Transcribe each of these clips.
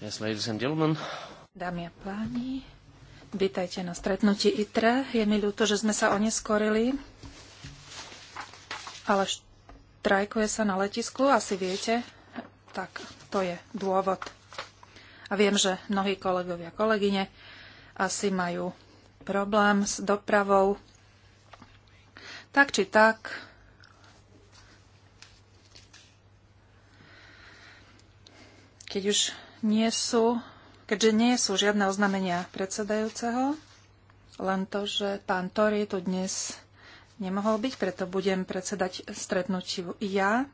Yes, ladies and gentlemen. Dámy a páni, vítajte na stretnutí ITRE. Je mi ľúto, že sme sa oneskorili, ale štrajkuje sa na letisku, asi viete. Tak to je dôvod. A viem, že mnohí kolegovia a kolegyne asi majú problém s dopravou. Tak či tak, keď už nie sú, keďže nie sú žiadne oznámenia predsedajúceho, len to, že pán Tori tu dnes nemohol byť, preto budem predsedať stretnutiu ja.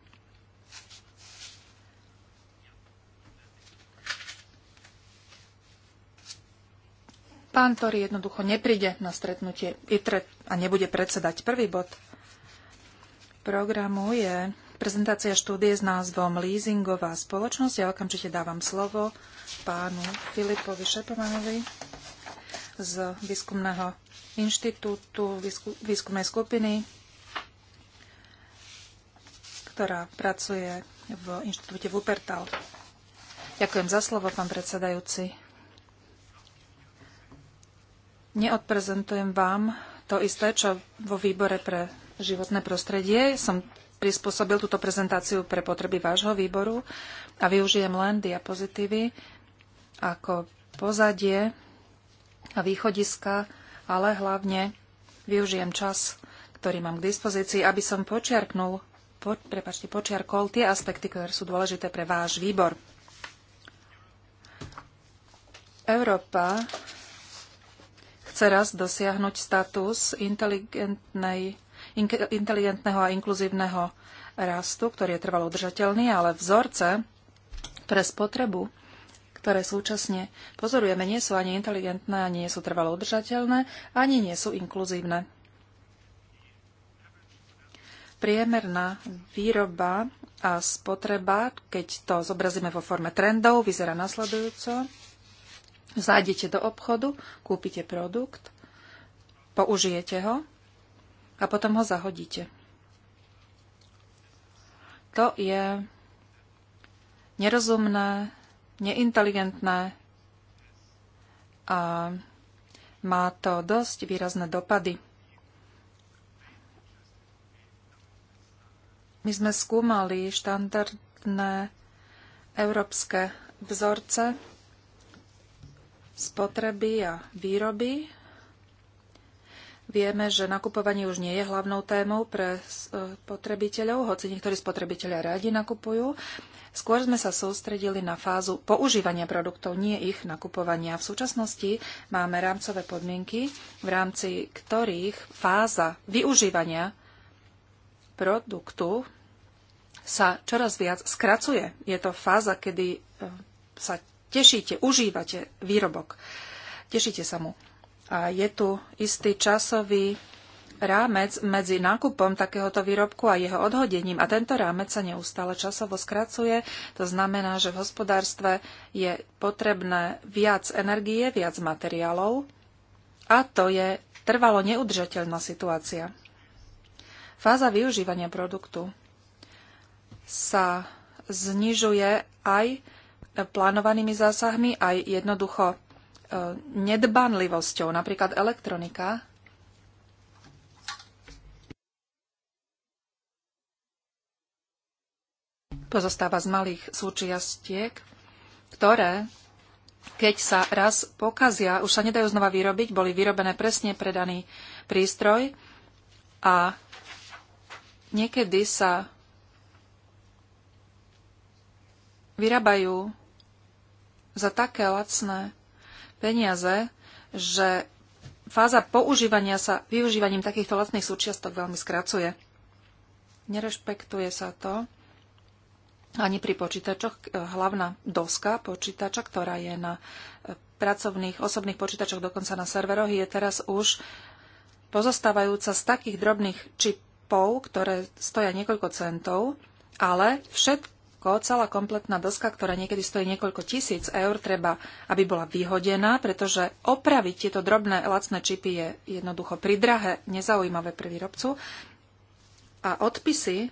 Pán Tori jednoducho nepríde na stretnutie ITRE a nebude predsedať. Prvý bod programu je Prezentácia štúdie s názvom Leasingová spoločnosť. Ja okamžite dávam slovo pánu Filipovi Šepemanovi z výskumného inštitútu výskumnej skupiny, ktorá pracuje v inštitúte Wuppertal. Ďakujem za slovo, pán predsedajúci. Neodprezentujem vám to isté, čo vo výbore pre životné prostredie. Som prispôsobil túto prezentáciu pre potreby vášho výboru a využijem len diapozitívy ako pozadie a východiska, ale hlavne využijem čas, ktorý mám k dispozícii, aby som počiarknul, po, prepačte, počiarkol tie aspekty, ktoré sú dôležité pre váš výbor. Európa chce raz dosiahnuť status inteligentnej inteligentného a inkluzívneho rastu, ktorý je trvalo udržateľný, ale vzorce pre spotrebu, ktoré súčasne pozorujeme, nie sú ani inteligentné, ani nie sú trvalo udržateľné, ani nie sú inkluzívne. Priemerná výroba a spotreba, keď to zobrazíme vo forme trendov, vyzerá nasledujúco. Zájdete do obchodu, kúpite produkt, použijete ho, a potom ho zahodíte. To je nerozumné, neinteligentné a má to dosť výrazné dopady. My sme skúmali štandardné európske vzorce spotreby a výroby Vieme, že nakupovanie už nie je hlavnou témou pre e, spotrebiteľov, hoci niektorí spotrebiteľia radi nakupujú. Skôr sme sa sústredili na fázu používania produktov, nie ich nakupovania. V súčasnosti máme rámcové podmienky, v rámci ktorých fáza využívania produktu sa čoraz viac skracuje. Je to fáza, kedy e, sa tešíte, užívate výrobok. Tešíte sa mu. A je tu istý časový rámec medzi nákupom takéhoto výrobku a jeho odhodením a tento rámec sa neustále časovo skracuje. To znamená, že v hospodárstve je potrebné viac energie, viac materiálov a to je trvalo neudržateľná situácia. Fáza využívania produktu sa znižuje aj plánovanými zásahmi, aj jednoducho nedbanlivosťou, napríklad elektronika. Pozostáva z malých súčiastiek, ktoré, keď sa raz pokazia, už sa nedajú znova vyrobiť, boli vyrobené presne pre daný prístroj a niekedy sa vyrábajú za také lacné peniaze, že fáza používania sa využívaním takýchto lacných súčiastok veľmi skracuje. Nerešpektuje sa to ani pri počítačoch. Hlavná doska počítača, ktorá je na pracovných, osobných počítačoch, dokonca na serveroch, je teraz už pozostávajúca z takých drobných čipov, ktoré stoja niekoľko centov, ale všetko všetko, celá kompletná doska, ktorá niekedy stojí niekoľko tisíc eur, treba, aby bola vyhodená, pretože opraviť tieto drobné lacné čipy je jednoducho pridrahé, nezaujímavé pre výrobcu. A odpisy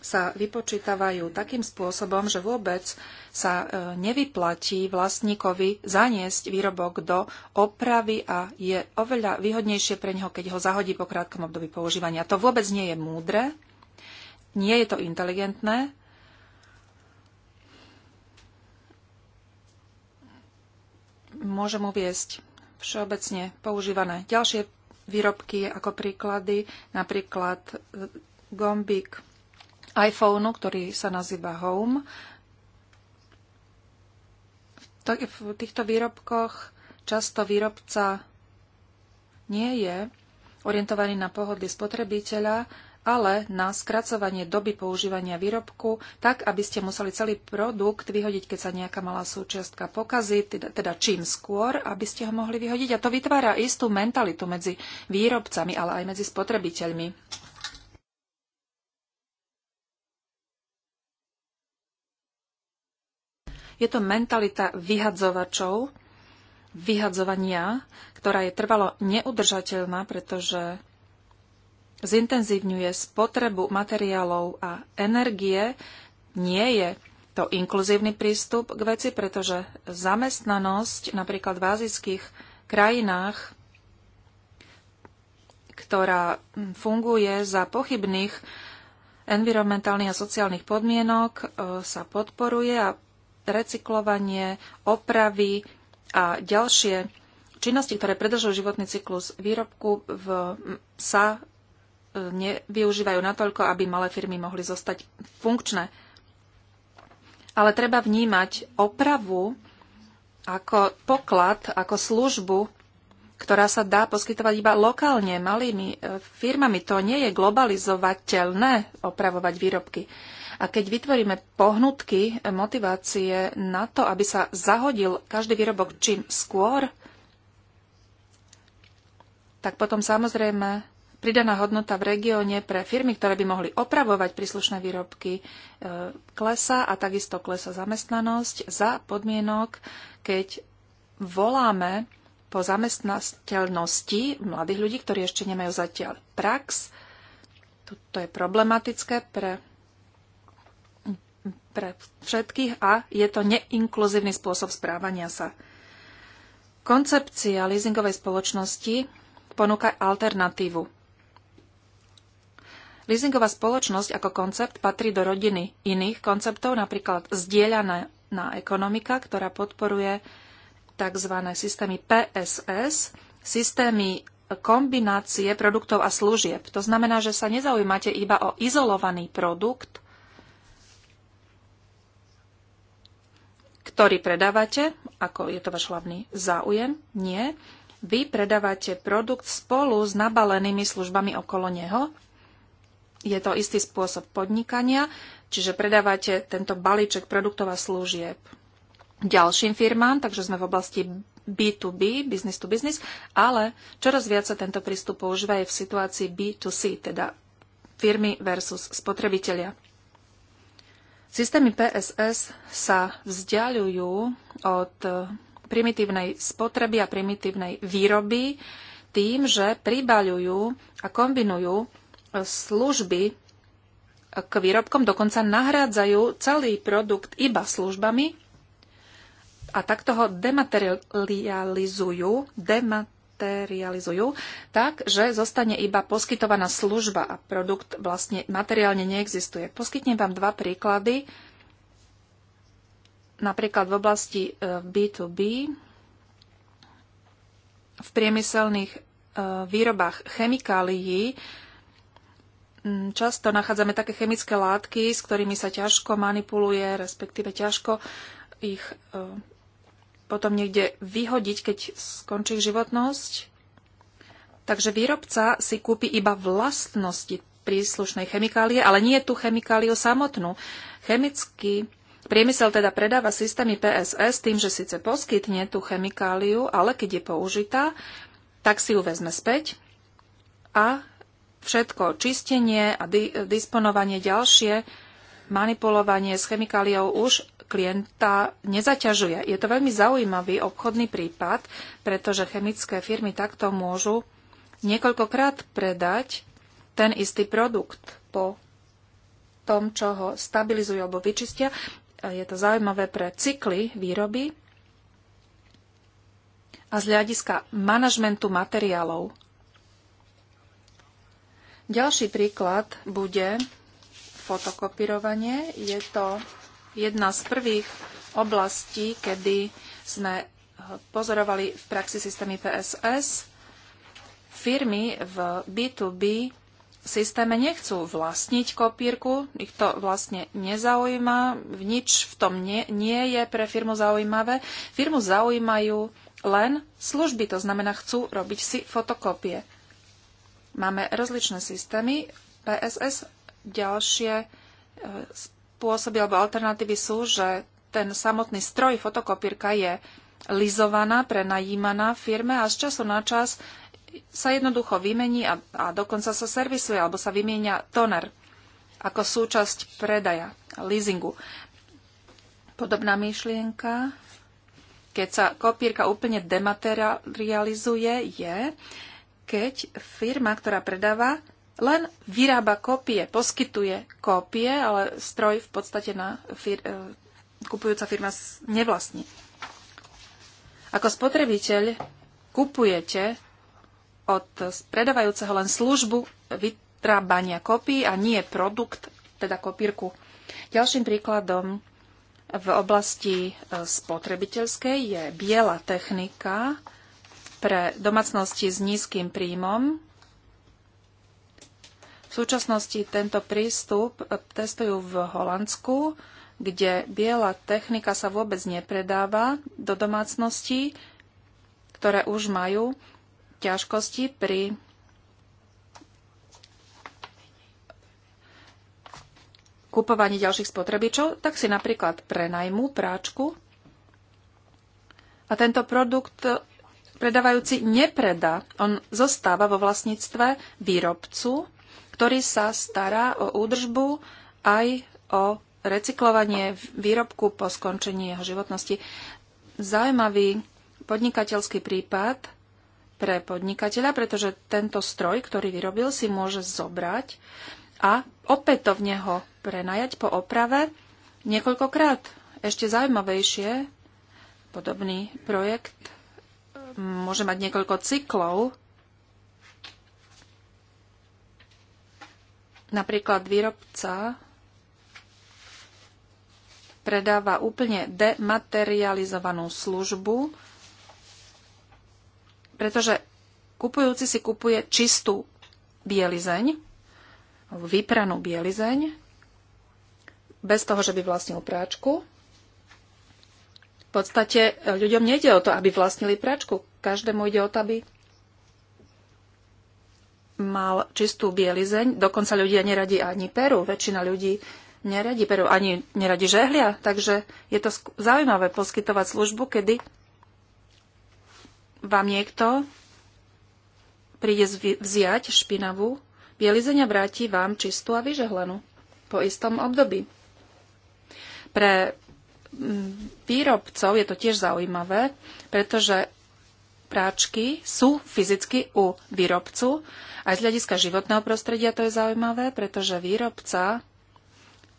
sa vypočítavajú takým spôsobom, že vôbec sa e, nevyplatí vlastníkovi zaniesť výrobok do opravy a je oveľa výhodnejšie pre neho, keď ho zahodí po krátkom období používania. To vôbec nie je múdre, nie je to inteligentné môžem uviesť všeobecne používané ďalšie výrobky ako príklady, napríklad e, gombík iPhone, ktorý sa nazýva Home. V týchto výrobkoch často výrobca nie je orientovaný na pohodlie spotrebiteľa ale na skracovanie doby používania výrobku, tak, aby ste museli celý produkt vyhodiť, keď sa nejaká malá súčiastka pokazí, teda, teda čím skôr, aby ste ho mohli vyhodiť. A to vytvára istú mentalitu medzi výrobcami, ale aj medzi spotrebiteľmi. Je to mentalita vyhadzovačov, vyhadzovania, ktorá je trvalo neudržateľná, pretože zintenzívňuje spotrebu materiálov a energie, nie je to inkluzívny prístup k veci, pretože zamestnanosť napríklad v azijských krajinách, ktorá funguje za pochybných environmentálnych a sociálnych podmienok, e, sa podporuje a recyklovanie, opravy a ďalšie činnosti, ktoré predlžujú životný cyklus výrobku, v, sa nevyužívajú natoľko, aby malé firmy mohli zostať funkčné. Ale treba vnímať opravu ako poklad, ako službu, ktorá sa dá poskytovať iba lokálne, malými e, firmami. To nie je globalizovateľné opravovať výrobky. A keď vytvoríme pohnutky, e, motivácie na to, aby sa zahodil každý výrobok čím skôr, tak potom samozrejme pridaná hodnota v regióne pre firmy, ktoré by mohli opravovať príslušné výrobky, e, klesa a takisto klesa zamestnanosť za podmienok, keď voláme po zamestnateľnosti mladých ľudí, ktorí ešte nemajú zatiaľ prax. Toto je problematické pre pre všetkých a je to neinkluzívny spôsob správania sa. Koncepcia leasingovej spoločnosti ponúka alternatívu. Leasingová spoločnosť ako koncept patrí do rodiny iných konceptov, napríklad zdieľaná na ekonomika, ktorá podporuje tzv. systémy PSS, systémy kombinácie produktov a služieb. To znamená, že sa nezaujímate iba o izolovaný produkt, ktorý predávate, ako je to váš hlavný záujem. Nie. Vy predávate produkt spolu s nabalenými službami okolo neho je to istý spôsob podnikania, čiže predávate tento balíček produktov a služieb ďalším firmám, takže sme v oblasti B2B, business to business, ale čoraz viac sa tento prístup používa aj v situácii B2C, teda firmy versus spotrebitelia. Systémy PSS sa vzdialujú od primitívnej spotreby a primitívnej výroby tým, že pribaľujú a kombinujú služby k výrobkom dokonca nahrádzajú celý produkt iba službami a takto ho dematerializujú, dematerializujú tak, že zostane iba poskytovaná služba a produkt vlastne materiálne neexistuje. Poskytnem vám dva príklady. Napríklad v oblasti B2B e, v priemyselných e, výrobách chemikálií Mm, často nachádzame také chemické látky, s ktorými sa ťažko manipuluje, respektíve ťažko ich e, potom niekde vyhodiť, keď skončí životnosť. Takže výrobca si kúpi iba vlastnosti príslušnej chemikálie, ale nie tú chemikáliu samotnú. Chemický priemysel teda predáva systémy PSS tým, že síce poskytne tú chemikáliu, ale keď je použitá, tak si ju vezme späť a všetko. Čistenie a di- disponovanie ďalšie, manipulovanie s chemikáliou už klienta nezaťažuje. Je to veľmi zaujímavý obchodný prípad, pretože chemické firmy takto môžu niekoľkokrát predať ten istý produkt po tom, čo ho stabilizujú alebo vyčistia. Je to zaujímavé pre cykly výroby a z hľadiska manažmentu materiálov ďalší príklad bude fotokopírovanie. Je to jedna z prvých oblastí, kedy sme pozorovali v praxi systémy PSS. Firmy v B2B systéme nechcú vlastniť kopírku, ich to vlastne nezaujíma, nič v tom nie, nie je pre firmu zaujímavé. Firmu zaujímajú len služby, to znamená chcú robiť si fotokopie. Máme rozličné systémy. PSS ďalšie e, spôsoby alebo alternatívy sú, že ten samotný stroj fotokopírka je lizovaná, prenajímaná firme a z času na čas sa jednoducho vymení a, a dokonca sa servisuje alebo sa vymienia toner ako súčasť predaja, leasingu. Podobná myšlienka, keď sa kopírka úplne dematerializuje, je, keď firma, ktorá predáva, len vyrába kópie, poskytuje kópie, ale stroj v podstate na fir- e, kupujúca firma nevlastní. Ako spotrebiteľ kupujete od predávajúceho len službu vytrábania kópií a nie produkt, teda kopírku. Ďalším príkladom v oblasti e, spotrebiteľskej je biela technika, pre domácnosti s nízkym príjmom. V súčasnosti tento prístup testujú v Holandsku, kde biela technika sa vôbec nepredáva do domácností, ktoré už majú ťažkosti pri kupovaní ďalších spotrebičov, tak si napríklad prenajmú práčku a tento produkt predávajúci nepredá. On zostáva vo vlastníctve výrobcu, ktorý sa stará o údržbu aj o recyklovanie výrobku po skončení jeho životnosti. Zaujímavý podnikateľský prípad pre podnikateľa, pretože tento stroj, ktorý vyrobil, si môže zobrať a opätovne ho prenajať po oprave niekoľkokrát. Ešte zaujímavejšie, podobný projekt môže mať niekoľko cyklov. Napríklad výrobca predáva úplne dematerializovanú službu, pretože kupujúci si kupuje čistú bielizeň, vypranú bielizeň, bez toho, že by vlastnil práčku. V podstate e, ľuďom nejde o to, aby vlastnili pračku. Každému ide o to, aby mal čistú bielizeň. Dokonca ľudia neradi ani peru. Väčšina ľudí neradi peru, ani neradi žehlia. Takže je to zaujímavé poskytovať službu, kedy vám niekto príde vziať špinavú bielizeň a vráti vám čistú a vyžehlenú po istom období. Pre výrobcov je to tiež zaujímavé, pretože práčky sú fyzicky u výrobcu. Aj z hľadiska životného prostredia to je zaujímavé, pretože výrobca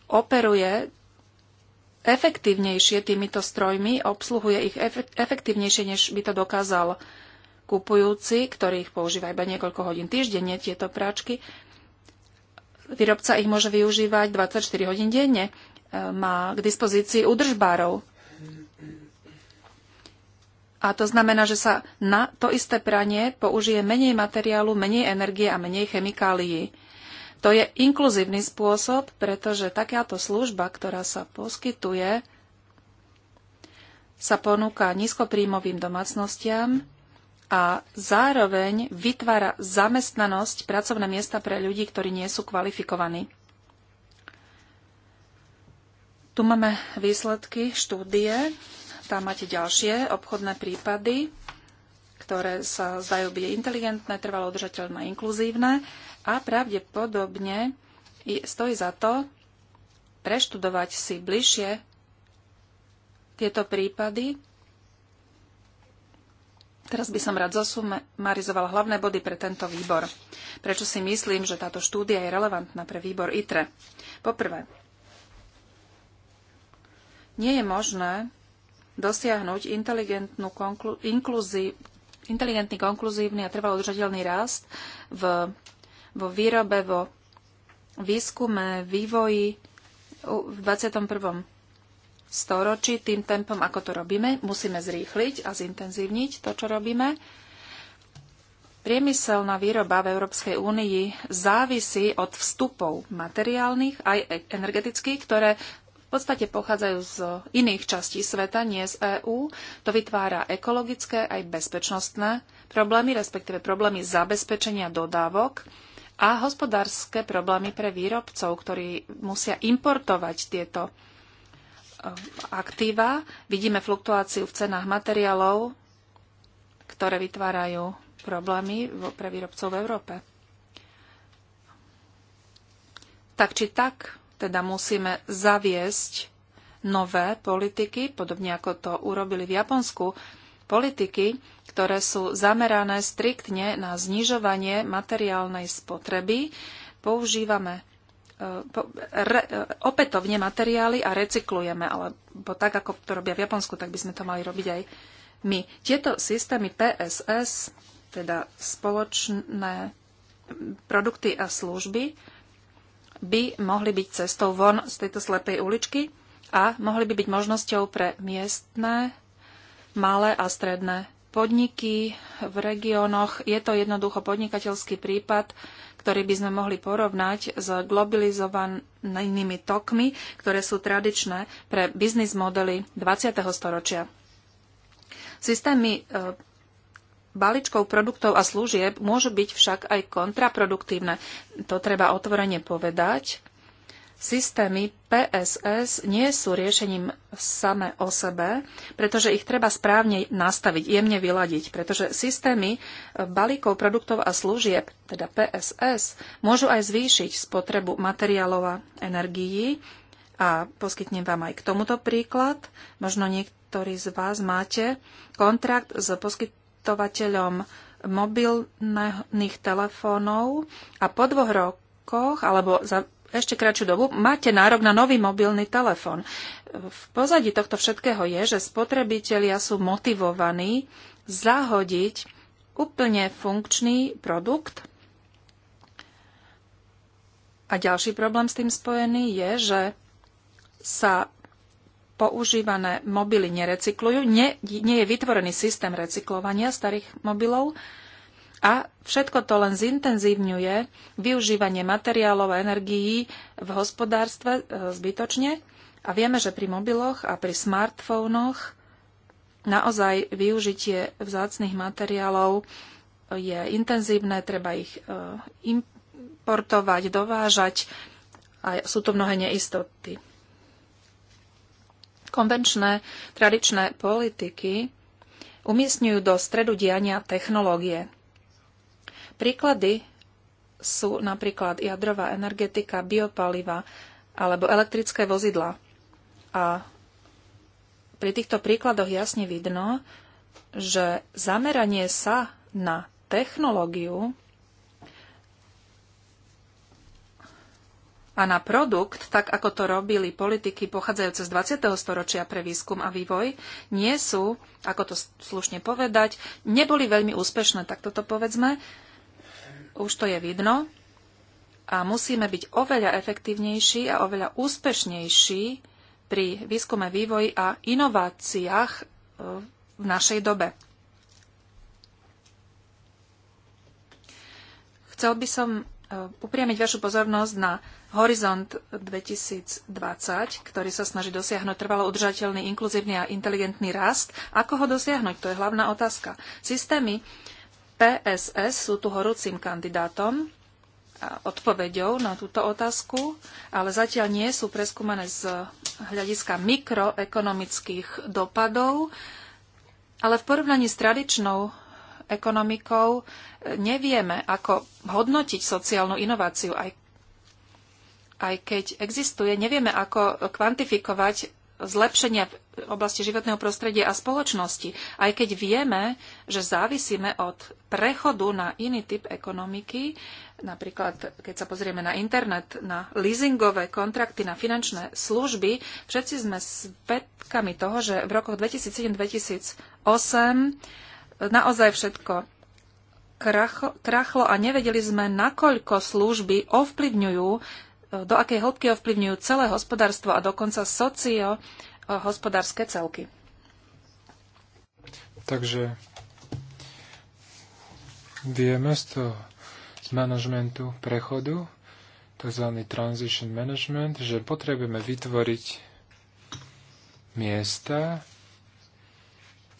operuje efektívnejšie týmito strojmi, obsluhuje ich efektívnejšie, než by to dokázal kupujúci, ktorý ich používa iba niekoľko hodín týždenne, tieto práčky. Výrobca ich môže využívať 24 hodín denne má k dispozícii údržbárov. A to znamená, že sa na to isté pranie použije menej materiálu, menej energie a menej chemikálií. To je inkluzívny spôsob, pretože takáto služba, ktorá sa poskytuje, sa ponúka nízkopríjmovým domácnostiam a zároveň vytvára zamestnanosť, pracovné miesta pre ľudí, ktorí nie sú kvalifikovaní. Tu máme výsledky štúdie, tam máte ďalšie obchodné prípady, ktoré sa zdajú byť inteligentné, trvalo udržateľné, inkluzívne a pravdepodobne stojí za to preštudovať si bližšie tieto prípady. Teraz by som rád zosumarizoval hlavné body pre tento výbor. Prečo si myslím, že táto štúdia je relevantná pre výbor ITRE? Poprvé, nie je možné dosiahnuť inteligentnú konklu- inkluzí- inteligentný, konkluzívny a trvalo udržateľný rast v, vo výrobe, vo výskume, vývoji v 21. storočí tým tempom, ako to robíme. Musíme zrýchliť a zintenzívniť to, čo robíme. Priemyselná výroba v Európskej únii závisí od vstupov materiálnych aj e- energetických, ktoré v podstate pochádzajú z iných častí sveta, nie z EÚ. To vytvára ekologické aj bezpečnostné problémy, respektíve problémy zabezpečenia dodávok a hospodárske problémy pre výrobcov, ktorí musia importovať tieto e, aktíva. Vidíme fluktuáciu v cenách materiálov, ktoré vytvárajú problémy pre výrobcov v Európe. Tak či tak, teda musíme zaviesť nové politiky, podobne ako to urobili v Japonsku, politiky, ktoré sú zamerané striktne na znižovanie materiálnej spotreby. Používame e, re, e, opätovne materiály a recyklujeme, alebo tak, ako to robia v Japonsku, tak by sme to mali robiť aj my. Tieto systémy PSS, teda spoločné produkty a služby, by mohli byť cestou von z tejto slepej uličky a mohli by byť možnosťou pre miestne, malé a stredné podniky v regiónoch. Je to jednoducho podnikateľský prípad, ktorý by sme mohli porovnať s globalizovanými tokmi, ktoré sú tradičné pre biznis modely 20. storočia. Systémy e, balíčkov produktov a služieb môžu byť však aj kontraproduktívne. To treba otvorene povedať. Systémy PSS nie sú riešením same o sebe, pretože ich treba správne nastaviť, jemne vyladiť, pretože systémy e, balíkov produktov a služieb, teda PSS, môžu aj zvýšiť spotrebu materiálov a energií. A poskytnem vám aj k tomuto príklad. Možno niektorí z vás máte kontrakt s poskytnutím poskytovateľom mobilných telefónov a po dvoch rokoch alebo za ešte kratšiu dobu máte nárok na nový mobilný telefón. V pozadí tohto všetkého je, že spotrebitelia sú motivovaní zahodiť úplne funkčný produkt. A ďalší problém s tým spojený je, že sa používané mobily nerecyklujú, nie, nie je vytvorený systém recyklovania starých mobilov a všetko to len zintenzívňuje využívanie materiálov a energií v hospodárstve e, zbytočne. A vieme, že pri mobiloch a pri smartfónoch naozaj využitie vzácných materiálov je intenzívne, treba ich e, importovať, dovážať a sú to mnohé neistoty. Konvenčné tradičné politiky umiestňujú do stredu diania technológie. Príklady sú napríklad jadrová energetika, biopaliva alebo elektrické vozidla. A pri týchto príkladoch jasne vidno, že zameranie sa na technológiu a na produkt, tak ako to robili politiky pochádzajúce z 20. storočia pre výskum a vývoj, nie sú, ako to slušne povedať, neboli veľmi úspešné, tak toto povedzme. Už to je vidno. A musíme byť oveľa efektívnejší a oveľa úspešnejší pri výskume, vývoji a inováciách e, v našej dobe. Chcel by som E, upriamiť vašu pozornosť na Horizont 2020, ktorý sa snaží dosiahnuť trvalo udržateľný, inkluzívny a inteligentný rast. Ako ho dosiahnuť? To je hlavná otázka. Systémy PSS sú tu horúcim kandidátom a odpoveďou na túto otázku, ale zatiaľ nie sú preskúmané z hľadiska mikroekonomických dopadov, ale v porovnaní s tradičnou ekonomikou, e, nevieme, ako hodnotiť sociálnu inováciu. Aj, aj keď existuje, nevieme, ako kvantifikovať zlepšenia v oblasti životného prostredia a spoločnosti. Aj keď vieme, že závisíme od prechodu na iný typ ekonomiky, napríklad keď sa pozrieme na internet, na leasingové kontrakty, na finančné služby, všetci sme svetkami toho, že v rokoch 2007-2008 naozaj všetko krachlo a nevedeli sme, nakoľko služby ovplyvňujú, e, do akej hĺbky ovplyvňujú celé hospodárstvo a dokonca socio-hospodárske celky. Takže vieme z toho z manažmentu prechodu, tzv. transition management, že potrebujeme vytvoriť miesta,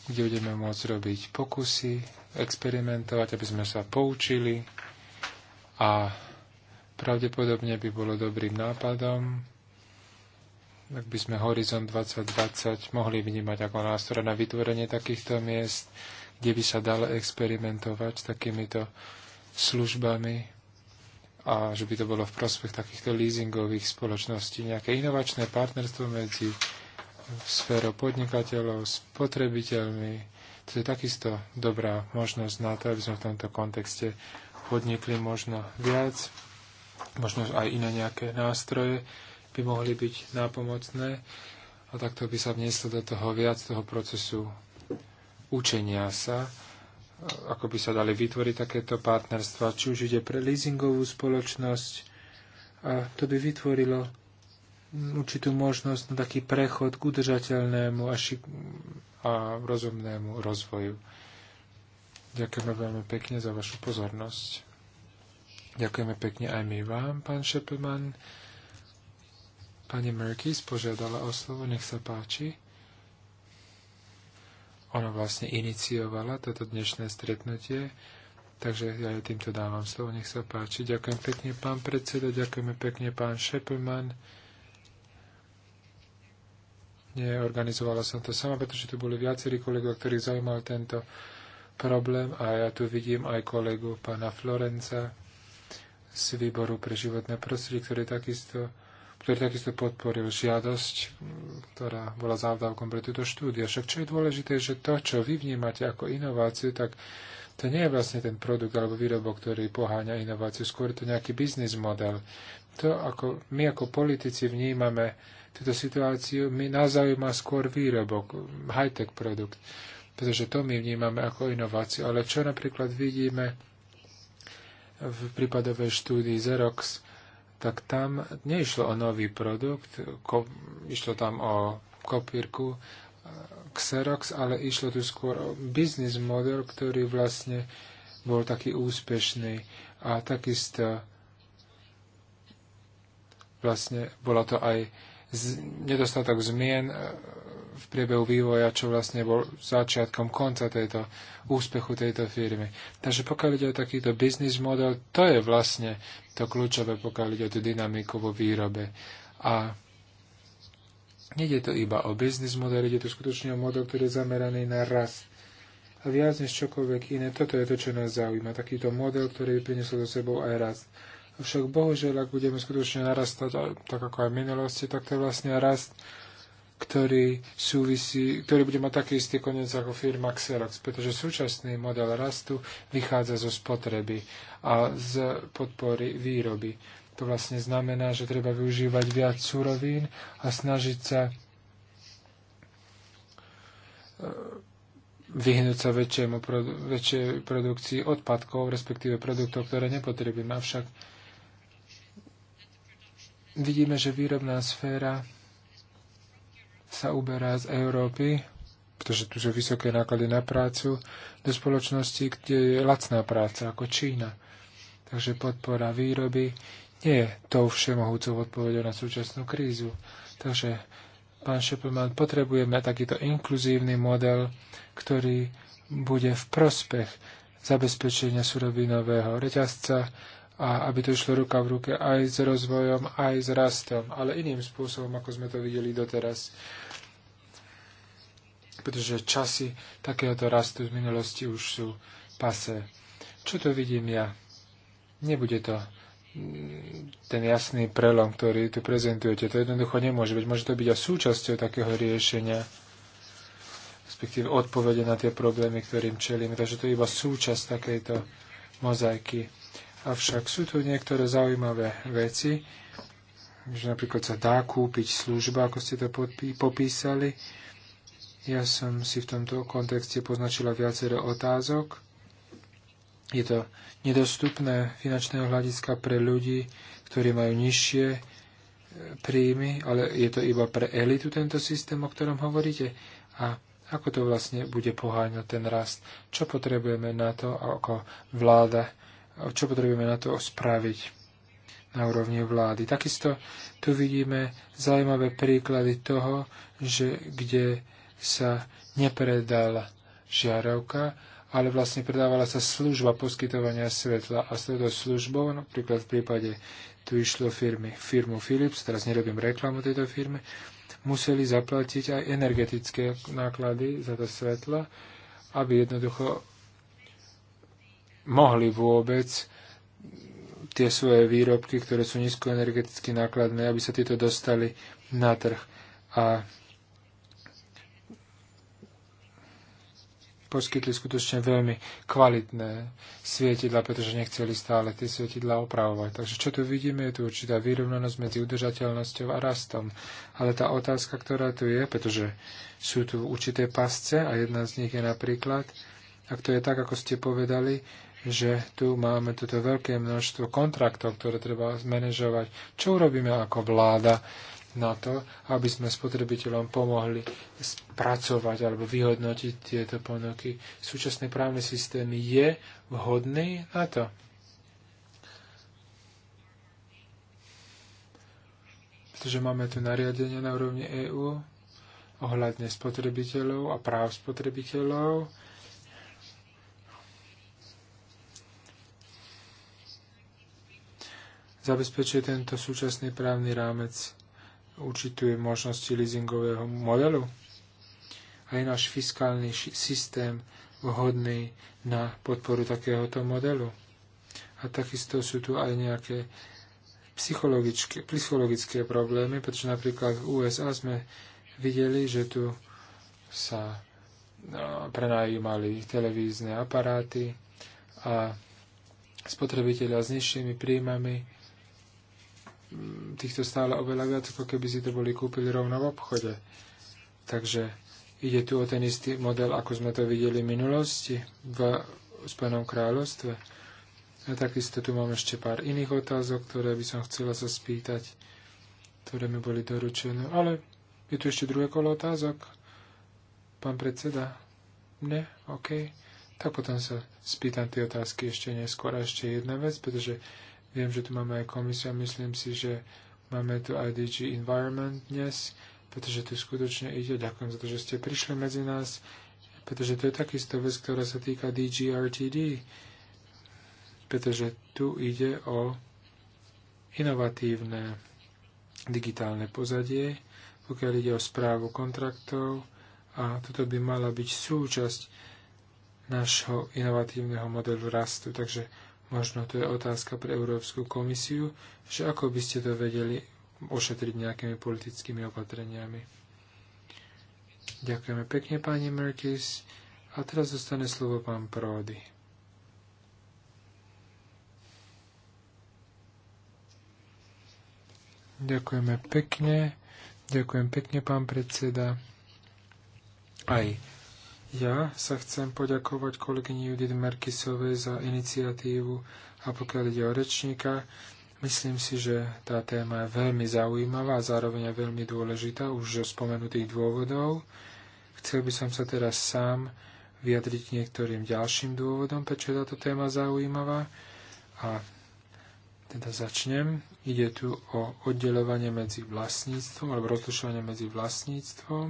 kde budeme môcť robiť pokusy, experimentovať, aby sme sa poučili a pravdepodobne by bolo dobrým nápadom, ak by sme Horizon 2020 mohli vnímať ako nástroj na vytvorenie takýchto miest, kde by sa dalo experimentovať s takýmito službami a že by to bolo v prospech takýchto leasingových spoločností, nejaké inovačné partnerstvo medzi sférou podnikateľov, spotrebiteľmi. To je takisto dobrá možnosť na to, aby sme v tomto kontexte podnikli možno viac, možno aj iné nejaké nástroje by mohli byť nápomocné a takto by sa vnieslo do toho viac toho procesu učenia sa, ako by sa dali vytvoriť takéto partnerstva, či už ide pre leasingovú spoločnosť, a to by vytvorilo určitú možnosť na taký prechod k udržateľnému a, šik- a rozumnému rozvoju. Ďakujeme veľmi pekne za vašu pozornosť. Ďakujeme pekne aj my vám, pán Šepeman. Pani Merkis požiadala o slovo, nech sa páči. Ona vlastne iniciovala toto dnešné stretnutie. Takže ja jej týmto dávam slovo, nech sa páči. Ďakujem pekne, pán predseda, ďakujeme pekne, pán Šepeman. Neorganizovala som to sama, pretože tu boli viacerí kolegovia, ktorých zaujímal tento problém a ja tu vidím aj kolegu pána Florenca z výboru pre životné prostredie, ktorý takisto ktorý takisto podporil žiadosť, ktorá bola závdavkom pre túto štúdiu. Však čo je dôležité, že to, čo vy vnímate ako inováciu, tak to nie je vlastne ten produkt alebo výrobok, ktorý poháňa inováciu, skôr je to nejaký biznis model. To, ako my ako politici vnímame túto situáciu, mi nás zaujíma skôr výrobok, high-tech produkt, pretože to my vnímame ako inováciu. Ale čo napríklad vidíme v prípadovej štúdii Xerox, tak tam neišlo o nový produkt, ko, išlo tam o kopírku e, Xerox, ale išlo tu skôr o biznis model, ktorý vlastne bol taký úspešný a takisto vlastne bola to aj z, nedostatok zmien e, v priebehu vývoja, čo vlastne bol začiatkom konca tejto úspechu tejto firmy. Takže pokiaľ ide o takýto biznis model, to je vlastne to kľúčové, pokiaľ ide o tú dynamiku vo výrobe. A nejde to iba o biznis model, ide to skutočne o model, ktorý je zameraný na rast. A viac než čokoľvek iné, toto je to, čo nás zaujíma. Takýto model, ktorý by priniesol do sebou aj rast. Však bohužiaľ, ak budeme skutočne narastať, tak ako aj v minulosti, tak to je vlastne rast, ktorý súvisí, ktorý bude mať taký istý koniec ako firma Xerox, pretože súčasný model rastu vychádza zo spotreby a z podpory výroby. To vlastne znamená, že treba využívať viac surovín a snažiť sa e, vyhnúť sa väčšiemu, väčšej produkcii odpadkov, respektíve produktov, ktoré nepotrebujeme. Avšak vidíme, že výrobná sféra sa uberá z Európy, pretože tu sú vysoké náklady na prácu, do spoločnosti, kde je lacná práca, ako Čína. Takže podpora výroby nie je tou všemohúcou odpovedou na súčasnú krízu. Takže, pán Šepelman, potrebujeme takýto inkluzívny model, ktorý bude v prospech zabezpečenia surovinového reťazca, a aby to išlo ruka v ruke aj s rozvojom, aj s rastom, ale iným spôsobom, ako sme to videli doteraz. Pretože časy takéhoto rastu z minulosti už sú pase. Čo to vidím ja? Nebude to mm, ten jasný prelom, ktorý tu prezentujete. To jednoducho nemôže byť. Môže to byť aj súčasťou takého riešenia, respektíve odpovede na tie problémy, ktorým čelíme. Takže to je iba súčasť takejto mozaiky. Avšak sú tu niektoré zaujímavé veci, že napríklad sa dá kúpiť služba, ako ste to popísali. Ja som si v tomto kontexte poznačila viacero otázok. Je to nedostupné finančného hľadiska pre ľudí, ktorí majú nižšie e, príjmy, ale je to iba pre elitu tento systém, o ktorom hovoríte? A ako to vlastne bude poháňať ten rast? Čo potrebujeme na to, ako vláda čo potrebujeme na to spraviť na úrovni vlády. Takisto tu vidíme zaujímavé príklady toho, že kde sa nepredala žiarovka, ale vlastne predávala sa služba poskytovania svetla a s touto službou, napríklad v prípade tu išlo firmy, firmu Philips, teraz nerobím reklamu tejto firmy, museli zaplatiť aj energetické náklady za to svetlo, aby jednoducho mohli vôbec tie svoje výrobky, ktoré sú nízkoenergeticky nákladné, aby sa tieto dostali na trh. A poskytli skutočne veľmi kvalitné svietidla, pretože nechceli stále tie svietidla opravovať. Takže čo tu vidíme, je tu určitá vyrovnanosť medzi udržateľnosťou a rastom. Ale tá otázka, ktorá tu je, pretože sú tu určité pasce a jedna z nich je napríklad, ak to je tak, ako ste povedali, že tu máme toto veľké množstvo kontraktov, ktoré treba manažovať. Čo urobíme ako vláda na to, aby sme spotrebiteľom pomohli spracovať alebo vyhodnotiť tieto ponuky? Súčasný právny systém je vhodný na to? Pretože máme tu nariadenie na úrovni EÚ ohľadne spotrebiteľov a práv spotrebiteľov zabezpečuje tento súčasný právny rámec určité možnosti leasingového modelu? A je náš fiskálny systém vhodný na podporu takéhoto modelu? A takisto sú tu aj nejaké psychologické, psychologické problémy, pretože napríklad v USA sme videli, že tu sa no, prenajímali televízne aparáty a spotrebitelia s nižšími príjmami týchto stále oveľa viac, ako keby si to boli kúpili rovno v obchode. Takže ide tu o ten istý model, ako sme to videli v minulosti v Spojenom kráľovstve. A takisto tu mám ešte pár iných otázok, ktoré by som chcela sa spýtať, ktoré mi boli doručené. Ale je tu ešte druhé kolo otázok. Pán predseda? Ne? OK. Tak potom sa spýtam tie otázky ešte neskôr. A ešte jedna vec, pretože Viem, že tu máme aj komisiu a myslím si, že máme tu aj DG Environment dnes, pretože tu skutočne ide. Ďakujem za to, že ste prišli medzi nás, pretože to je takisto vec, ktorá sa týka DG RTD, pretože tu ide o inovatívne digitálne pozadie, pokiaľ ide o správu kontraktov a toto by mala byť súčasť nášho inovatívneho modelu rastu. Takže Možno to je otázka pre Európsku komisiu, že ako by ste to vedeli ošetriť nejakými politickými opatreniami. Ďakujeme pekne, pani Merkis. A teraz zostane slovo pán Prody. Ďakujeme pekne. Ďakujem pekne, pán predseda. Aj ja sa chcem poďakovať kolegyni Judith Merkisovej za iniciatívu a pokiaľ ide o rečníka, myslím si, že tá téma je veľmi zaujímavá a zároveň je veľmi dôležitá už zo spomenutých dôvodov. Chcel by som sa teraz sám vyjadriť niektorým ďalším dôvodom, prečo je táto téma zaujímavá. A teda začnem. Ide tu o oddelovanie medzi vlastníctvom alebo rozlišovanie medzi vlastníctvom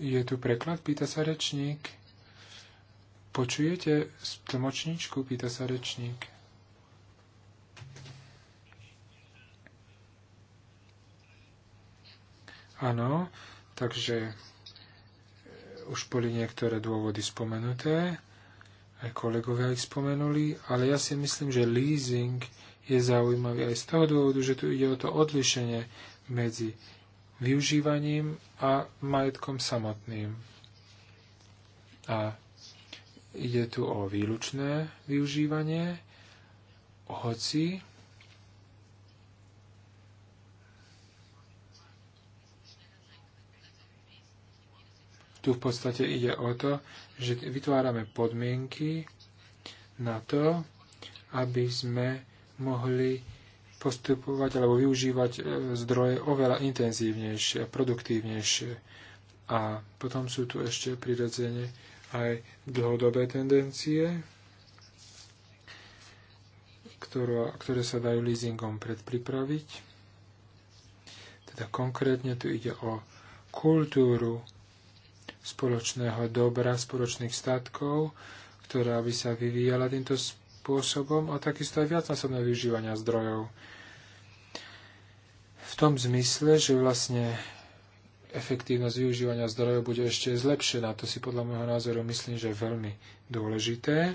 Je tu preklad? Pýta sa rečník. Počujete tlmočníčku? Pýta sa rečník. Áno, takže e, už boli niektoré dôvody spomenuté, aj kolegovia ich spomenuli, ale ja si myslím, že leasing je zaujímavý aj z toho dôvodu, že tu ide o to odlišenie medzi využívaním a majetkom samotným. A ide tu o výlučné využívanie, hoci Tu v podstate ide o to, že vytvárame podmienky na to, aby sme mohli postupovať alebo využívať e, zdroje oveľa intenzívnejšie a produktívnejšie. A potom sú tu ešte prirodzene aj dlhodobé tendencie, ktoré, ktoré sa dajú leasingom predpripraviť. Teda konkrétne tu ide o kultúru spoločného dobra, spoločných statkov, ktorá by sa vyvíjala týmto spôsobom a takisto aj viacnásobné využívania zdrojov v tom zmysle, že vlastne efektívnosť využívania zdrojov bude ešte zlepšená. To si podľa môjho názoru myslím, že je veľmi dôležité.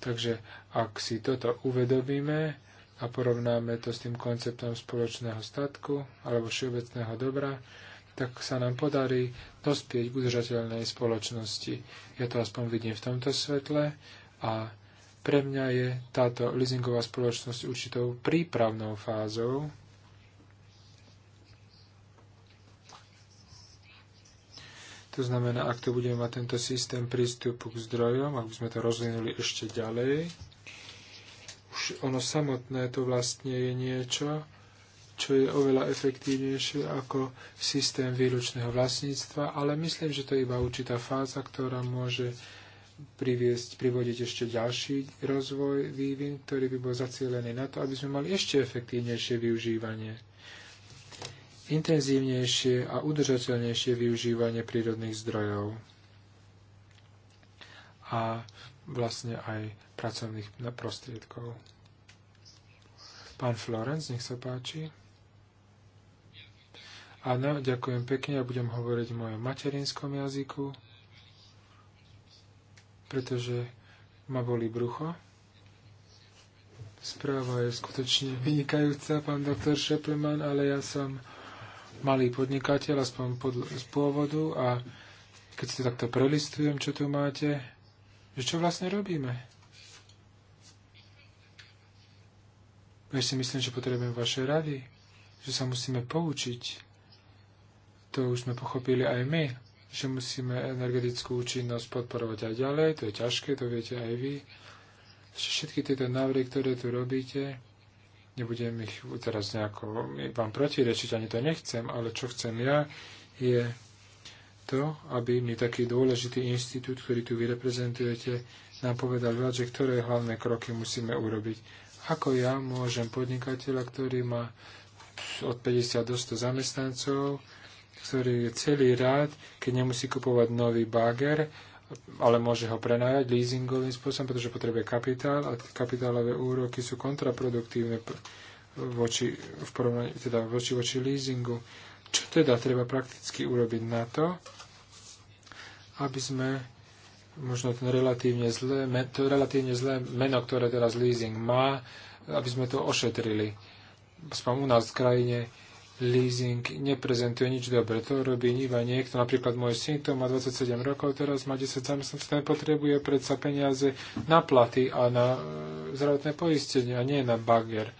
Takže ak si toto uvedomíme a porovnáme to s tým konceptom spoločného statku alebo všeobecného dobra, tak sa nám podarí dospieť k udržateľnej spoločnosti. Ja to aspoň vidím v tomto svetle a pre mňa je táto leasingová spoločnosť určitou prípravnou fázou. To znamená, ak to budeme mať tento systém prístupu k zdrojom, ak by sme to rozvinuli ešte ďalej, už ono samotné to vlastne je niečo, čo je oveľa efektívnejšie ako systém výlučného vlastníctva, ale myslím, že to je iba určitá fáza, ktorá môže priviesť, privodiť ešte ďalší rozvoj, vývin, ktorý by bol zacielený na to, aby sme mali ešte efektívnejšie využívanie, intenzívnejšie a udržateľnejšie využívanie prírodných zdrojov a vlastne aj pracovných prostriedkov. Pán Florenc, nech sa páči. Áno, ďakujem pekne a budem hovoriť v mojom materinskom jazyku pretože ma boli brucho. Správa je skutočne vynikajúca, pán doktor Šepleman, ale ja som malý podnikateľ, aspoň pod, z pôvodu a keď si to takto prelistujem, čo tu máte, že čo vlastne robíme? Ja si myslím, že potrebujem vaše rady, že sa musíme poučiť. To už sme pochopili aj my, že musíme energetickú účinnosť podporovať aj ďalej, to je ťažké, to viete aj vy. Všetky tieto návrhy, ktoré tu robíte, nebudem ich teraz nejako vám protirečiť, ani to nechcem, ale čo chcem ja, je to, aby mi taký dôležitý inštitút, ktorý tu vy reprezentujete, nám povedal viac, že ktoré hlavné kroky musíme urobiť. Ako ja môžem podnikateľa, ktorý má od 50 do 100 zamestnancov, ktorý je celý rád, keď nemusí kupovať nový bager, ale môže ho prenajať leasingovým spôsobom, pretože potrebuje kapitál a kapitálové úroky sú kontraproduktívne voči, v porovnaní, teda voči, voči leasingu. Čo teda treba prakticky urobiť na to, aby sme možno ten relatívne zlé, to relatívne zlé meno, ktoré teraz leasing má, aby sme to ošetrili. Spom u nás v krajine leasing neprezentuje nič dobre. To robí iba niekto. Napríklad môj syn, to má 27 rokov, teraz má 10 zamestnancov, potrebuje predsa peniaze na platy a na e, zdravotné poistenie a nie na bager.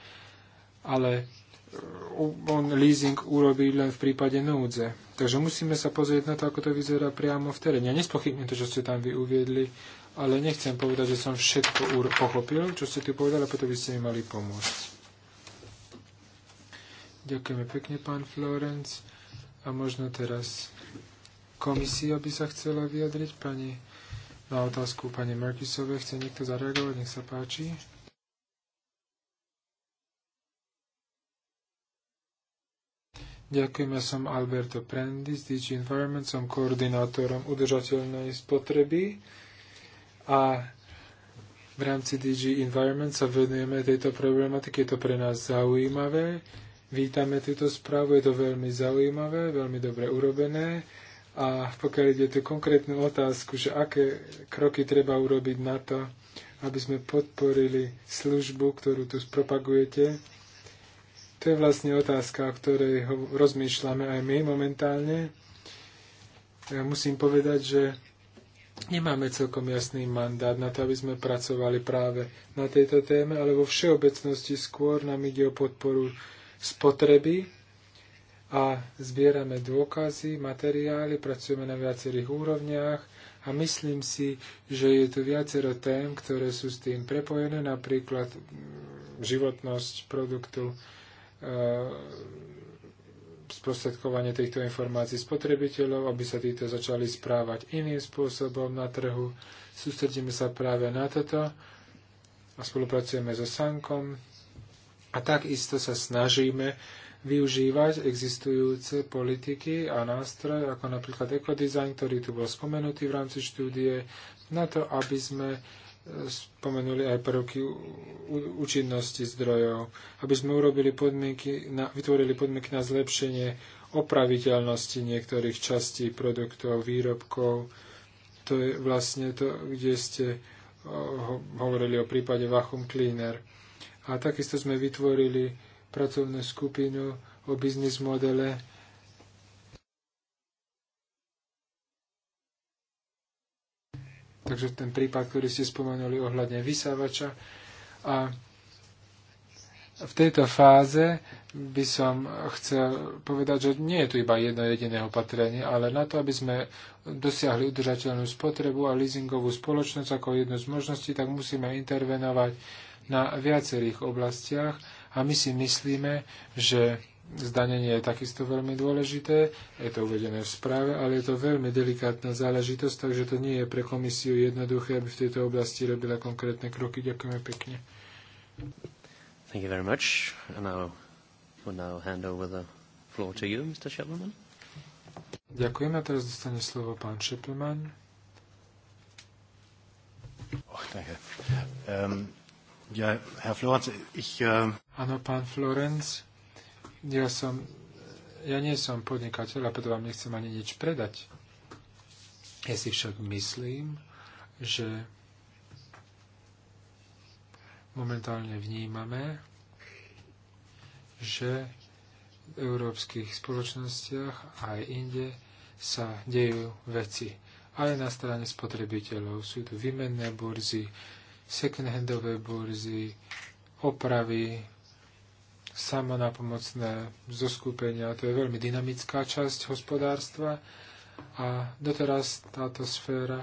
Ale e, on leasing urobí len v prípade núdze. Takže musíme sa pozrieť na to, ako to vyzerá priamo v teréne. Ja nespochybním to, čo ste tam vy uviedli, ale nechcem povedať, že som všetko pochopil, čo ste tu povedali, preto by ste mi mali pomôcť. Ďakujeme pekne, pán Florenc. A možno teraz komisia by sa chcela vyjadriť. Pani, na otázku pani Merkisovej chce niekto zareagovať? Nech sa páči. Ďakujem, ja som Alberto Prendi z DG Environment, som koordinátorom udržateľnej spotreby a v rámci DG Environment sa venujeme tejto problematike, je to pre nás zaujímavé Vítame túto správu, je to veľmi zaujímavé, veľmi dobre urobené. A pokiaľ ide tu konkrétnu otázku, že aké kroky treba urobiť na to, aby sme podporili službu, ktorú tu spropagujete, to je vlastne otázka, o ktorej rozmýšľame aj my momentálne. Ja musím povedať, že nemáme celkom jasný mandát na to, aby sme pracovali práve na tejto téme, ale vo všeobecnosti skôr nám ide o podporu spotreby a zbierame dôkazy, materiály, pracujeme na viacerých úrovniach a myslím si, že je tu viacero tém, ktoré sú s tým prepojené, napríklad mm, životnosť produktu, e, sprostredkovanie týchto informácií spotrebiteľov, aby sa títo začali správať iným spôsobom na trhu. Sústredíme sa práve na toto a spolupracujeme so Sankom, a takisto sa snažíme využívať existujúce politiky a nástroje, ako napríklad ekodizajn, ktorý tu bol spomenutý v rámci štúdie, na to, aby sme e, spomenuli aj prvky účinnosti zdrojov, aby sme urobili podmienky na, vytvorili podmienky na zlepšenie opraviteľnosti niektorých častí produktov, výrobkov. To je vlastne to, kde ste e, hovorili o prípade vacuum cleaner a takisto sme vytvorili pracovnú skupinu o biznis modele Takže ten prípad, ktorý ste spomenuli ohľadne vysávača. A v tejto fáze by som chcel povedať, že nie je tu iba jedno jediné opatrenie, ale na to, aby sme dosiahli udržateľnú spotrebu a leasingovú spoločnosť ako jednu z možností, tak musíme intervenovať na viacerých oblastiach a my si myslíme, že zdanenie je takisto veľmi dôležité, je to uvedené v správe, ale je to veľmi delikátna záležitosť, takže to nie je pre komisiu jednoduché, aby v tejto oblasti robila konkrétne kroky. Ďakujeme pekne. Thank you very much. And I will now hand over the floor to you, Mr. Shepelman. Ďakujem a teraz dostane slovo pán Shepelman. Oh, danke. Um, ja, Herr Florenz, ich... Uh... Áno, pán Florenc, ja som... Ja nie som podnikateľ a preto vám nechcem ani nič predať. Ja si však myslím, že momentálne vnímame, že v európskych spoločnostiach aj inde sa dejú veci. Aj na strane spotrebiteľov sú tu výmenné burzy, second-handové burzy, opravy, samonapomocné zoskupenia. To je veľmi dynamická časť hospodárstva a doteraz táto sféra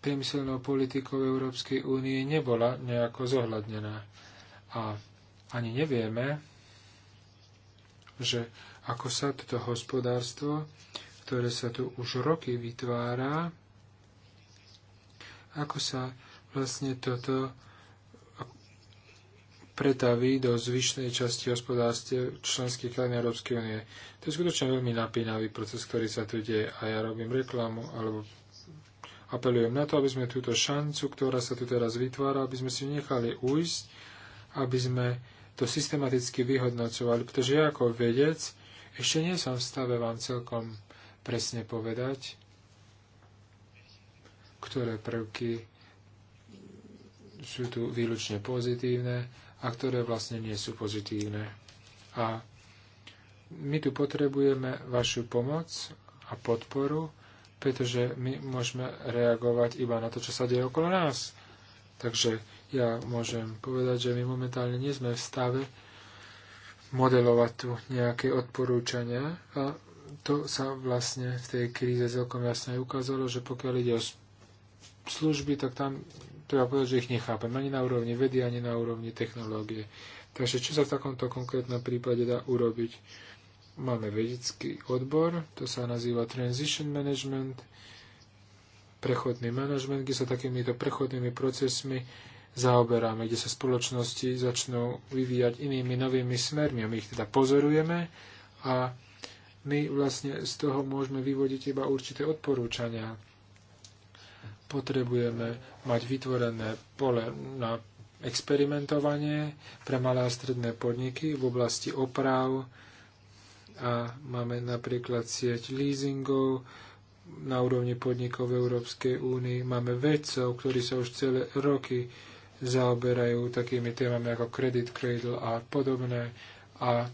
priemyselnou politikou Európskej únie nebola nejako zohľadnená. A ani nevieme, že ako sa toto hospodárstvo, ktoré sa tu už roky vytvára, ako sa vlastne toto pretaví do zvyšnej časti hospodárstva členských krajín Európskej únie. To je skutočne veľmi napínavý proces, ktorý sa tu deje a ja robím reklamu alebo apelujem na to, aby sme túto šancu, ktorá sa tu teraz vytvára, aby sme si nechali ujsť, aby sme to systematicky vyhodnocovali, pretože ja ako vedec ešte nie som v stave vám celkom presne povedať, ktoré prvky sú tu výlučne pozitívne a ktoré vlastne nie sú pozitívne. A my tu potrebujeme vašu pomoc a podporu, pretože my môžeme reagovať iba na to, čo sa deje okolo nás. Takže ja môžem povedať, že my momentálne nie sme v stave modelovať tu nejaké odporúčania a to sa vlastne v tej kríze celkom jasne ukázalo, že pokiaľ ide o služby, tak tam treba povedať, že ich nechápem ani na úrovni vedy, ani na úrovni technológie. Takže čo sa v takomto konkrétnom prípade dá urobiť? Máme vedecký odbor, to sa nazýva Transition Management, prechodný management, kde sa takýmito prechodnými procesmi zaoberáme, kde sa spoločnosti začnú vyvíjať inými novými smermi. A my ich teda pozorujeme a my vlastne z toho môžeme vyvodiť iba určité odporúčania Potrebujeme mať vytvorené pole na experimentovanie pre malé a stredné podniky v oblasti oprav a máme napríklad sieť leasingov na úrovni podnikov v Európskej únii. Máme vedcov, ktorí sa už celé roky zaoberajú takými témami ako Credit Cradle a podobné. A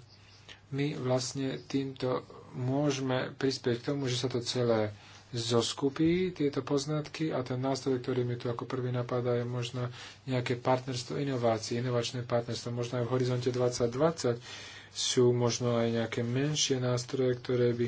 my vlastne týmto môžeme prispieť k tomu, že sa to celé zoskupí tieto poznatky a ten nástroj, ktorý mi tu ako prvý napadá, je možno nejaké partnerstvo inovácií, inovačné partnerstvo. Možno aj v horizonte 2020 sú možno aj nejaké menšie nástroje, ktoré by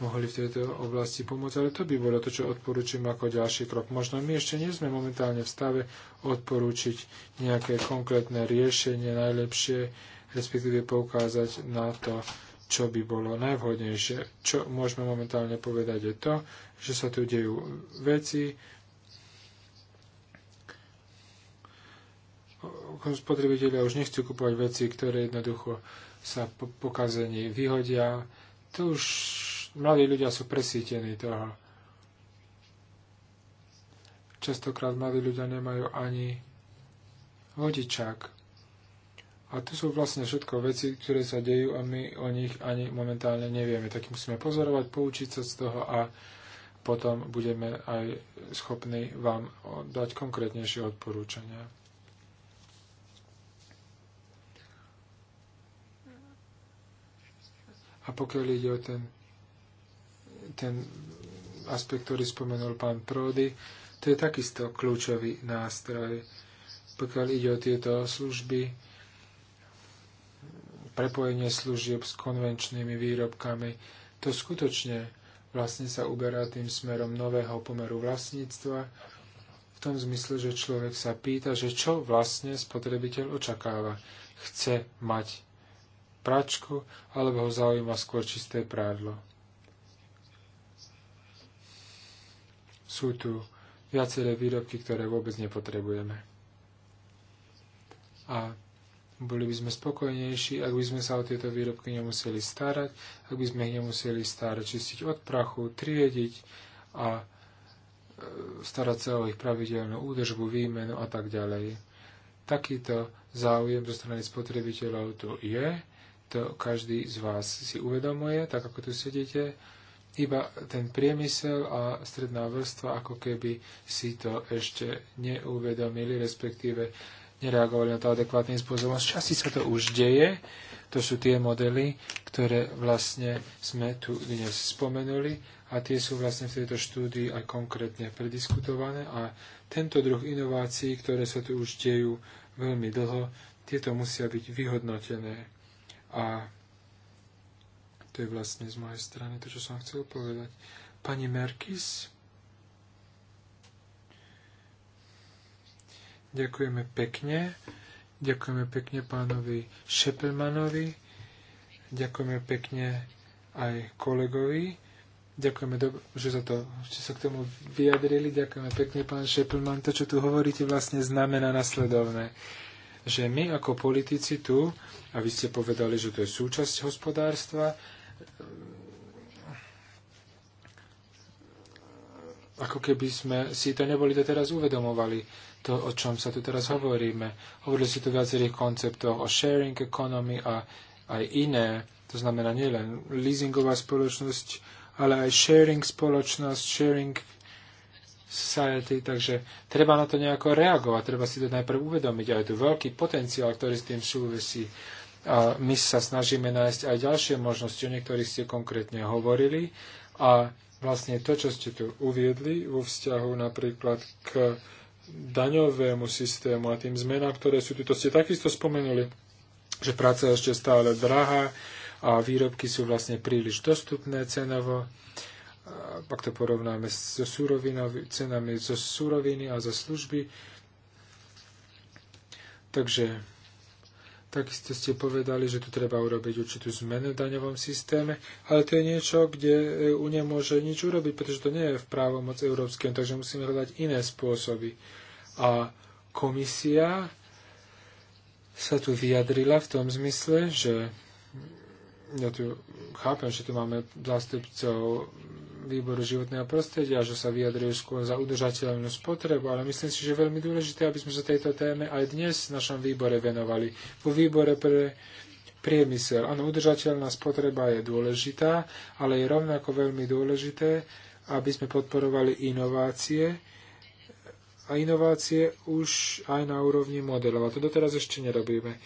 mohli v tejto oblasti pomôcť, ale to by bolo to, čo odporúčam ako ďalší krok. Možno my ešte nie sme momentálne v stave odporúčiť nejaké konkrétne riešenie najlepšie, respektíve poukázať na to, čo by bolo najvhodnejšie. Čo môžeme momentálne povedať je to, že sa tu dejú veci, spotrebitelia už nechcú kupovať veci, ktoré jednoducho sa po pokazení vyhodia. To už mladí ľudia sú presítení toho. Častokrát mladí ľudia nemajú ani vodičák. A to sú vlastne všetko veci, ktoré sa dejú a my o nich ani momentálne nevieme. Tak musíme pozorovať, poučiť sa z toho a potom budeme aj schopní vám dať konkrétnejšie odporúčania. A pokiaľ ide o ten, ten aspekt, ktorý spomenul pán Prody, to je takisto kľúčový nástroj. Pokiaľ ide o tieto služby, prepojenie služieb s konvenčnými výrobkami, to skutočne vlastne sa uberá tým smerom nového pomeru vlastníctva, v tom zmysle, že človek sa pýta, že čo vlastne spotrebiteľ očakáva. Chce mať pračku, alebo ho zaujíma skôr čisté prádlo. Sú tu viaceré výrobky, ktoré vôbec nepotrebujeme. A boli by sme spokojnejší, ak by sme sa o tieto výrobky nemuseli starať, ak by sme ich nemuseli starať, čistiť od prachu, triediť a e, starať sa o ich pravidelnú údržbu, výmenu a tak ďalej. Takýto záujem zo strany spotrebiteľov tu je, to každý z vás si uvedomuje, tak ako tu sedíte, iba ten priemysel a stredná vrstva ako keby si to ešte neuvedomili, respektíve nereagovali na to adekvátnym spôsobom. Z časti sa to už deje, to sú tie modely, ktoré vlastne sme tu dnes spomenuli a tie sú vlastne v tejto štúdii aj konkrétne prediskutované a tento druh inovácií, ktoré sa tu už dejú veľmi dlho, tieto musia byť vyhodnotené a to je vlastne z mojej strany to, čo som chcel povedať. Pani Merkis, Ďakujeme pekne. Ďakujeme pekne pánovi Šepelmanovi. Ďakujeme pekne aj kolegovi. Ďakujeme, že za to, ste sa k tomu vyjadrili. Ďakujeme pekne, pán Šepelman. To, čo tu hovoríte, vlastne znamená nasledovné že my ako politici tu, a vy ste povedali, že to je súčasť hospodárstva, ako keby sme si to neboli doteraz uvedomovali to, o čom sa tu teraz hovoríme. Hovorili si tu viacerých konceptoch o sharing economy a aj iné, to znamená nielen leasingová spoločnosť, ale aj sharing spoločnosť, sharing society, takže treba na to nejako reagovať, treba si to najprv uvedomiť a je tu veľký potenciál, ktorý s tým súvisí. A my sa snažíme nájsť aj ďalšie možnosti, o niektorých ste konkrétne hovorili a vlastne to, čo ste tu uviedli vo vzťahu napríklad k daňovému systému a tým zmenám, ktoré sú tu. To ste takisto spomenuli, že práca je ešte stále drahá a výrobky sú vlastne príliš dostupné cenovo. pak to porovnáme so cenami zo so suroviny a zo služby. Takže Takisto ste povedali, že tu treba urobiť určitú zmenu v daňovom systéme, ale to je niečo, kde EU nemôže nič urobiť, pretože to nie je v právomoc európskej, takže musíme hľadať iné spôsoby. A komisia sa tu vyjadrila v tom zmysle, že ja tu chápem, že tu máme zástupcov výboru životného prostredia, že sa vyjadrujú skôr za udržateľnú spotrebu, ale myslím si, že je veľmi dôležité, aby sme sa tejto téme aj dnes v našom výbore venovali. Vo výbore pre priemysel. Áno, udržateľná spotreba je dôležitá, ale je rovnako veľmi dôležité, aby sme podporovali inovácie a inovácie už aj na úrovni modelov. A to doteraz ešte nerobíme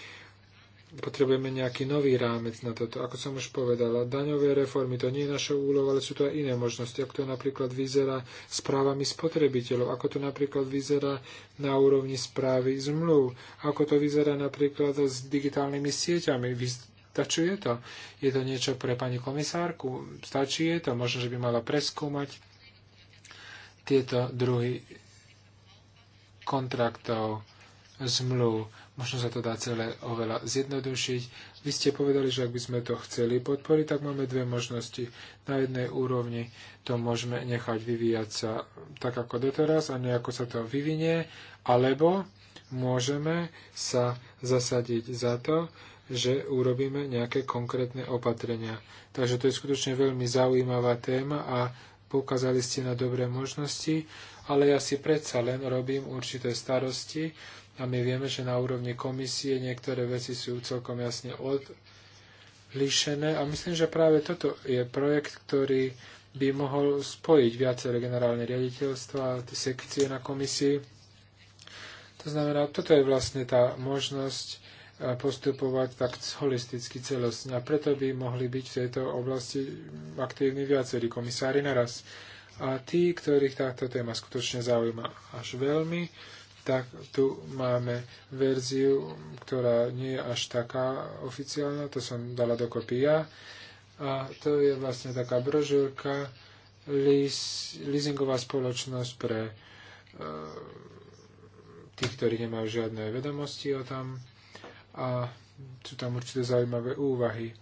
potrebujeme nejaký nový rámec na toto. Ako som už povedala, daňové reformy to nie je naša úloha, ale sú to aj iné možnosti. Ako to napríklad vyzerá s právami spotrebiteľov, ako to napríklad vyzerá na úrovni správy zmluv, ako to vyzerá napríklad s digitálnymi sieťami. je to? Je to niečo pre pani komisárku? Stačí je to? Možno, že by mala preskúmať tieto druhy kontraktov, zmluv Možno sa to dá celé oveľa zjednodušiť. Vy ste povedali, že ak by sme to chceli podporiť, tak máme dve možnosti. Na jednej úrovni to môžeme nechať vyvíjať sa tak ako doteraz a nejako sa to vyvinie, alebo môžeme sa zasadiť za to, že urobíme nejaké konkrétne opatrenia. Takže to je skutočne veľmi zaujímavá téma a poukázali ste na dobré možnosti, ale ja si predsa len robím určité starosti, a my vieme, že na úrovni komisie niektoré veci sú celkom jasne odlišené. A myslím, že práve toto je projekt, ktorý by mohol spojiť viaceré generálne riaditeľstva a sekcie na komisii. To znamená, toto je vlastne tá možnosť eh, postupovať tak holisticky celostne. A preto by mohli byť v tejto oblasti aktívni viacerí komisári naraz. A tí, ktorých táto téma skutočne zaujíma až veľmi, tak tu máme verziu, ktorá nie je až taká oficiálna, to som dala do kopia. A to je vlastne taká brožúrka, leasingová spoločnosť pre e, tých, ktorí nemajú žiadne vedomosti o tam. A sú tam určite zaujímavé úvahy.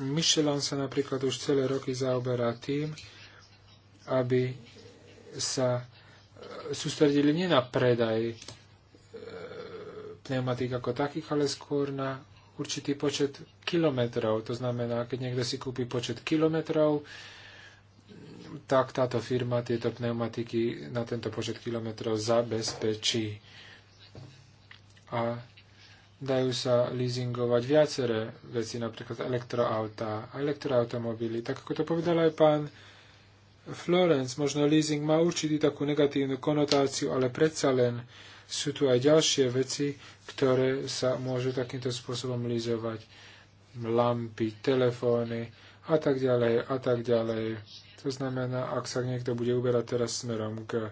Michelin sa napríklad už celé roky zaoberá tým, aby sa e, sústredili nie na predaj e, pneumatík ako takých, ale skôr na určitý počet kilometrov. To znamená, keď niekto si kúpi počet kilometrov, tak táto firma tieto pneumatiky na tento počet kilometrov zabezpečí. A dajú sa leasingovať viaceré veci, napríklad a elektroautomobily. Tak ako to povedal aj pán Florence, možno leasing má určitý takú negatívnu konotáciu, ale predsa len sú tu aj ďalšie veci, ktoré sa môžu takýmto spôsobom lízovať. Lampy, telefóny a tak ďalej a tak ďalej. To znamená, ak sa niekto bude uberať teraz smerom k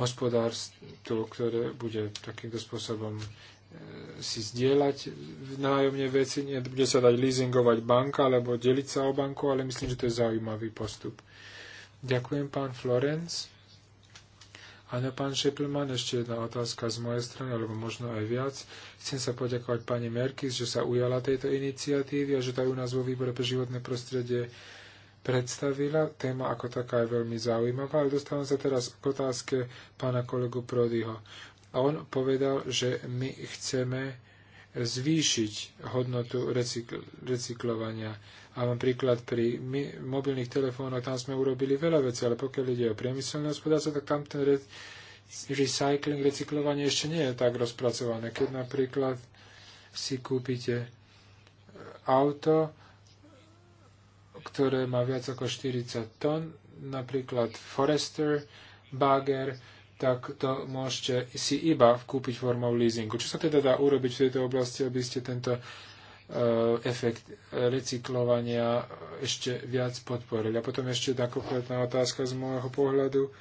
hospodárstvu, ktoré bude takýmto spôsobom si zdieľať nájomne veci, nebude sa dať leasingovať banka alebo deliť sa o banku, ale myslím, že to je zaujímavý postup. Ďakujem, pán Florenc. Áno, pán Šeplman, ešte jedna otázka z mojej strany, alebo možno aj viac. Chcem sa poďakovať pani Merkis, že sa ujala tejto iniciatívy a že to aj u nás vo výbore pre životné prostredie predstavila. Téma ako taká je veľmi zaujímavá, ale dostávam sa teraz k otázke pána kolegu Prodyho a on povedal, že my chceme zvýšiť hodnotu recykl- recyklovania. A mám príklad pri my, mobilných telefónoch, tam sme urobili veľa vecí, ale pokiaľ ide o priemyselné hospodárstvo, tak tam ten re- recycling, recyklovanie ešte nie je tak rozpracované. Keď napríklad si kúpite e, auto, ktoré má viac ako 40 tón, napríklad Forester, Bagger, tak to môžete si iba kúpiť formou leasingu. Čo sa teda dá urobiť v tejto oblasti, aby ste tento e, efekt recyklovania ešte viac podporili. A potom ešte jedna konkrétna otázka z môjho pohľadu.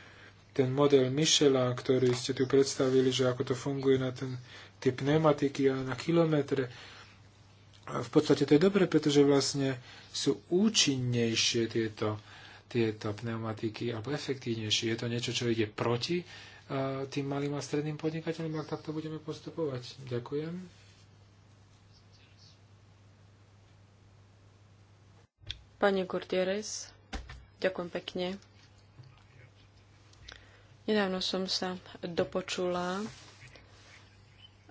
Ten model Michela, ktorý ste tu predstavili, že ako to funguje na ten, tie pneumatiky a na kilometre, v podstate to je dobre, pretože vlastne sú účinnejšie tieto tieto pneumatiky alebo efektívnejšie. Je to niečo, čo ide proti e, tým malým a stredným podnikateľom, ak takto budeme postupovať. Ďakujem. Pani Gurdieres, ďakujem pekne. Nedávno som sa dopočula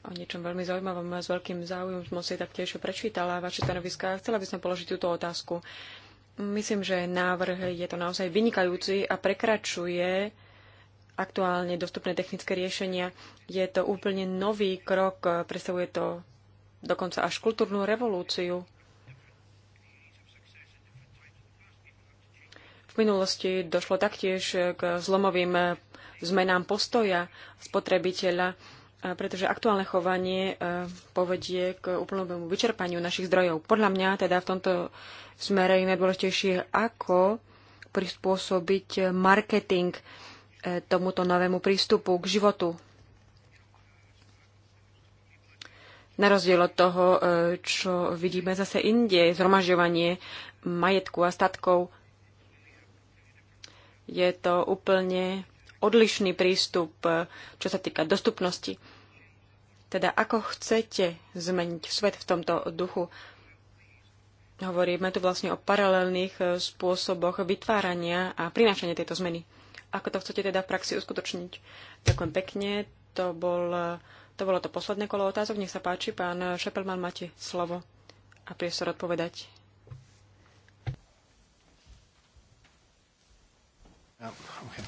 o niečom veľmi zaujímavom a s veľkým záujmom som si tiež prečítala vaše stanoviská. Chcela by som položiť túto otázku. Myslím, že návrh je to naozaj vynikajúci a prekračuje aktuálne dostupné technické riešenia. Je to úplne nový krok, predstavuje to dokonca až kultúrnu revolúciu. V minulosti došlo taktiež k zlomovým zmenám postoja spotrebiteľa pretože aktuálne chovanie e, povedie k úplnému vyčerpaniu našich zdrojov. Podľa mňa teda v tomto smere je najdôležitejšie, ako prispôsobiť marketing e, tomuto novému prístupu k životu. Na rozdiel od toho, e, čo vidíme zase inde, zhromažďovanie majetku a statkov, je to úplne odlišný prístup, čo sa týka dostupnosti teda ako chcete zmeniť svet v tomto duchu? Hovoríme tu vlastne o paralelných eh, spôsoboch vytvárania a prinášania tejto zmeny. Ako to chcete teda v praxi uskutočniť? Ďakujem pekne. To, bol, eh, to bolo to posledné kolo otázok. Nech sa páči, pán Šepelman, máte slovo a priestor odpovedať. okay.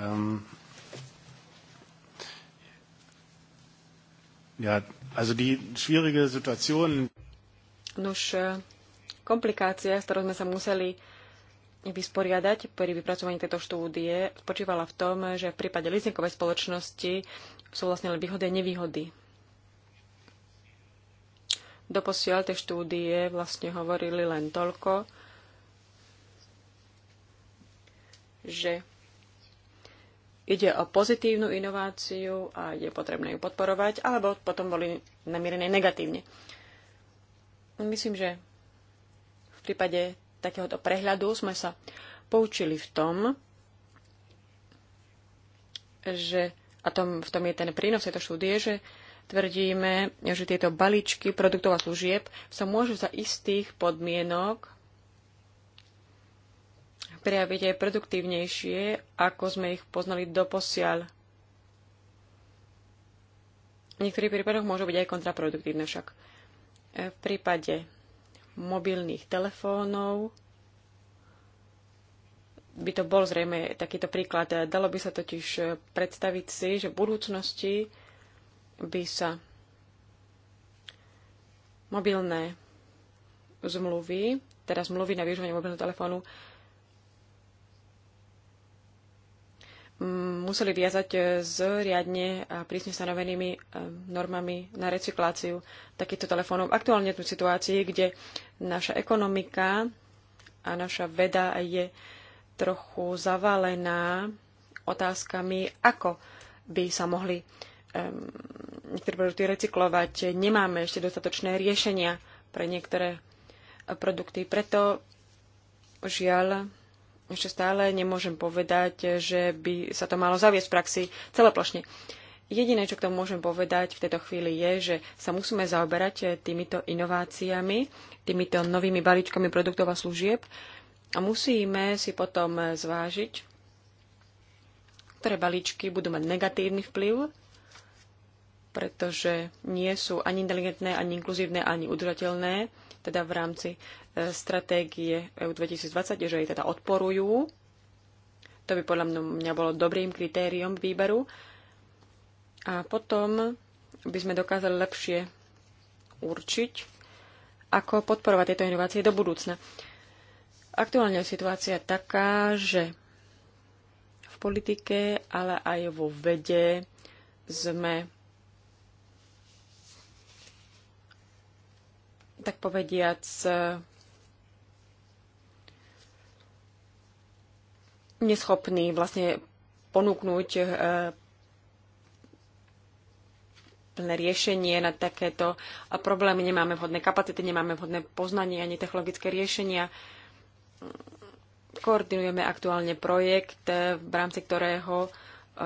um... Ja, also die schwierige Situation... Nuž, eh, komplikácia, s ktorou sme sa museli vysporiadať pri vypracovaní tejto štúdie, spočívala v tom, že v prípade leasingovej spoločnosti sú vlastne len výhody a nevýhody. Doposiaľ tie štúdie vlastne hovorili len toľko, že ide o pozitívnu inováciu a je potrebné ju podporovať, alebo potom boli namierené negatívne. Myslím, že v prípade takéhoto prehľadu sme sa poučili v tom, že, a tom, v tom je ten prínos tejto štúdie, že tvrdíme, že tieto balíčky produktov a služieb sa môžu za istých podmienok prejaviť aj produktívnejšie, ako sme ich poznali doposiaľ. V niektorých prípadoch môžu byť aj kontraproduktívne však. E, v prípade mobilných telefónov by to bol zrejme takýto príklad. Dalo by sa totiž predstaviť si, že v budúcnosti by sa mobilné zmluvy, teda zmluvy na využívanie mobilného telefónu, Mm, museli viazať e, s riadne a prísne stanovenými e, normami na recykláciu takýchto telefónov. Aktuálne tu situácii, kde naša ekonomika a naša veda je trochu zavalená otázkami, ako by sa mohli niektoré produkty recyklovať. Nemáme ešte dostatočné riešenia pre niektoré e, produkty. Preto žiaľ ešte stále nemôžem povedať, že by sa to malo zaviesť v praxi celoplošne. Jediné, čo k tomu môžem povedať v tejto chvíli je, že sa musíme zaoberať týmito inováciami, týmito novými balíčkami produktov a služieb a musíme si potom zvážiť, ktoré balíčky budú mať negatívny vplyv, pretože nie sú ani inteligentné, ani inkluzívne, ani udržateľné teda v rámci e, stratégie EU 2020, že jej teda odporujú. To by podľa mňa bolo dobrým kritériom výberu. A potom by sme dokázali lepšie určiť, ako podporovať tieto inovácie do budúcna. Aktuálne je situácia taká, že v politike, ale aj vo vede sme tak povediac, eh, neschopný vlastne ponúknuť eh, plné riešenie na takéto problémy. Nemáme vhodné kapacity, nemáme vhodné poznanie ani technologické riešenia. Koordinujeme aktuálne projekt, eh, v rámci ktorého Eh,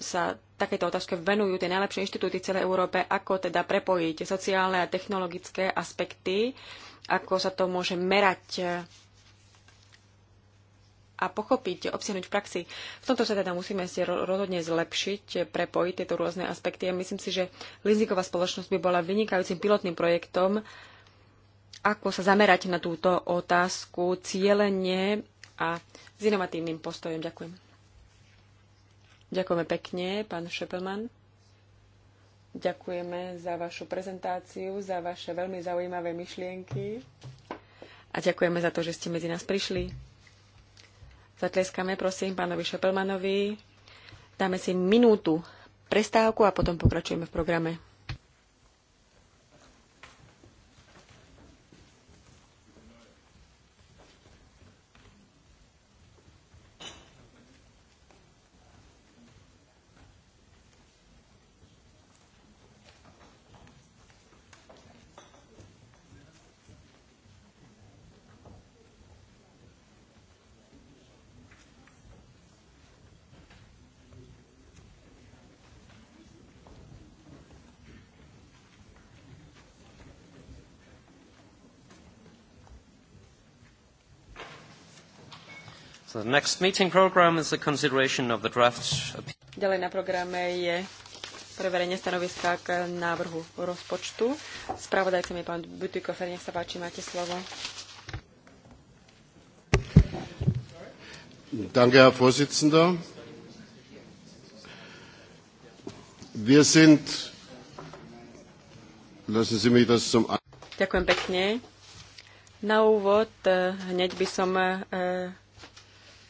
sa takéto otázke venujú tie najlepšie inštitúty celej Európe, ako teda prepojiť sociálne a technologické aspekty, ako sa to môže merať a pochopiť, obsiahnuť v praxi. V tomto sa teda musíme ešte rozhodne zlepšiť, prepojiť tieto rôzne aspekty. A myslím si, že leasingová spoločnosť by bola vynikajúcim pilotným projektom, ako sa zamerať na túto otázku cieľene a s inovatívnym postojom. Ďakujem. Ďakujeme pekne, pán Šepelman. Ďakujeme za vašu prezentáciu, za vaše veľmi zaujímavé myšlienky a ďakujeme za to, že ste medzi nás prišli. Zatleskáme, prosím, pánovi Šepelmanovi. Dáme si minútu prestávku a potom pokračujeme v programe. next meeting program is the consideration of the draft... Ďalej na programe je preverenie stanoviska k návrhu rozpočtu. Spravodajcom je pán Butikofer, nech sa páči, máte slovo. Danke, Herr Vorsitzender. Wir sind, lassen Sie mich das zum Ďakujem pekne. Na úvod eh, hneď by som eh,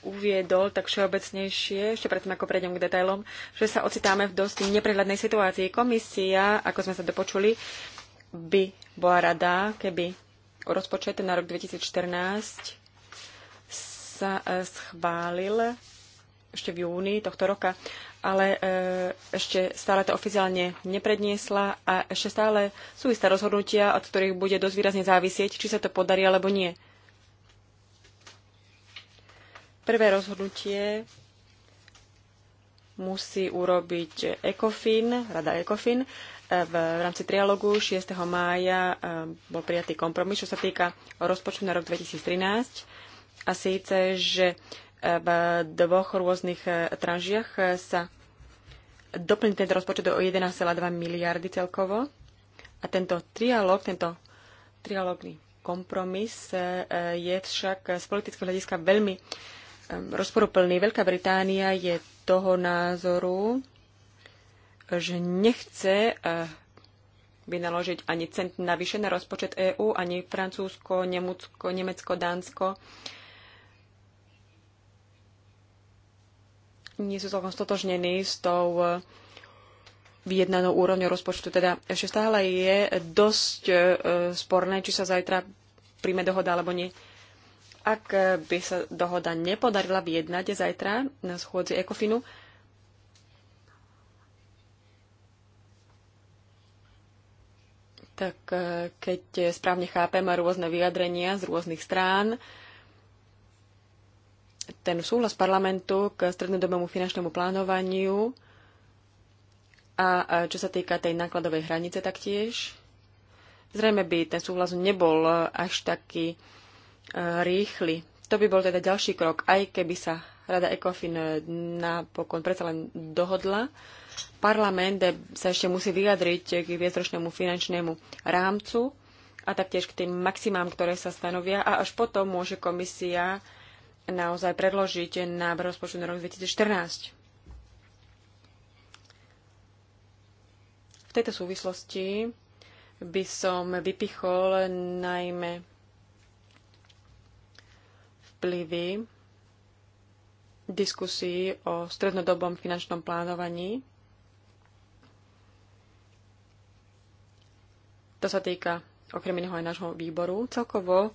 uviedol tak všeobecnejšie, ešte predtým ako prejdem k detailom, že sa ocitáme v dosť neprehľadnej situácii. Komisia, ako sme sa dopočuli, by bola rada, keby rozpočet na rok 2014 sa e, schválil ešte v júni tohto roka, ale e, ešte stále to oficiálne nepredniesla a ešte stále sú isté rozhodnutia, od ktorých bude dosť výrazne závisieť, či sa to podarí alebo nie. Prvé rozhodnutie musí urobiť ECOFIN, Rada ECOFIN. V rámci trialogu 6. mája e, bol prijatý kompromis, čo sa týka rozpočtu na rok 2013. A síce, že e, v dvoch rôznych e, tranžiach sa doplní tento rozpočet o 11,2 miliardy celkovo. A tento trialog, tento trialogný kompromis je však z politického hľadiska veľmi rozporuplný. Veľká Británia je toho názoru, že nechce eh, vynaložiť ani cent navyše na rozpočet EÚ, ani Francúzsko, Nemucko, Nemecko, Dánsko. Nie sú celkom stotožnení s tou eh, vyjednanou úrovňou rozpočtu. Teda ešte stále je dosť eh, sporné, či sa zajtra príjme dohoda alebo nie. Ak eh, by sa dohoda nepodarila vyjednať zajtra na schôdzi Ekofinu, tak eh, keď správne chápem rôzne vyjadrenia z rôznych strán, ten súhlas parlamentu k strednodobému finančnému plánovaniu a čo sa týka tej nákladovej hranice taktiež, zrejme by ten súhlas nebol až taký rýchli. To by bol teda ďalší krok, aj keby sa Rada ECOFIN e, napokon predsa len dohodla. Parlament e, sa ešte musí vyjadriť k viacročnému finančnému rámcu a taktiež k tým maximám, ktoré sa stanovia a až potom môže komisia naozaj predložiť návrh rozpočtu na rok 2014. V tejto súvislosti by som vypichol najmä vplyvy diskusí o strednodobom finančnom plánovaní. To sa týka okrem iného aj nášho výboru. Celkovo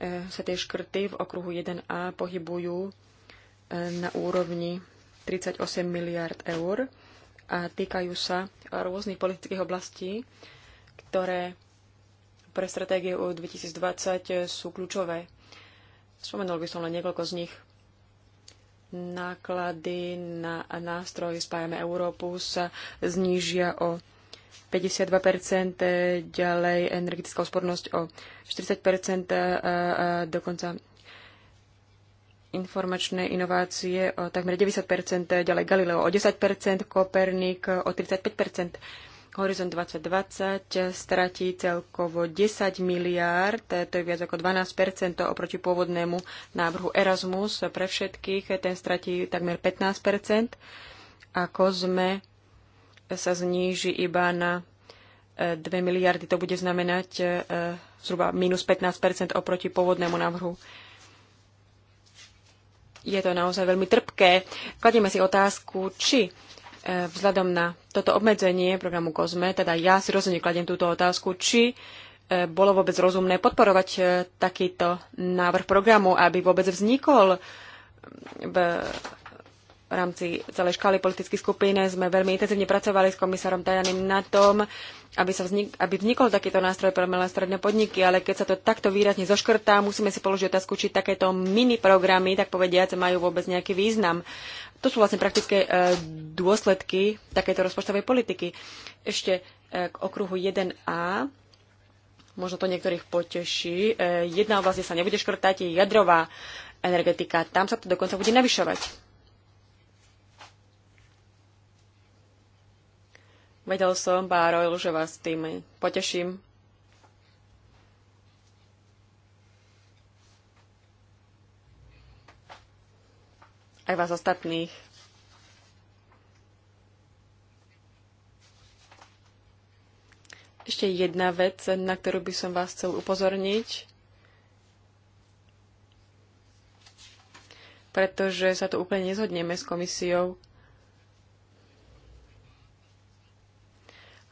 e, sa tie škrty v okruhu 1A pohybujú e, na úrovni 38 miliard eur a týkajú sa rôznych politických oblastí, ktoré pre stratégiu 2020 sú kľúčové. Spomenul by som len niekoľko z nich. Náklady na nástroj Spájame Európu sa znížia o 52%, ďalej energetická úspornosť o 40%, a dokonca informačné inovácie o takmer 90%, ďalej Galileo o 10%, Kopernik o 35%. Horizon 2020 stratí celkovo 10 miliárd, to je viac ako 12 oproti pôvodnému návrhu Erasmus pre všetkých, ten stratí takmer 15 a Kozme sa zníži iba na 2 e, miliardy. To bude znamenať e, zhruba minus 15 oproti pôvodnému návrhu je to naozaj veľmi trpké. Kladieme si otázku, či E, vzhľadom na toto obmedzenie programu COSME, teda ja si rozhodne kladem túto otázku, či e, bolo vôbec rozumné podporovať e, takýto návrh programu, aby vôbec vznikol v rámci celej škály politických skupín. Sme veľmi intenzívne pracovali s komisárom Tajanim na tom, aby, sa vznik- aby vznikol takýto nástroj pre malé stredné podniky, ale keď sa to takto výrazne zoškrtá, musíme si položiť otázku, či takéto mini programy, tak povediac, majú vôbec nejaký význam to sú vlastne praktické e, dôsledky takéto rozpočtovej politiky. Ešte e, k okruhu 1a, možno to niektorých poteší, e, jedna oblasť, kde sa nebude škrtať, je jadrová energetika. Tam sa to dokonca bude navyšovať. Vedel som, Báro, že vás tým poteším. aj vás ostatných. Ešte jedna vec, na ktorú by som vás chcel upozorniť, pretože sa tu úplne nezhodneme s komisiou.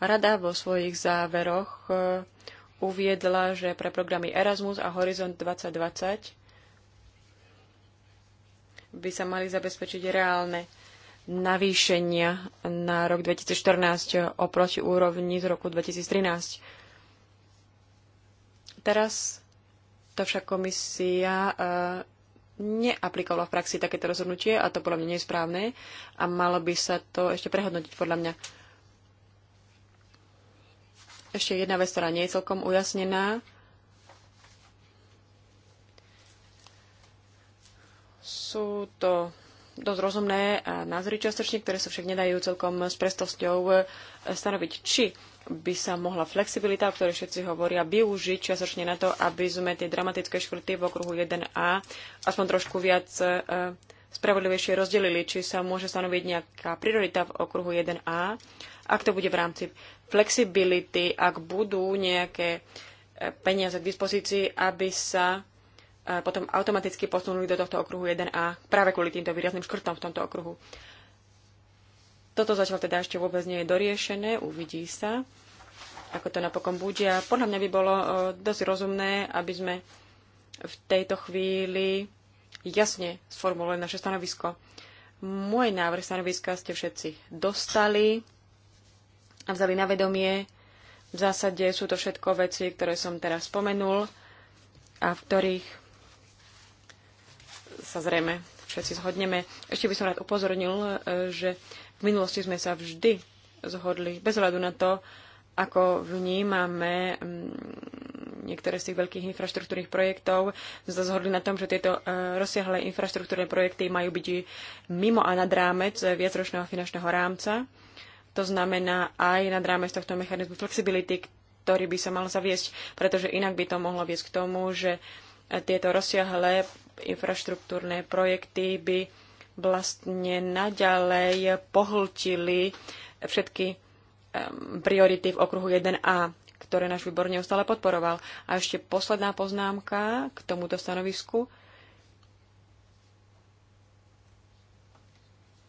Rada vo svojich záveroch eh, uviedla, že pre programy Erasmus a Horizont 2020 by sa mali zabezpečiť reálne navýšenia na rok 2014 oproti úrovni z roku 2013. Teraz to však komisia e, neaplikovala v praxi takéto rozhodnutie a to podľa mňa nie je správne a malo by sa to ešte prehodnotiť podľa mňa. Ešte jedna vec, ktorá nie je celkom ujasnená Sú to dosť rozumné názory častočne, ktoré sa však nedajú celkom s prestosťou e, stanoviť, či by sa mohla flexibilita, o ktorej všetci hovoria, využiť čiastočne na to, aby sme tie dramatické škrty v okruhu 1a aspoň trošku viac e, spravodlivejšie rozdelili, či sa môže stanoviť nejaká priorita v okruhu 1a, ak to bude v rámci flexibility, ak budú nejaké e, peniaze k dispozícii, aby sa potom automaticky posunuli do tohto okruhu 1A práve kvôli týmto výrazným škrtom v tomto okruhu. Toto zatiaľ teda ešte vôbec nie je doriešené, uvidí sa, ako to napokon bude. A podľa mňa by bolo e, dosť rozumné, aby sme v tejto chvíli jasne sformulovali naše stanovisko. Môj návrh stanoviska ste všetci dostali a vzali na vedomie. V zásade sú to všetko veci, ktoré som teraz spomenul a v ktorých sa zrejme všetci zhodneme. Ešte by som rád upozornil, e, že v minulosti sme sa vždy zhodli, bez hľadu na to, ako vnímame mm, niektoré z tých veľkých infraštruktúrnych projektov, sme sa zhodli na tom, že tieto e, rozsiahle infraštruktúrne projekty majú byť mimo a nad rámec viacročného finančného rámca. To znamená aj nad rámec tohto mechanizmu flexibility, ktorý by sa mal zaviesť, pretože inak by to mohlo viesť k tomu, že tieto rozsiahle infraštruktúrne projekty by vlastne naďalej pohltili všetky priority v okruhu 1A, ktoré náš výbor neustále podporoval. A ešte posledná poznámka k tomuto stanovisku.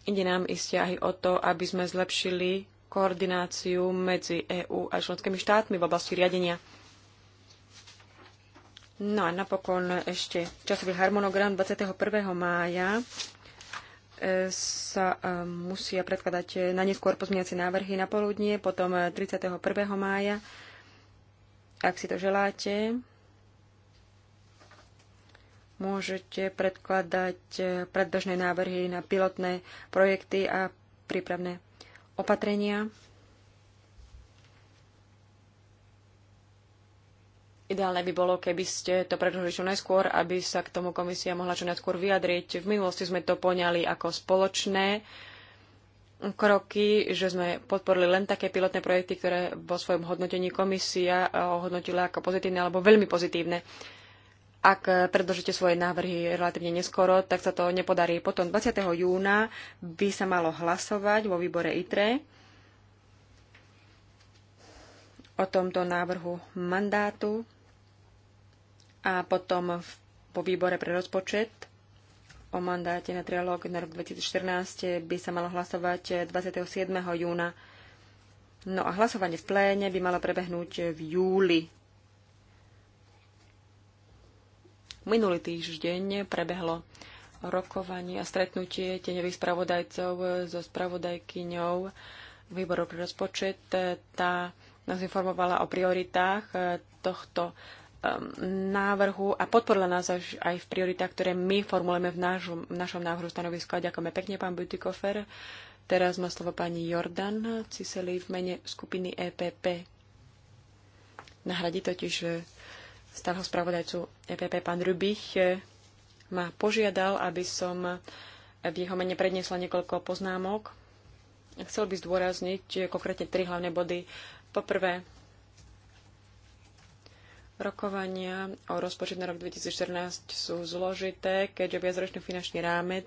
Ide nám iste aj o to, aby sme zlepšili koordináciu medzi EÚ a členskými štátmi v oblasti riadenia. No a napokon ešte časový harmonogram 21. mája e, sa e, musia predkladať na neskôr pozmeňovacie návrhy na poludnie, potom 31. mája, ak si to želáte, môžete predkladať e, predbežné návrhy na pilotné projekty a prípravné opatrenia. Ideálne by bolo, keby ste to predložili čo najskôr, aby sa k tomu komisia mohla čo najskôr vyjadriť. V minulosti sme to poňali ako spoločné kroky, že sme podporili len také pilotné projekty, ktoré vo svojom hodnotení komisia eh, ohodnotila ako pozitívne alebo veľmi pozitívne. Ak predložíte svoje návrhy relatívne neskoro, tak sa to nepodarí. Potom 20. júna by sa malo hlasovať vo výbore ITRE o tomto návrhu mandátu a potom po výbore pre rozpočet o mandáte na trialóg na rok 2014 by sa malo hlasovať 27. júna. No a hlasovanie v pléne by malo prebehnúť v júli. Minulý týždeň prebehlo rokovanie a stretnutie teňových spravodajcov so spravodajkyňou výboru pre rozpočet. Tá nás informovala o prioritách tohto Um, návrhu a podporila nás až aj v prioritách, ktoré my formulujeme v, nášu, v našom návrhu stanoviska. Ďakujeme pekne, pán Butikofer. Teraz má slovo pani Jordan Ciseli v mene skupiny EPP. Nahradí totiž eh, stáleho spravodajcu EPP pán Rubich eh, ma požiadal, aby som eh, v jeho mene predniesla niekoľko poznámok. Chcel by zdôrazniť konkrétne tri hlavné body. Poprvé, Rokovania o rozpočet na rok 2014 sú zložité, keďže viacročný finančný rámec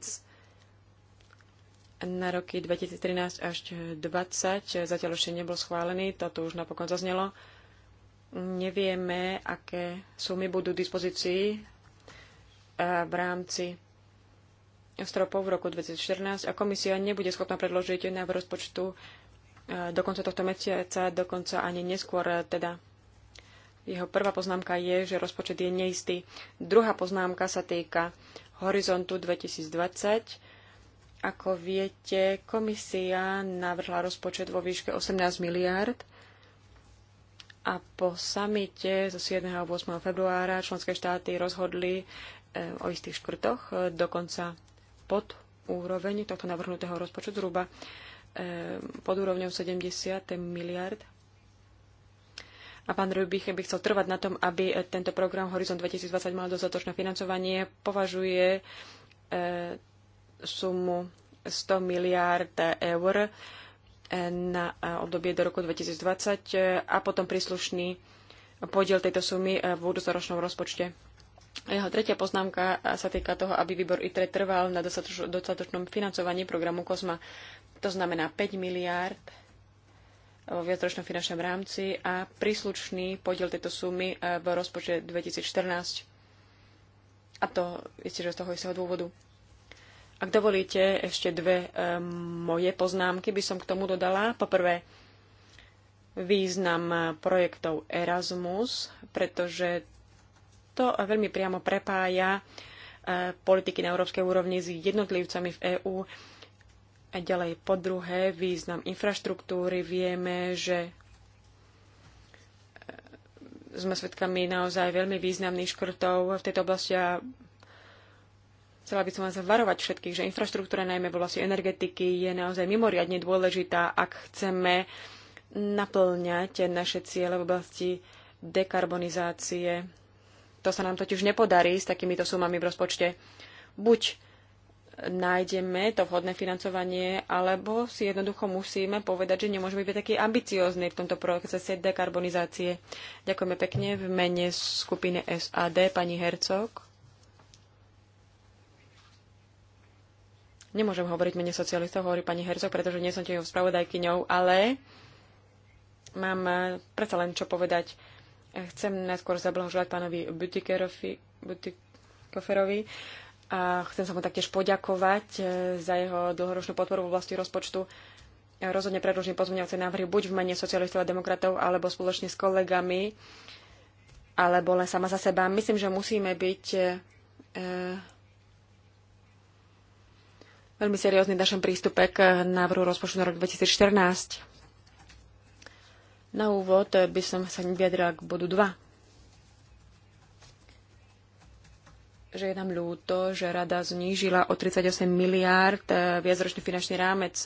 na roky 2013 až 2020 zatiaľ ešte nebol schválený, toto už napokon zaznelo. Nevieme, aké sumy budú v dispozícii eh, v rámci stropov v roku 2014 a komisia nebude schopná predložiť návrh rozpočtu eh, do konca tohto mesiaca, dokonca ani neskôr eh, teda jeho prvá poznámka je, že rozpočet je neistý. Druhá poznámka sa týka horizontu 2020. Ako viete, komisia navrhla rozpočet vo výške 18 miliárd a po samite zo 7. a 8. februára členské štáty rozhodli eh, o istých škrtoch, eh, dokonca pod úroveň tohto navrhnutého rozpočtu, zhruba eh, pod úrovňou 70 miliard a pán Rubich by chcel trvať na tom, aby tento program Horizon 2020 mal dostatočné financovanie. Považuje e, sumu 100 miliárd eur e, na e, obdobie do roku 2020 e, a potom príslušný podiel tejto sumy v budúcoročnom rozpočte. Jeho tretia poznámka sa týka toho, aby výbor ITRE trval na dostatočnom financovaní programu COSMA. To znamená 5 miliárd vo viacročnom finančnom rámci a príslušný podiel tejto sumy eh, v rozpočte 2014. A to si, že z toho istého dôvodu. Ak dovolíte, ešte dve e, moje poznámky by som k tomu dodala. Poprvé, význam eh, projektov Erasmus, pretože to veľmi priamo prepája politiky na európskej úrovni s jednotlivcami v EÚ. A ďalej po druhé, význam infraštruktúry. Vieme, že e, sme svedkami naozaj veľmi významných škrtov v tejto oblasti a chcela by som vás varovať všetkých, že infraštruktúra najmä v oblasti energetiky je naozaj mimoriadne dôležitá, ak chceme naplňať naše ciele v oblasti dekarbonizácie. To sa nám totiž nepodarí s takýmito sumami v rozpočte. Buď nájdeme to vhodné financovanie, alebo si jednoducho musíme povedať, že nemôžeme byť takí ambiciózny v tomto procese dekarbonizácie. Ďakujeme pekne v mene skupiny SAD, pani Hercog. Nemôžem hovoriť mene socialistov, hovorí pani Herzog, pretože nie som tieho spravodajkyňou, ale mám eh, predsa len čo povedať. Chcem najskôr zablahoželať pánovi Butikoferovi a chcem sa mu taktiež poďakovať e, za jeho dlhoročnú podporu v oblasti rozpočtu. E, Rozhodne predložím pozmeňovacie návrhy buď v mene socialistov a demokratov, alebo spoločne s kolegami, alebo len sama za seba. Myslím, že musíme byť e, veľmi seriózny v našom prístupe k návrhu rozpočtu na rok 2014. Na úvod by som sa vyjadrila k bodu 2 že je nám ľúto, že rada znížila o 38 miliárd eh, viacročný finančný rámec.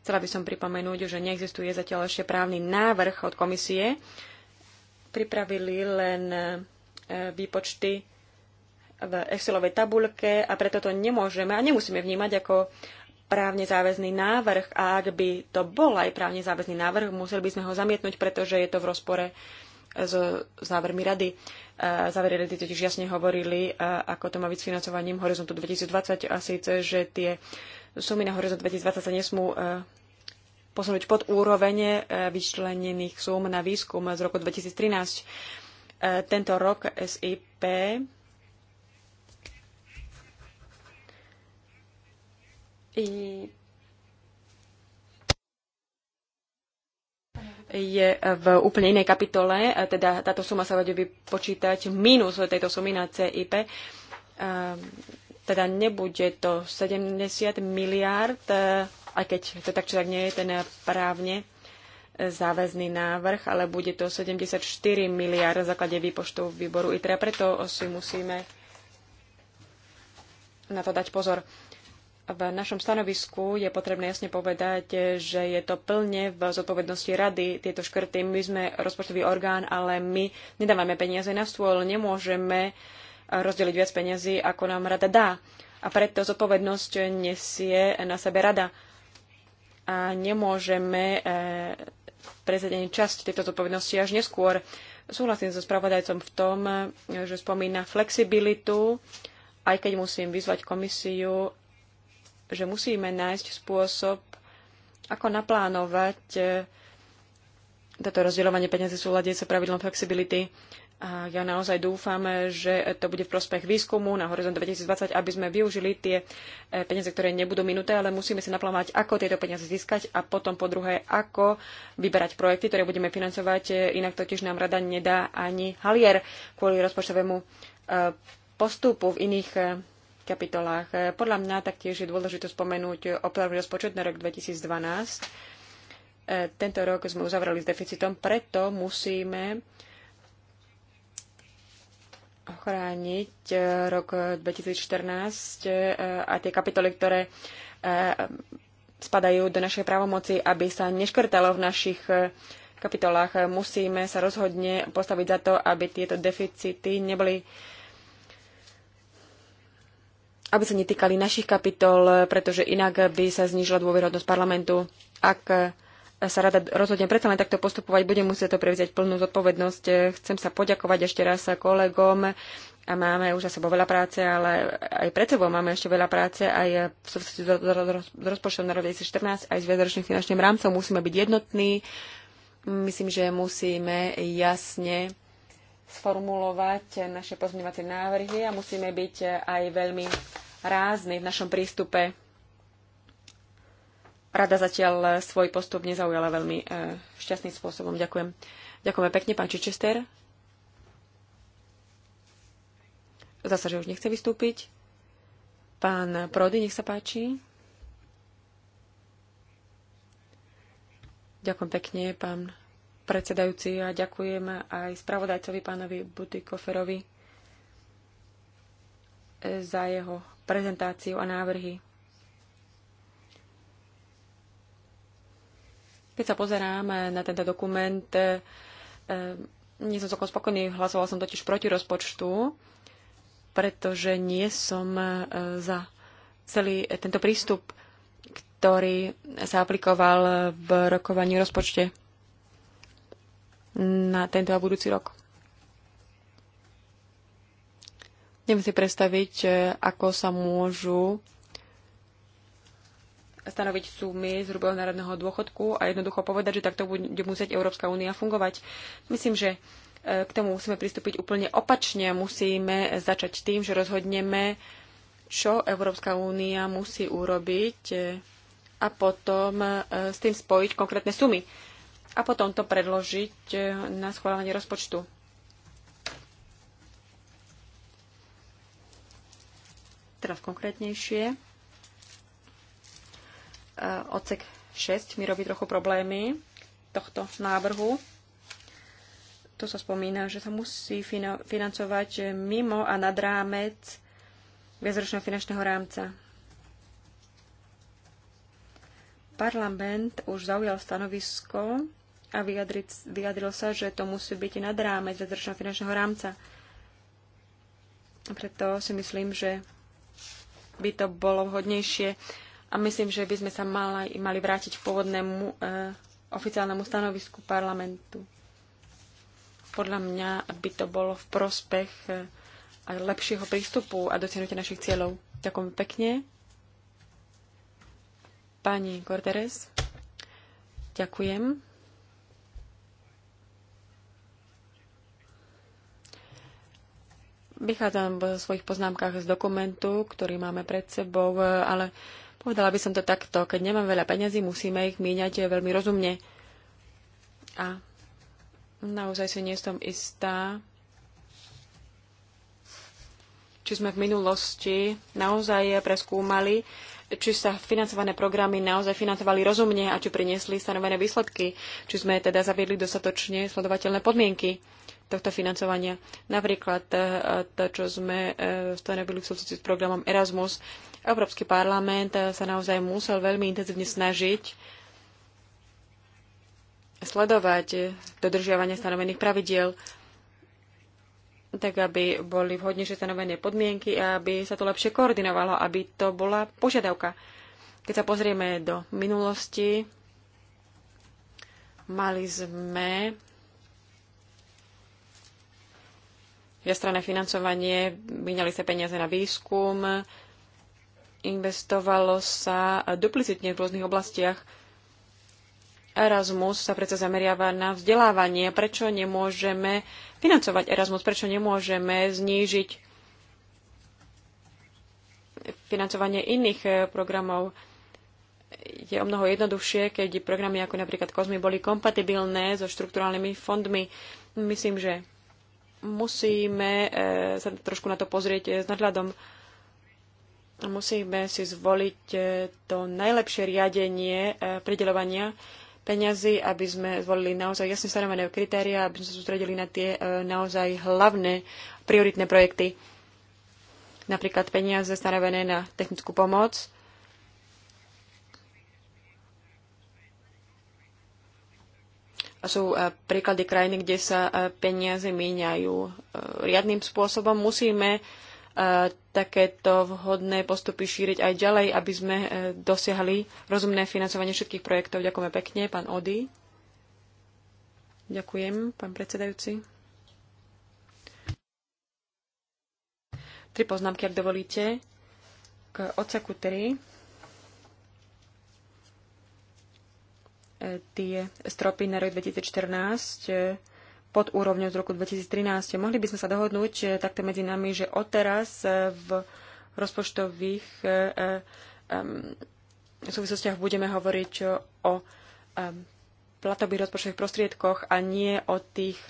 Chcela by som pripomenúť, že neexistuje zatiaľ ešte právny návrh od komisie. Pripravili len eh, výpočty v Excelovej tabulke a preto to nemôžeme a nemusíme vnímať ako právne záväzný návrh. A ak by to bol aj právne záväzný návrh, museli by sme ho zamietnúť, pretože je to v rozpore s, s rady. Závery rady totiž jasne hovorili, ako to má byť s financovaním Horizontu 2020 a síce, že tie sumy na Horizont 2020 sa nesmú e, posunúť pod úroveň e, vyčlenených súm na výskum z roku 2013. E, tento rok SIP i je v úplne inej kapitole, teda táto suma sa bude vypočítať minus tejto sumy na CIP. Teda nebude to 70 miliárd, aj keď to tak či tak nie je ten právne záväzný návrh, ale bude to 74 miliárd na základe výpočtu výboru ITRE. Preto si musíme na to dať pozor v našom stanovisku je potrebné jasne povedať, že je to plne v zodpovednosti rady tieto škrty. My sme rozpočtový orgán, ale my nedávame peniaze na stôl, nemôžeme rozdeliť viac peniazy, ako nám rada dá. A preto zodpovednosť nesie na sebe rada. A nemôžeme e, prezadeniť časť tejto zodpovednosti až neskôr. Súhlasím so spravodajcom v tom, že spomína flexibilitu, aj keď musím vyzvať komisiu, že musíme nájsť spôsob, ako naplánovať e, toto rozdeľovanie peniazy sú súlade sa pravidlom flexibility. A ja naozaj dúfam, že to bude v prospech výskumu na Horizont 2020, aby sme využili tie e, peniaze, ktoré nebudú minuté, ale musíme si naplánovať, ako tieto peniaze získať a potom po druhé, ako vyberať projekty, ktoré budeme financovať. E, inak totiž nám rada nedá ani halier kvôli rozpočtovému postupu v iných kapitolách. E, podľa mňa taktiež je dôležité spomenúť opravný rozpočet na rok 2012. E, tento rok sme uzavreli s deficitom, preto musíme ochrániť e, rok 2014 a tie kapitoly, ktoré spadajú do našej právomoci, aby sa neškrtalo v našich kapitolách. Musíme sa rozhodne postaviť za to, aby tieto deficity neboli aby sa netýkali našich kapitol, pretože inak by sa znížila dôveryhodnosť parlamentu. Ak sa rada rozhodne predsa len takto postupovať, budem musieť to prevziať plnú zodpovednosť. Chcem sa poďakovať ešte raz kolegom a máme už za sebou veľa práce, ale aj pred sebou máme ešte veľa práce aj v súvislosti s rozpočtom na rok 2014, aj s viacročným finančným rámcom. Musíme byť jednotní. Myslím, že musíme jasne sformulovať naše pozmeňovacie návrhy a musíme byť aj veľmi rázni v našom prístupe. Rada zatiaľ svoj postup nezaujala veľmi e, šťastným spôsobom. Ďakujem. Ďakujeme pekne, pán Čičester. Zasa, že už nechce vystúpiť. Pán Prody, nech sa páči. Ďakujem pekne, pán predsedajúci a ďakujem aj spravodajcovi pánovi Butikoferovi eh, za jeho prezentáciu a návrhy. Keď sa pozerám na tento dokument, eh, nie som celkom spokojný, hlasoval som totiž proti rozpočtu, pretože nie som eh, za celý tento prístup, ktorý sa aplikoval v rokovaní rozpočte na tento a budúci rok. Neviem si predstaviť, e, ako sa môžu stanoviť sumy z hrubého národného dôchodku a jednoducho povedať, že takto bude musieť Európska únia fungovať. Myslím, že e, k tomu musíme pristúpiť úplne opačne. Musíme začať tým, že rozhodneme, čo Európska únia musí urobiť e, a potom s tým spojiť konkrétne sumy a potom to predložiť e, na schválenie rozpočtu. Teraz konkrétnejšie. E, odsek 6 mi robí trochu problémy tohto návrhu. To sa spomína, že sa musí financovať mimo a nad rámec viacročného finančného rámca. Parlament už zaujal stanovisko a vyjadriť, vyjadril sa, že to musí byť nad rámec vedržného finančného rámca. A preto si myslím, že by to bolo vhodnejšie a myslím, že by sme sa mali, mali vrátiť k pôvodnému e, oficiálnemu stanovisku parlamentu. Podľa mňa by to bolo v prospech e, aj lepšieho prístupu a dosiahnutia našich cieľov. Ďakujem pekne. Pani Korderes, ďakujem. Vychádzam v svojich poznámkach z dokumentu, ktorý máme pred sebou, ale povedala by som to takto. Keď nemám veľa peňazí, musíme ich míňať veľmi rozumne. A naozaj si nie som istá, či sme v minulosti naozaj preskúmali, či sa financované programy naozaj financovali rozumne a či priniesli stanovené výsledky, či sme teda zaviedli dostatočne sledovateľné podmienky tohto financovania. Napríklad eh, to, čo sme stanovili eh, v súvislosti s programom Erasmus. Európsky parlament eh, sa naozaj musel veľmi intenzívne snažiť sledovať dodržiavanie stanovených pravidiel, tak aby boli vhodnejšie stanovené podmienky a aby sa to lepšie koordinovalo, aby to bola požiadavka. Keď sa pozrieme do minulosti, mali sme viacstranné financovanie, vyňali sa peniaze na výskum, investovalo sa duplicitne v rôznych oblastiach. Erasmus sa predsa zameriava na vzdelávanie. Prečo nemôžeme financovať Erasmus? Prečo nemôžeme znížiť financovanie iných eh, programov? Je o mnoho jednoduchšie, keď programy ako napríklad COSMI boli kompatibilné so štrukturálnymi fondmi. Myslím, že musíme e, sa trošku na to pozrieť e, s nadhľadom. Musíme si zvoliť e, to najlepšie riadenie prideľovania peňazí, aby sme zvolili naozaj jasne stanovené kritéria, aby sme sa sústredili na tie naozaj hlavné prioritné projekty. Napríklad peniaze stanovené na technickú pomoc, sú e, príklady krajiny, kde sa e, peniaze míňajú e, riadným spôsobom. Musíme takéto vhodné postupy šíriť aj ďalej, aby sme dosiahli rozumné financovanie všetkých projektov. Ďakujeme pekne, pán Ody. Ďakujem, pán predsedajúci. Tri poznámky, ak dovolíte, k odseku 3 tie stropy na rok 2014 eh, pod úrovňou z roku 2013. Mohli by sme sa dohodnúť eh, takto medzi nami, že odteraz eh, v rozpočtových súvislostiach budeme hovoriť o platobých rozpočtových prostriedkoch a nie o tých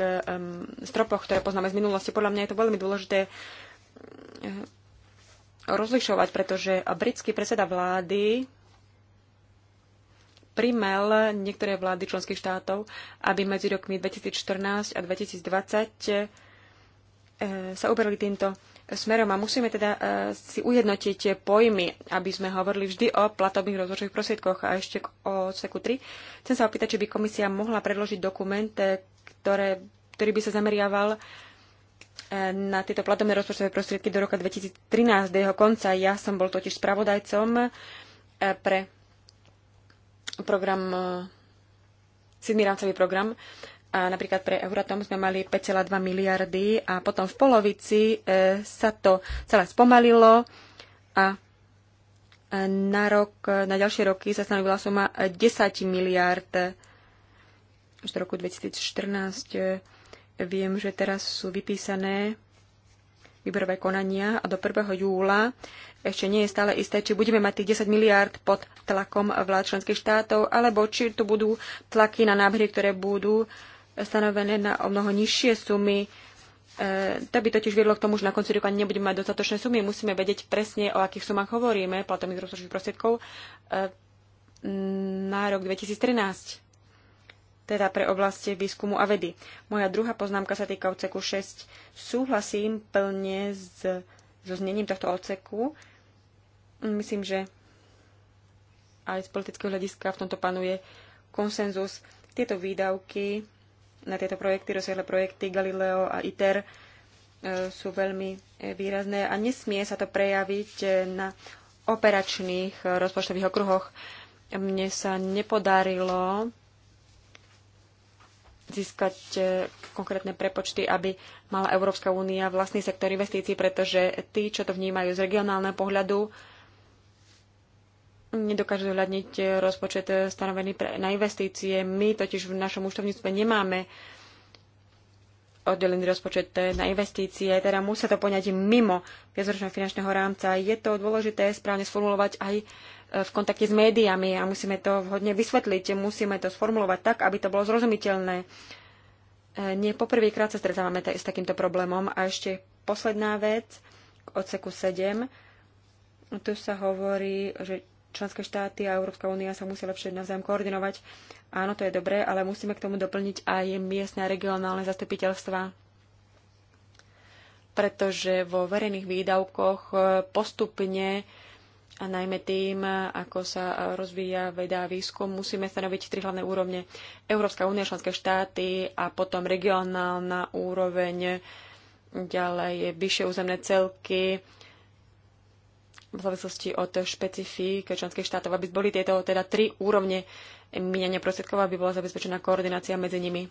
stropoch, ktoré poznáme z minulosti. Podľa mňa je to veľmi dôležité rozlišovať, pretože britský predseda vlády primel niektoré vlády členských štátov, aby medzi rokmi 2014 a 2020 eh, sa uberali týmto smerom a musíme teda eh, si ujednotiť pojmy, aby sme hovorili vždy o platobných rozhodčových prostriedkoch a ešte o seku 3. Chcem sa opýtať, či by komisia mohla predložiť dokument, eh, ktoré, ktorý by sa zameriaval na tieto platobné rozpočtové prostriedky do roka 2013, do jeho konca. Ja som bol totiž spravodajcom pre program, 7. E, rámcový program. A napríklad pre Euratom sme mali 5,2 miliardy a potom v polovici e, sa to celé spomalilo a e, na rok, na ďalšie roky sa stanovila suma 10 miliard už do roku 2014. Viem, že teraz sú vypísané výberové konania a do 1. júla ešte nie je stále isté, či budeme mať tých 10 miliárd pod tlakom vlád členských štátov, alebo či tu budú tlaky na nábry, ktoré budú stanovené na o mnoho nižšie sumy. E, to by totiž viedlo k tomu, že na konci roka nebudeme mať dostatočné sumy. Musíme vedieť presne, o akých sumách hovoríme, platom z rozpočtových prostriedkov e, na rok 2013 teda pre oblasti výskumu a vedy. Moja druhá poznámka sa týka odseku 6. Súhlasím plne s, so znením tohto odseku. Myslím, že aj z politického hľadiska v tomto panuje konsenzus. Tieto výdavky na tieto projekty, rozsiahle projekty Galileo a ITER e, sú veľmi e, výrazné a nesmie sa to prejaviť e, na operačných rozpočtových okruhoch. Mne sa nepodarilo získať e, konkrétne prepočty, aby mala Európska únia vlastný sektor investícií, pretože tí, čo to vnímajú z regionálneho pohľadu, nedokážu zohľadniť rozpočet e, stanovený pre, na investície. My totiž v našom účtovníctve nemáme oddelený rozpočet e, na investície, teda musia to poňať mimo viacročného finančného rámca. Je to dôležité správne sformulovať aj v kontakte s médiami a musíme to vhodne vysvetliť, musíme to sformulovať tak, aby to bolo zrozumiteľné. E, nie poprvýkrát sa stretávame s takýmto problémom. A ešte posledná vec k odseku 7. Tu sa hovorí, že členské štáty a Európska únia sa musia lepšie navzájom koordinovať. Áno, to je dobré, ale musíme k tomu doplniť aj miestne a regionálne zastupiteľstva pretože vo verejných výdavkoch e, postupne a najmä tým, ako sa rozvíja veda a výskum, musíme stanoviť tri hlavné úrovne. Európska únia, členské štáty a potom regionálna úroveň, ďalej vyššie územné celky v závislosti od špecifík členských štátov, aby boli tieto teda tri úrovne minenia prostriedkov, aby bola zabezpečená koordinácia medzi nimi.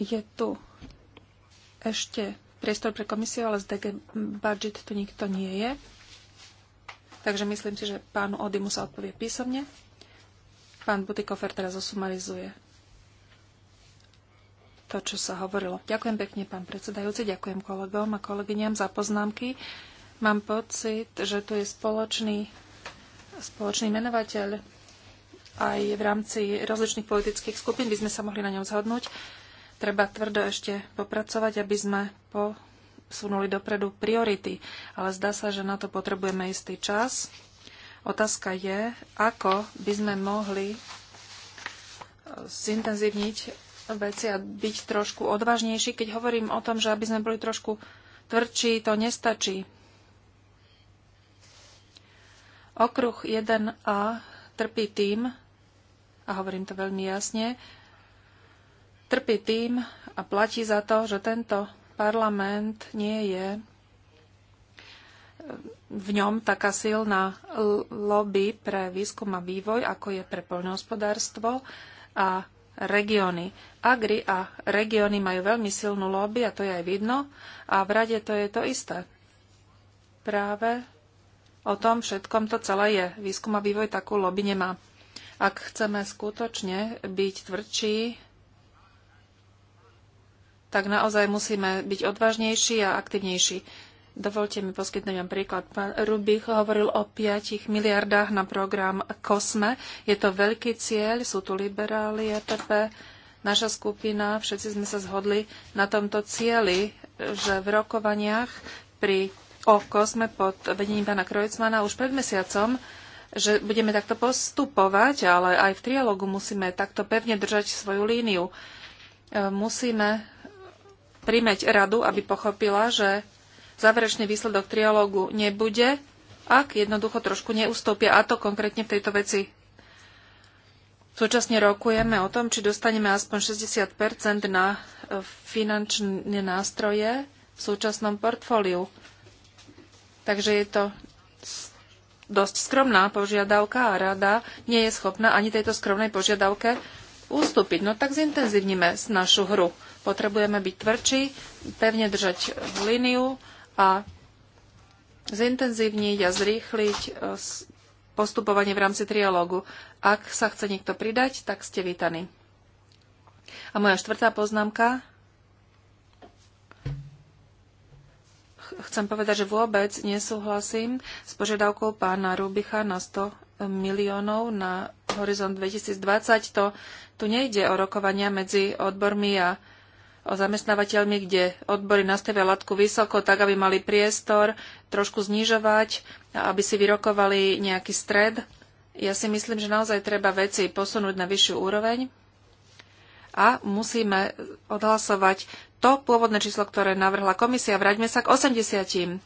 Je tu ešte priestor pre komisiu, ale z DG budget tu nikto nie je. Takže myslím si, že pánu Odimu sa odpovie písomne. Pán Butikofer teraz osumarizuje to, čo sa hovorilo. Ďakujem pekne, pán predsedajúci, ďakujem kolegom a kolegyňam za poznámky. Mám pocit, že tu je spoločný, spoločný menovateľ aj v rámci rozličných politických skupín by sme sa mohli na ňom zhodnúť. Treba tvrdo ešte popracovať, aby sme posunuli dopredu priority, ale zdá sa, že na to potrebujeme istý čas. Otázka je, ako by sme mohli e, zintenzívniť veci a byť trošku odvážnejší. Keď hovorím o tom, že aby sme boli trošku tvrdší, to nestačí. Okruh 1a trpí tým, a hovorím to veľmi jasne, trpí tým a platí za to, že tento parlament nie je e, v ňom taká silná lobby pre výskum a vývoj, ako je pre poľnohospodárstvo a regióny. Agri a regióny majú veľmi silnú lobby a to je aj vidno a v rade to je to isté. Práve o tom všetkom to celé je. Výskum a vývoj takú lobby nemá. Ak chceme skutočne byť tvrdší tak naozaj musíme byť odvážnejší a aktivnejší. Dovolte mi poskytnúť vám príklad. Pán Rubich hovoril o 5 miliardách na program COSME. Je to veľký cieľ, sú tu liberáli, ETP, naša skupina, všetci sme sa zhodli na tomto cieli, že v rokovaniach pri o COSME pod vedením pána Krojcmana už pred mesiacom že budeme takto postupovať, ale aj v trialogu musíme takto pevne držať svoju líniu. E, musíme primeť radu, aby pochopila, že záverečný výsledok trialógu nebude, ak jednoducho trošku neustúpia, a to konkrétne v tejto veci. Súčasne rokujeme o tom, či dostaneme aspoň 60 na e, finančné nástroje v súčasnom portfóliu. Takže je to dosť skromná požiadavka a rada nie je schopná ani tejto skromnej požiadavke ustúpiť. No tak zintenzívnime našu hru. Potrebujeme byť tvrdší, pevne držať líniu a zintenzívniť a zrýchliť e, postupovanie v rámci trialógu. Ak sa chce niekto pridať, tak ste vítaní. A moja štvrtá poznámka. Chcem povedať, že vôbec nesúhlasím s požiadavkou pána Rubicha na 100 miliónov na horizont 2020. To, tu nejde o rokovania medzi odbormi a zamestnávateľmi, kde odbory nastavia latku vysoko, tak aby mali priestor trošku znižovať a aby si vyrokovali nejaký stred. Ja si myslím, že naozaj treba veci posunúť na vyššiu úroveň a musíme odhlasovať to pôvodné číslo, ktoré navrhla komisia. Vráťme sa k 80.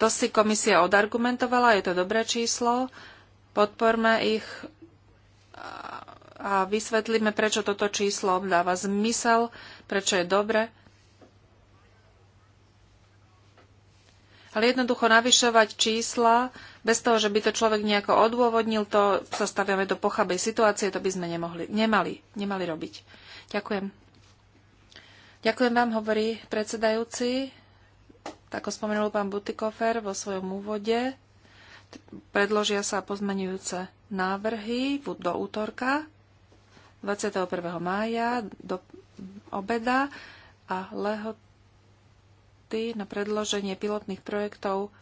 To si komisia odargumentovala, je to dobré číslo. Podporme ich a vysvetlíme, prečo toto číslo dáva zmysel, prečo je dobre. Ale jednoducho navyšovať čísla bez toho, že by to človek nejako odôvodnil, to sa staviame do pochabej situácie, to by sme nemohli, nemali, nemali robiť. Ďakujem. Ďakujem vám, hovorí predsedajúci. Tak spomenul pán Butikofer vo svojom úvode, predložia sa pozmenujúce návrhy do útorka 21. mája do obeda a lehoty na predloženie pilotných projektov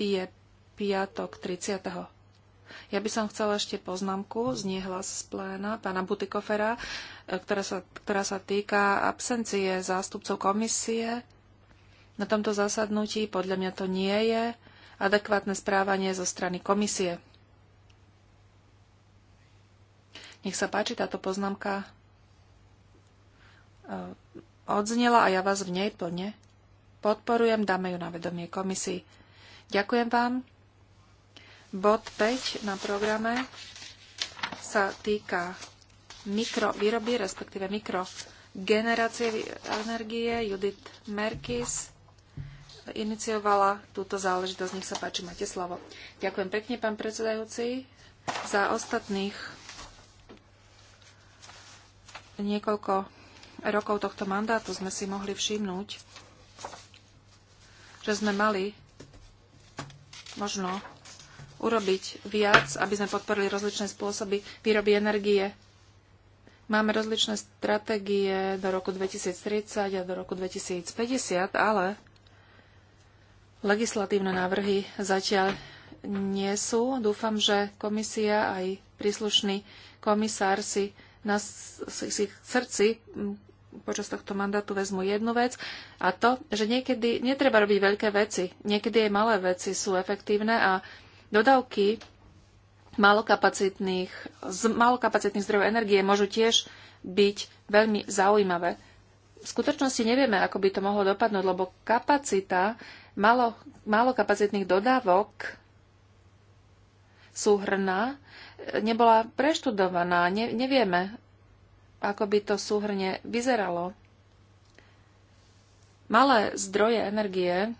je piatok 30. Ja by som chcela ešte poznámku z niehlas z pléna pána Butikofera, e, ktorá sa, ktorá sa týka absencie zástupcov komisie. Na tomto zasadnutí podľa mňa to nie je adekvátne správanie zo strany komisie. Nech sa páči, táto poznámka eh, odznela a ja vás v nej plne podporujem. Dáme ju na vedomie komisii. Ďakujem vám. Bod 5 na programe sa týka mikrovýroby, respektíve mikrogenerácie energie. Judith Merkis iniciovala túto záležitosť. Nech sa páči, máte slovo. Ďakujem pekne, pán predsedajúci. Za ostatných niekoľko rokov tohto mandátu sme si mohli všimnúť, že sme mali možno urobiť viac, aby sme podporili rozličné spôsoby výroby energie. Máme rozličné stratégie do roku 2030 a do roku 2050, ale legislatívne návrhy zatiaľ nie sú. Dúfam, že komisia aj príslušný komisár si na si srdci počas tohto mandátu vezmu jednu vec a to, že niekedy netreba robiť veľké veci. Niekedy aj malé veci sú efektívne a dodávky malokapacitných, z malokapacitných zdrojov energie môžu tiež byť veľmi zaujímavé. V skutočnosti nevieme, ako by to mohlo dopadnúť, lebo kapacita malo, malokapacitných dodávok súhrná nebola preštudovaná. Ne, nevieme, ako by to súhrne vyzeralo. Malé zdroje energie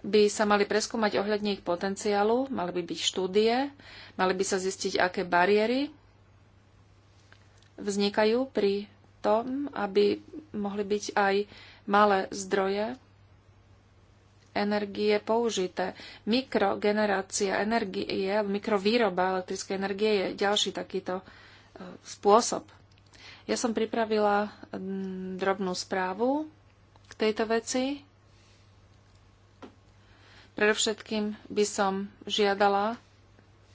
by sa mali preskúmať ohľadne ich potenciálu, mali by byť štúdie, mali by sa zistiť, aké bariéry vznikajú pri tom, aby mohli byť aj malé zdroje energie použité. Mikrogenerácia energie, mikrovýroba elektrickej energie je ďalší takýto e, spôsob. Ja som pripravila drobnú správu k tejto veci. Predovšetkým by som žiadala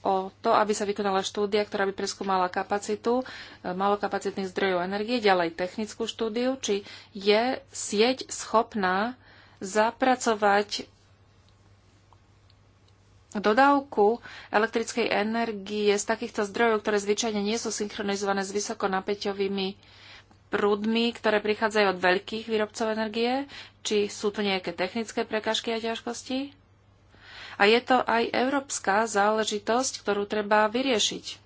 o to, aby sa vykonala štúdia, ktorá by preskúmala kapacitu e, malokapacitných zdrojov energie, ďalej technickú štúdiu, či je sieť schopná zapracovať dodávku elektrickej energie z takýchto zdrojov, ktoré zvyčajne nie sú synchronizované s vysokonapäťovými prúdmi, ktoré prichádzajú od veľkých výrobcov energie? Či sú tu nejaké technické prekažky a ťažkosti? A je to aj európska záležitosť, ktorú treba vyriešiť.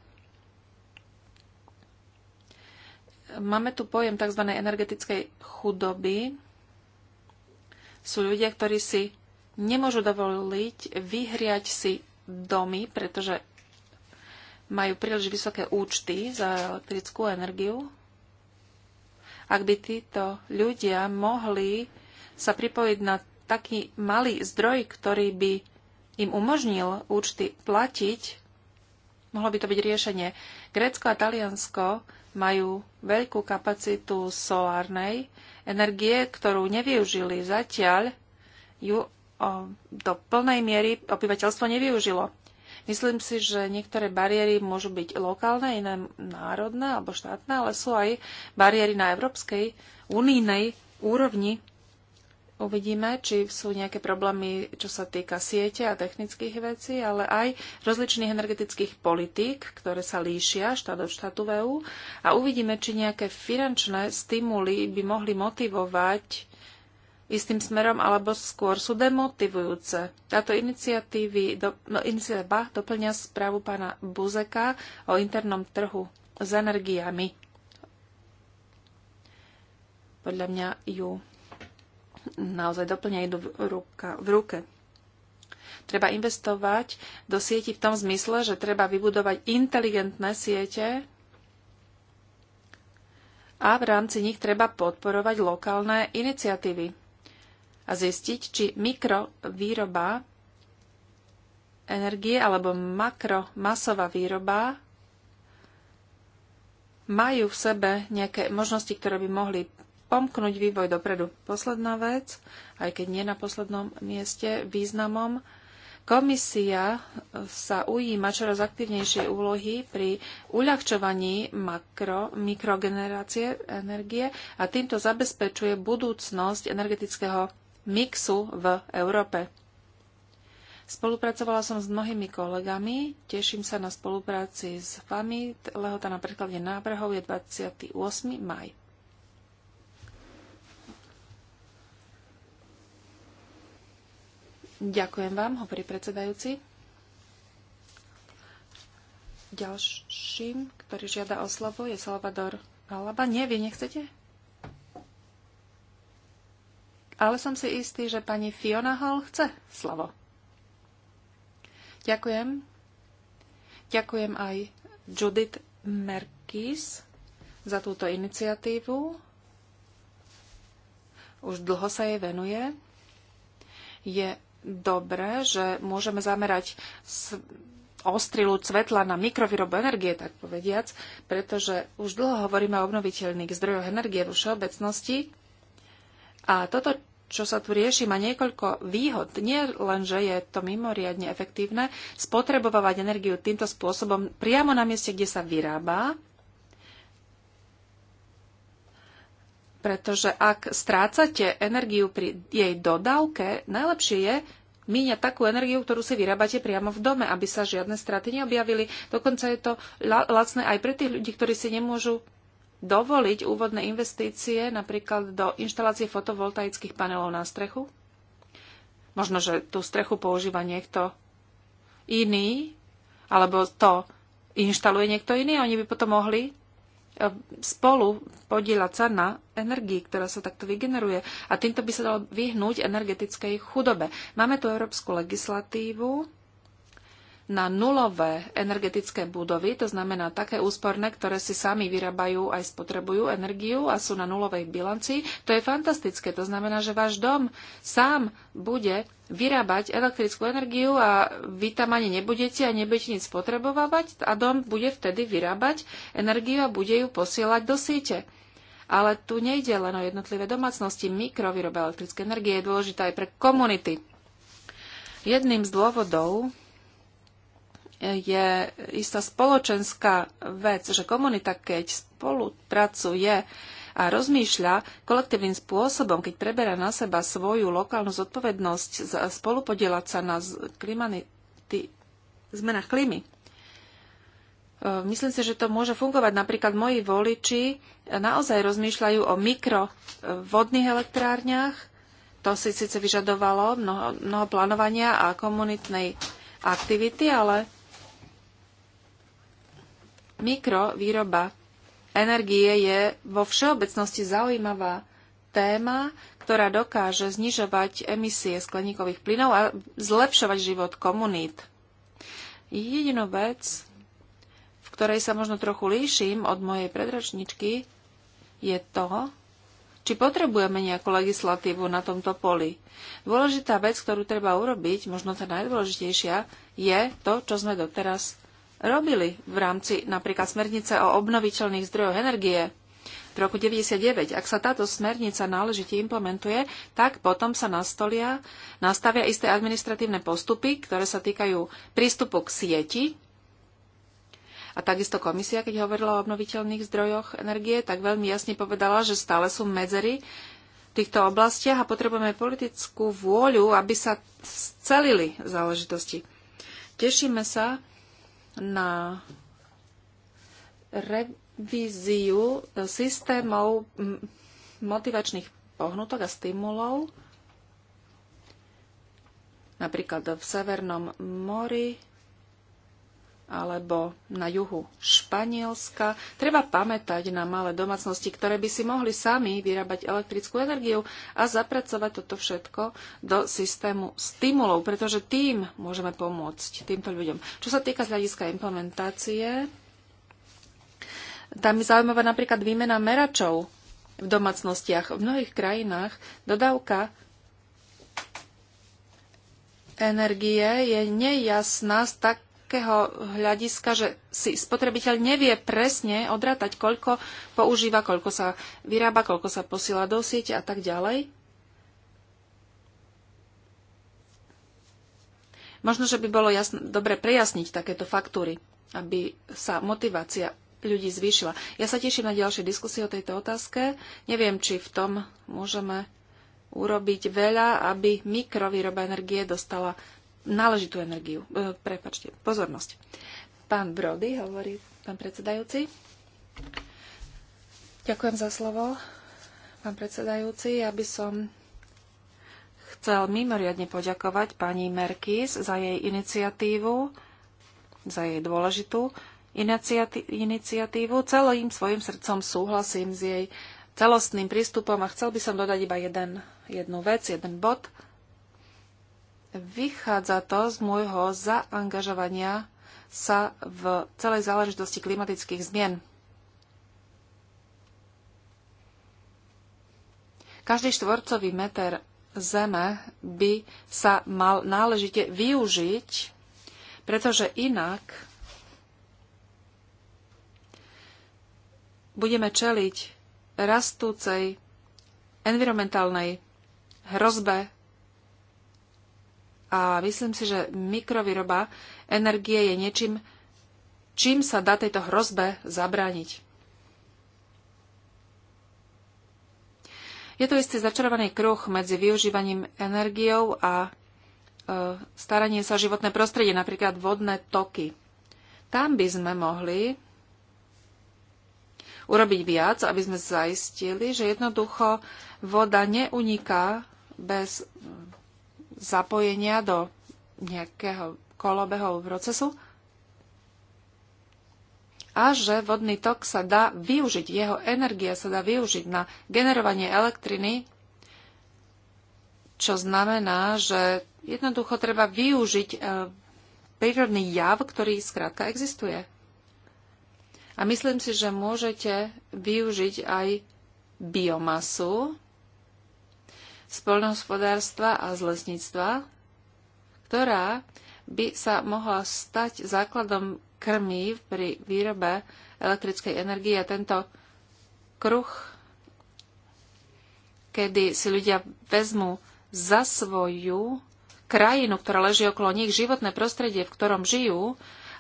Máme tu pojem tzv. energetickej chudoby, sú ľudia, ktorí si nemôžu dovoliť vyhriať si domy, pretože majú príliš vysoké účty za elektrickú energiu. Ak by títo ľudia mohli sa pripojiť na taký malý zdroj, ktorý by im umožnil účty platiť, mohlo by to byť riešenie. Grécko a Taliansko majú veľkú kapacitu solárnej energie, ktorú nevyužili zatiaľ, ju o, do plnej miery obyvateľstvo nevyužilo. Myslím si, že niektoré bariéry môžu byť lokálne, iné národné alebo štátne, ale sú aj bariéry na európskej, unijnej úrovni. Uvidíme, či sú nejaké problémy, čo sa týka siete a technických vecí, ale aj rozličných energetických politík, ktoré sa líšia štát od štátu v EU. A uvidíme, či nejaké finančné stimuly by mohli motivovať istým smerom, alebo skôr sú demotivujúce. Táto iniciatívy, do, no, iniciatíva doplňa správu pána Buzeka o internom trhu s energiami. Podľa mňa ju naozaj doplňa idú v, ruka, v ruke. Treba investovať do sieti v tom zmysle, že treba vybudovať inteligentné siete a v rámci nich treba podporovať lokálne iniciatívy a zistiť, či mikrovýroba energie alebo makromasová výroba majú v sebe nejaké možnosti, ktoré by mohli pomknúť vývoj dopredu. Posledná vec, aj keď nie na poslednom mieste, významom. Komisia sa ujíma čoraz aktívnejšej úlohy pri uľahčovaní makro, mikrogenerácie energie a týmto zabezpečuje budúcnosť energetického mixu v Európe. Spolupracovala som s mnohými kolegami, teším sa na spolupráci s vami. Lehota na preklade návrhov je 28. maj. Ďakujem vám, hovorí predsedajúci. Ďalším, ktorý žiada o slovo, je Salvador Alaba. Nie, vy nechcete? Ale som si istý, že pani Fiona Hall chce slovo. Ďakujem. Ďakujem aj Judith Merkis za túto iniciatívu. Už dlho sa jej venuje. Je dobré, že môžeme zamerať ostrilu svetla na mikrovýrobu energie, tak povediac, pretože už dlho hovoríme o obnoviteľných zdrojoch energie vo všeobecnosti a toto, čo sa tu rieši, má niekoľko výhod. Nie len, že je to mimoriadne efektívne spotrebovať energiu týmto spôsobom priamo na mieste, kde sa vyrába, Pretože ak strácate energiu pri jej dodávke, najlepšie je míňať takú energiu, ktorú si vyrábate priamo v dome, aby sa žiadne straty neobjavili. Dokonca je to lacné aj pre tých ľudí, ktorí si nemôžu dovoliť úvodné investície napríklad do inštalácie fotovoltaických panelov na strechu. Možno, že tú strechu používa niekto iný, alebo to inštaluje niekto iný, oni by potom mohli E, spolu podielať sa na energii, ktorá sa takto vygeneruje. A týmto by sa dalo vyhnúť energetickej chudobe. Máme tu európsku legislatívu, na nulové energetické budovy, to znamená také úsporné, ktoré si sami vyrábajú aj spotrebujú energiu a sú na nulovej bilanci. To je fantastické. To znamená, že váš dom sám bude vyrábať elektrickú energiu a vy tam ani nebudete a nebudete nič spotrebovať a dom bude vtedy vyrábať energiu a bude ju posielať do siete. Ale tu nejde len o jednotlivé domácnosti. Mikrovýroba elektrické energie je dôležitá aj pre komunity. Jedným z dôvodov, je istá spoločenská vec, že komunita, keď spolupracuje a rozmýšľa kolektívnym spôsobom, keď preberá na seba svoju lokálnu zodpovednosť spolupodielať sa na klimaty, zmenách klímy, e, Myslím si, že to môže fungovať. Napríklad moji voliči naozaj rozmýšľajú o mikrovodných elektrárniach. To si síce vyžadovalo mnoho, mnoho plánovania a komunitnej aktivity, ale Mikrovýroba energie je vo všeobecnosti zaujímavá téma, ktorá dokáže znižovať emisie skleníkových plynov a zlepšovať život komunít. Jedinú vec, v ktorej sa možno trochu líšim od mojej predračničky, je to, či potrebujeme nejakú legislatívu na tomto poli. Dôležitá vec, ktorú treba urobiť, možno tá najdôležitejšia, je to, čo sme doteraz robili v rámci napríklad smernice o obnoviteľných zdrojoch energie v roku 99. Ak sa táto smernica náležite implementuje, tak potom sa nastolia, nastavia isté administratívne postupy, ktoré sa týkajú prístupu k sieti. A takisto komisia, keď hovorila o obnoviteľných zdrojoch energie, tak veľmi jasne povedala, že stále sú medzery v týchto oblastiach a potrebujeme politickú vôľu, aby sa celili záležitosti. Tešíme sa, na revíziu systémov motivačných pohnutok a stimulov, napríklad v Severnom mori alebo na juhu Španielska. Treba pamätať na malé domácnosti, ktoré by si mohli sami vyrábať elektrickú energiu a zapracovať toto všetko do systému stimulov, pretože tým môžeme pomôcť týmto ľuďom. Čo sa týka z hľadiska implementácie, tam je zaujímavá napríklad výmena meračov v domácnostiach. V mnohých krajinách dodávka energie je nejasná z tak takého hľadiska, že si spotrebiteľ nevie presne odratať, koľko používa, koľko sa vyrába, koľko sa posiela do siete a tak ďalej? Možno, že by bolo jasn- dobre prejasniť takéto faktúry, aby sa motivácia ľudí zvýšila. Ja sa teším na ďalšie diskusie o tejto otázke. Neviem, či v tom môžeme urobiť veľa, aby mikrovýroba energie dostala náležitú energiu. E, prepačte, pozornosť. Pán Brody hovorí, pán predsedajúci. Ďakujem za slovo, pán predsedajúci. Ja by som chcel mimoriadne poďakovať pani Merkis za jej iniciatívu, za jej dôležitú iniciatívu. Celým svojim srdcom súhlasím s jej celostným prístupom a chcel by som dodať iba jeden, jednu vec, jeden bod. Vychádza to z môjho zaangažovania sa v celej záležitosti klimatických zmien. Každý štvorcový meter zeme by sa mal náležite využiť, pretože inak budeme čeliť rastúcej environmentálnej hrozbe a myslím si, že mikrovýroba energie je niečím, čím sa dá tejto hrozbe zabrániť. Je to istý začarovaný kruh medzi využívaním energiou a e, staranie sa o životné prostredie, napríklad vodné toky. Tam by sme mohli urobiť viac, aby sme zaistili, že jednoducho voda neuniká bez zapojenia do nejakého kolobehov procesu a že vodný tok sa dá využiť, jeho energia sa dá využiť na generovanie elektriny, čo znamená, že jednoducho treba využiť e, prírodný jav, ktorý skrátka existuje. A myslím si, že môžete využiť aj biomasu, z poľnohospodárstva a z lesníctva, ktorá by sa mohla stať základom krmí pri výrobe elektrickej energie. tento kruh, kedy si ľudia vezmú za svoju krajinu, ktorá leží okolo nich, životné prostredie, v ktorom žijú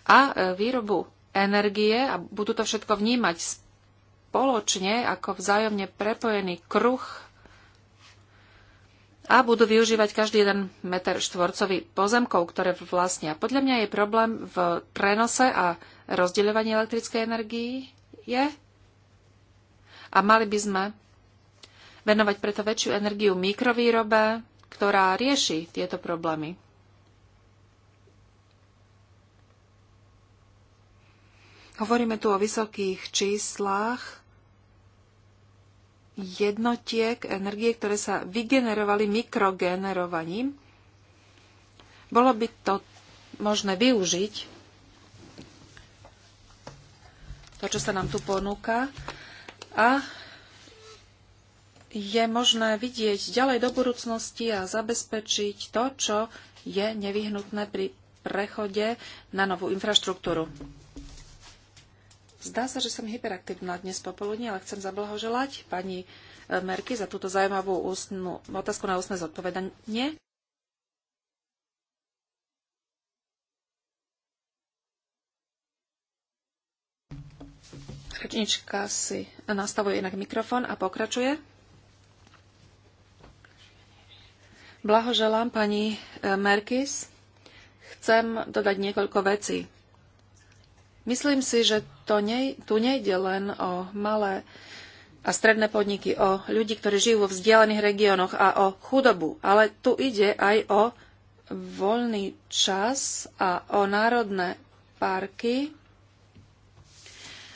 a e, výrobu energie a budú to všetko vnímať spoločne ako vzájomne prepojený kruh a budú využívať každý jeden meter štvorcový pozemkov, ktoré vlastnia. Podľa mňa je problém v prenose a rozdeľovaní elektrickej energii je a mali by sme venovať preto väčšiu energiu mikrovýrobe, ktorá rieši tieto problémy. Hovoríme tu o vysokých číslach jednotiek energie, ktoré sa vygenerovali mikrogenerovaním. Bolo by to možné využiť, to, čo sa nám tu ponúka, a je možné vidieť ďalej do budúcnosti a zabezpečiť to, čo je nevyhnutné pri prechode na novú infraštruktúru. Zdá sa, že som hyperaktívna dnes popoludne, ale chcem zablahoželať pani e, Merky za túto zaujímavú ústnu, otázku na ústne zodpovedanie. Rečnička si nastavuje inak mikrofón a pokračuje. Blahoželám pani e, Merkis. Chcem dodať niekoľko vecí. Myslím si, že to nej, tu nejde len o malé a stredné podniky, o ľudí, ktorí žijú vo vzdialených regiónoch a o chudobu, ale tu ide aj o voľný čas a o národné parky.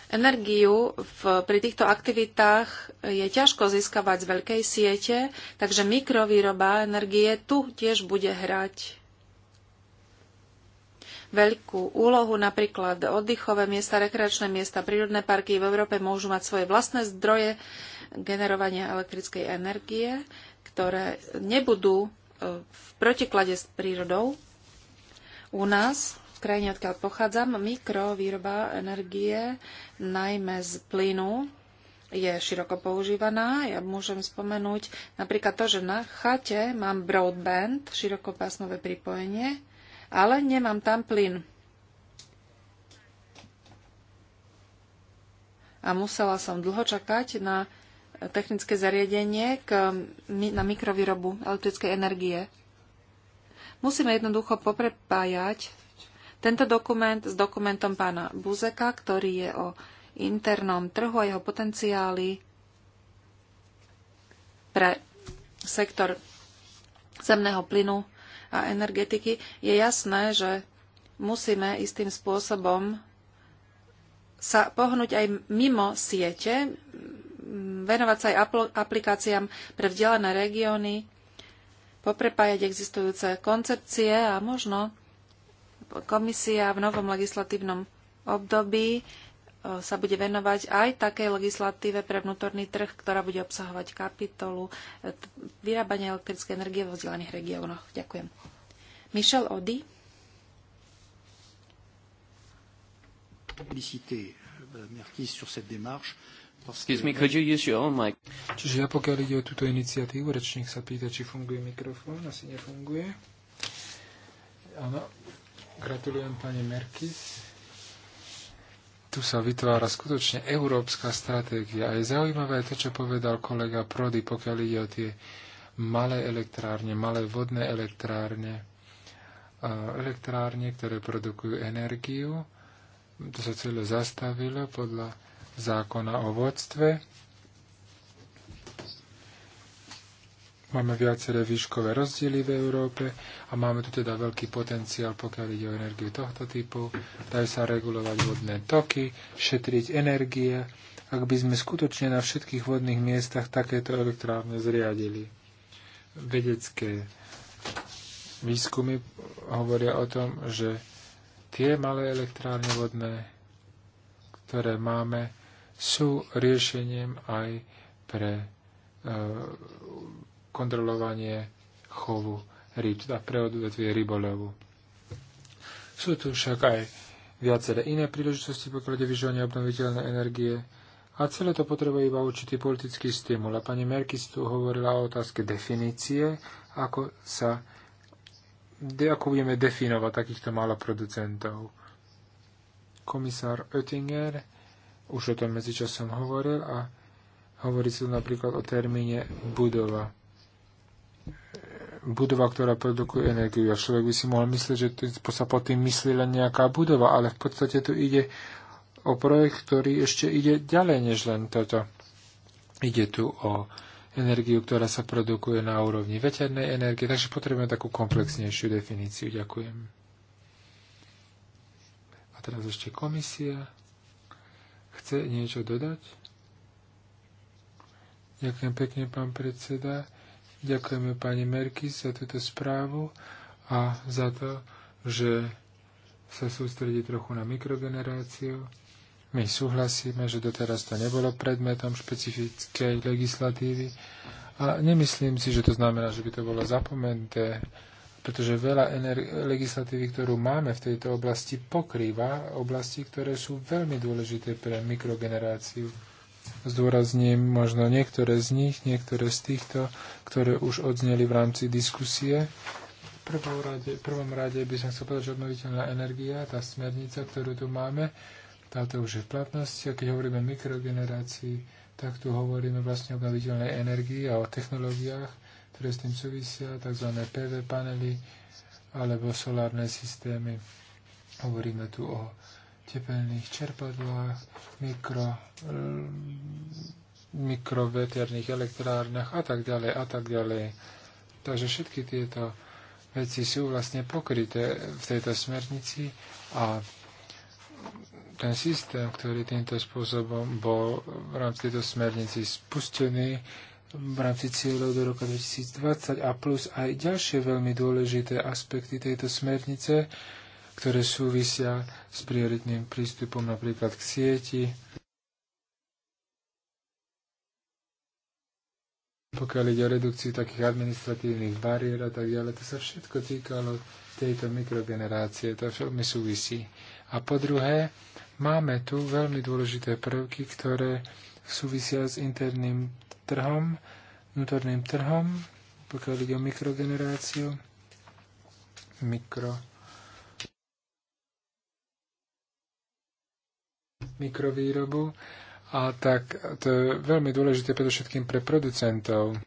Energiu v, pri týchto aktivitách je ťažko získavať z veľkej siete, takže mikrovýroba energie tu tiež bude hrať veľkú úlohu. Napríklad oddychové miesta, rekreačné miesta, prírodné parky v Európe môžu mať svoje vlastné zdroje generovania elektrickej energie, ktoré nebudú e, v protiklade s prírodou. U nás, v krajine, odkiaľ pochádzam, mikrovýroba energie, najmä z plynu, je široko používaná. Ja môžem spomenúť napríklad to, že na chate mám broadband, širokopásmové pripojenie ale nemám tam plyn. A musela som dlho čakať na technické zariadenie k, na mikrovýrobu elektrickej energie. Musíme jednoducho poprepájať tento dokument s dokumentom pána Buzeka, ktorý je o internom trhu a jeho potenciáli pre sektor zemného plynu a energetiky, je jasné, že musíme istým spôsobom sa pohnúť aj mimo siete, venovať sa aj aplikáciám pre vzdelané regióny, poprepájať existujúce koncepcie a možno komisia v novom legislatívnom období sa bude venovať aj takej legislatíve pre vnútorný trh, ktorá bude obsahovať kapitolu e, vyrábania elektrickej energie vo vzdelaných regiónoch. Ďakujem. Michel Ody. Euh, Čiže ja pokiaľ ide o túto iniciatívu, rečník sa pýta, či funguje mikrofón, asi nefunguje. Áno, gratulujem pani Merkis tu sa vytvára skutočne európska stratégia. A je zaujímavé to, čo povedal kolega Prody, pokiaľ ide o tie malé elektrárne, malé vodné elektrárne, elektrárne, ktoré produkujú energiu. To sa celé zastavilo podľa zákona o vodstve Máme viaceré výškové rozdiely v Európe a máme tu teda veľký potenciál, pokiaľ ide o energiu tohto typu. Dajú sa regulovať vodné toky, šetriť energie, ak by sme skutočne na všetkých vodných miestach takéto elektrárne zriadili. Vedecké výskumy hovoria o tom, že tie malé elektrárne vodné, ktoré máme, sú riešením aj pre e, kontrolovanie chovu rýb, teda preodvetvie rybolovu. Sú tu však aj viaceré iné príležitosti, pokiaľ ide vyžovanie obnoviteľnej energie a celé to potrebuje iba určitý politický stimul. A pani Merkis tu hovorila o otázke definície, ako sa ako budeme definovať takýchto maloproducentov. producentov. Komisár Oettinger už o tom medzičasom hovoril a hovorí sa napríklad o termíne budova budova, ktorá produkuje energiu. A človek by si mohol myslieť, že sa pod tým myslí len nejaká budova, ale v podstate tu ide o projekt, ktorý ešte ide ďalej než len toto. Ide tu o energiu, ktorá sa produkuje na úrovni veternej energie, takže potrebujeme takú komplexnejšiu definíciu. Ďakujem. A teraz ešte komisia. Chce niečo dodať? Ďakujem pekne, pán predseda. Ďakujeme pani Merkis za túto správu a za to, že sa sústredí trochu na mikrogeneráciu. My súhlasíme, že doteraz to nebolo predmetom špecifickej legislatívy a nemyslím si, že to znamená, že by to bolo zapomenuté, pretože veľa legislatívy, ktorú máme v tejto oblasti, pokrýva oblasti, ktoré sú veľmi dôležité pre mikrogeneráciu. Zdôrazním možno niektoré z nich, niektoré z týchto, ktoré už odzneli v rámci diskusie. V prvom rade, prvom rade by som chcel povedať, že obnoviteľná energia, tá smernica, ktorú tu máme, táto už je v platnosti a keď hovoríme o mikrogenerácii, tak tu hovoríme vlastne o obnoviteľnej energii a o technológiách, ktoré s tým súvisia, tzv. PV panely alebo solárne systémy. Hovoríme tu o tepelných čerpadlách, mikro, eh, mikroveterných elektrárnach a tak ďalej a tak ďalej. Takže všetky tieto veci sú vlastne pokryté v tejto smernici a ten systém, ktorý týmto spôsobom bol v rámci tejto smernici spustený, v rámci cieľov do roka 2020 a plus aj ďalšie veľmi dôležité aspekty tejto smernice, ktoré súvisia s prioritným prístupom napríklad k sieti, pokiaľ ide o redukciu takých administratívnych bariér a tak ďalej, to sa všetko týkalo tejto mikrogenerácie, to veľmi súvisí. A po druhé, máme tu veľmi dôležité prvky, ktoré súvisia s interným trhom, vnútorným trhom, pokiaľ ide o mikrogeneráciu, mikro mikrovýrobu. A tak to je veľmi dôležité predovšetkým pre producentov.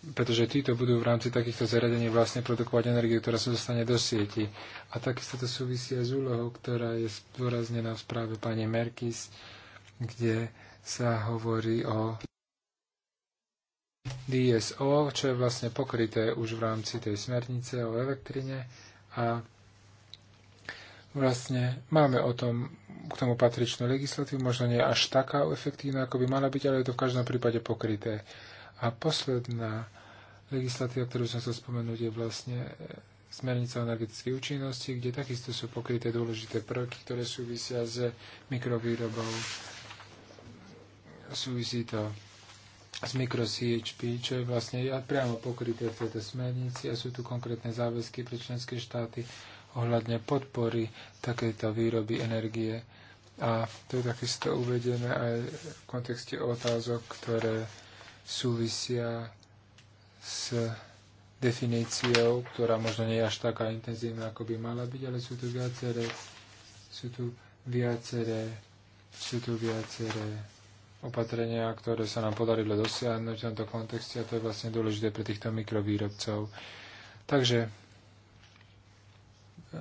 pretože títo budú v rámci takýchto zariadení vlastne produkovať energiu, ktorá sa dostane do sieti. A takisto to súvisí aj s úlohou, ktorá je zdôraznená v správe pani Merkis, kde sa hovorí o DSO, čo je vlastne pokryté už v rámci tej smernice o elektrine a vlastne máme o tom, k tomu patričnú legislatívu, možno nie až taká efektívna, ako by mala byť, ale je to v každom prípade pokryté. A posledná legislatíva, ktorú som chcel spomenúť, je vlastne e, smernica o energetickej účinnosti, kde takisto sú pokryté dôležité prvky, ktoré súvisia s mikrovýrobou. Súvisí to mikro CHP, čo je vlastne priamo pokryté v tejto smernici a sú tu konkrétne záväzky pre členské štáty, ohľadne podpory takejto výroby energie. A to takisto uvedené aj v kontexte otázok, ktoré súvisia s definíciou, ktorá možno nie je až taká intenzívna, ako by mala byť, ale sú tu viaceré, sú tu viaceré, sú tu viaceré opatrenia, ktoré sa nám podarilo dosiahnuť v tomto kontexte a to je vlastne dôležité pre týchto mikrovýrobcov. Takže E,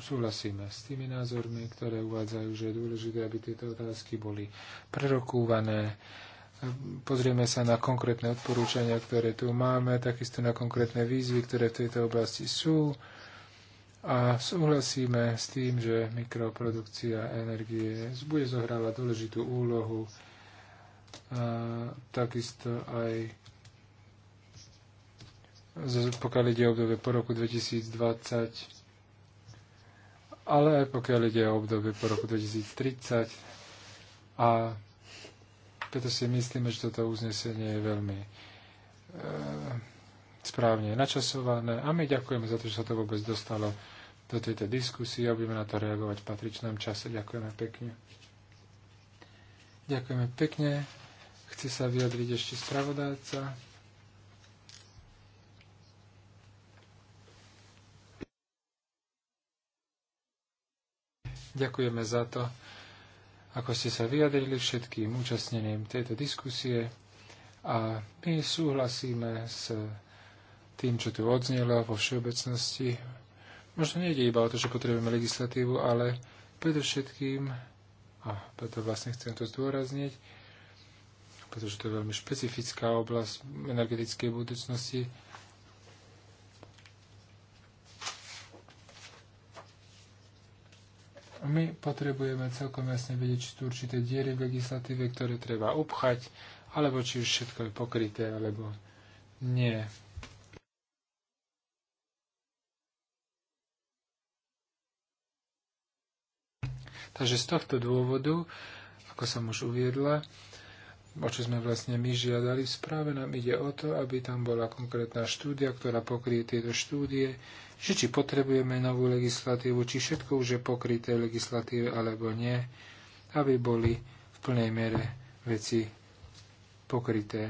súhlasíme s tými názormi, ktoré uvádzajú, že je dôležité, aby tieto otázky boli prerokúvané. E, pozrieme sa na konkrétne odporúčania, ktoré tu máme, takisto na konkrétne výzvy, ktoré v tejto oblasti sú. A súhlasíme s tým, že mikroprodukcia energie bude zohrávať dôležitú úlohu. A e, takisto aj pokiaľ ide obdobie po roku 2020 ale aj pokiaľ ide o obdobie po roku 2030. A preto si myslíme, že toto uznesenie je veľmi e, správne načasované a my ďakujeme za to, že sa to vôbec dostalo do tejto diskusie a budeme na to reagovať v patričnom čase. Ďakujeme pekne. Ďakujeme pekne. Chce sa vyjadriť ešte spravodajca. Ďakujeme za to, ako ste sa vyjadrili všetkým účastneným tejto diskusie a my súhlasíme s tým, čo tu odznelo vo všeobecnosti. Možno nejde iba o to, že potrebujeme legislatívu, ale predovšetkým, a preto vlastne chcem to zdôrazniť, pretože to je veľmi špecifická oblasť energetickej budúcnosti, my potrebujeme celkom jasne vedieť, či tu určité diery v legislatíve, ktoré treba obchať, alebo či už všetko je pokryté, alebo nie. Takže z tohto dôvodu, ako som už uviedla, o čo sme vlastne my žiadali v správe, nám ide o to, aby tam bola konkrétna štúdia, ktorá pokrie tieto štúdie, že či potrebujeme novú legislatívu, či všetko už je pokryté v legislatíve alebo nie, aby boli v plnej mere veci pokryté.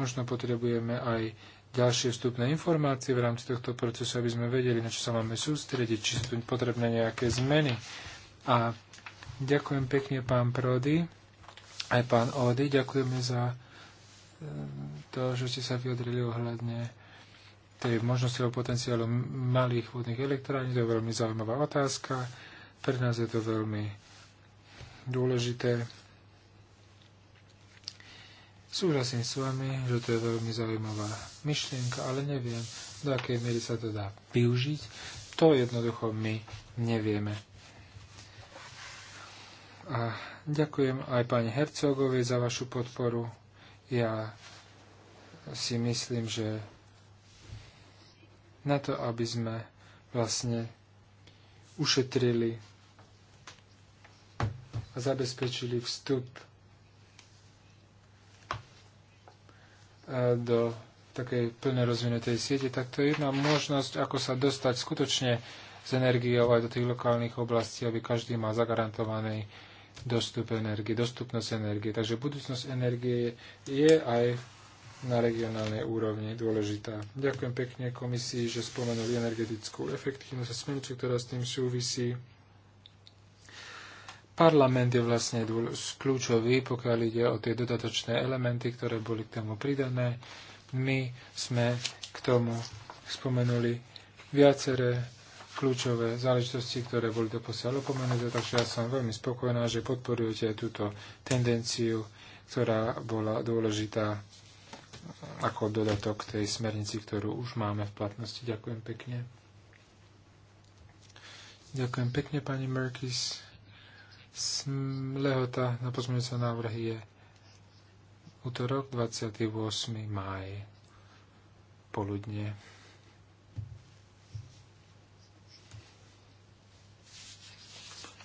Možno potrebujeme aj ďalšie vstupné informácie v rámci tohto procesu, aby sme vedeli, na čo sa máme sústrediť, či sú tu potrebné nejaké zmeny. A ďakujem pekne pán Prody, aj pán Ody, ďakujeme za eh, to, že ste sa vyjadrili ohľadne tej možnosti o potenciálu malých vodných elektrární. To je veľmi zaujímavá otázka. Pre nás je to veľmi dôležité. Súhlasím s vami, že to je veľmi zaujímavá myšlienka, ale neviem, do akej miery sa to dá využiť. To jednoducho my nevieme. A ďakujem aj pani Hercogovej za vašu podporu. Ja si myslím, že na to, aby sme vlastne ušetrili a zabezpečili vstup e, do takej plne rozvinutej siete, tak to je jedna možnosť, ako sa dostať skutočne z energiou aj do tých lokálnych oblastí, aby každý mal zagarantovaný dostup energie, dostupnosť energie. Takže budúcnosť energie je aj v na regionálnej úrovni dôležitá. Ďakujem pekne komisii, že spomenuli energetickú efektívnosť a smernicu, ktorá s tým súvisí. Parlament je vlastne kľúčový, pokiaľ ide o tie dodatočné elementy, ktoré boli k tomu pridané. My sme k tomu spomenuli viaceré kľúčové záležitosti, ktoré boli doposiaľ opomenuté, takže ja som veľmi spokojná, že podporujete túto tendenciu, ktorá bola dôležitá ako dodatok k tej smernici, ktorú už máme v platnosti. Ďakujem pekne. Ďakujem pekne, pani Merkis. Lehota na pozmeňujúce návrhy je útorok 28. máj poludne.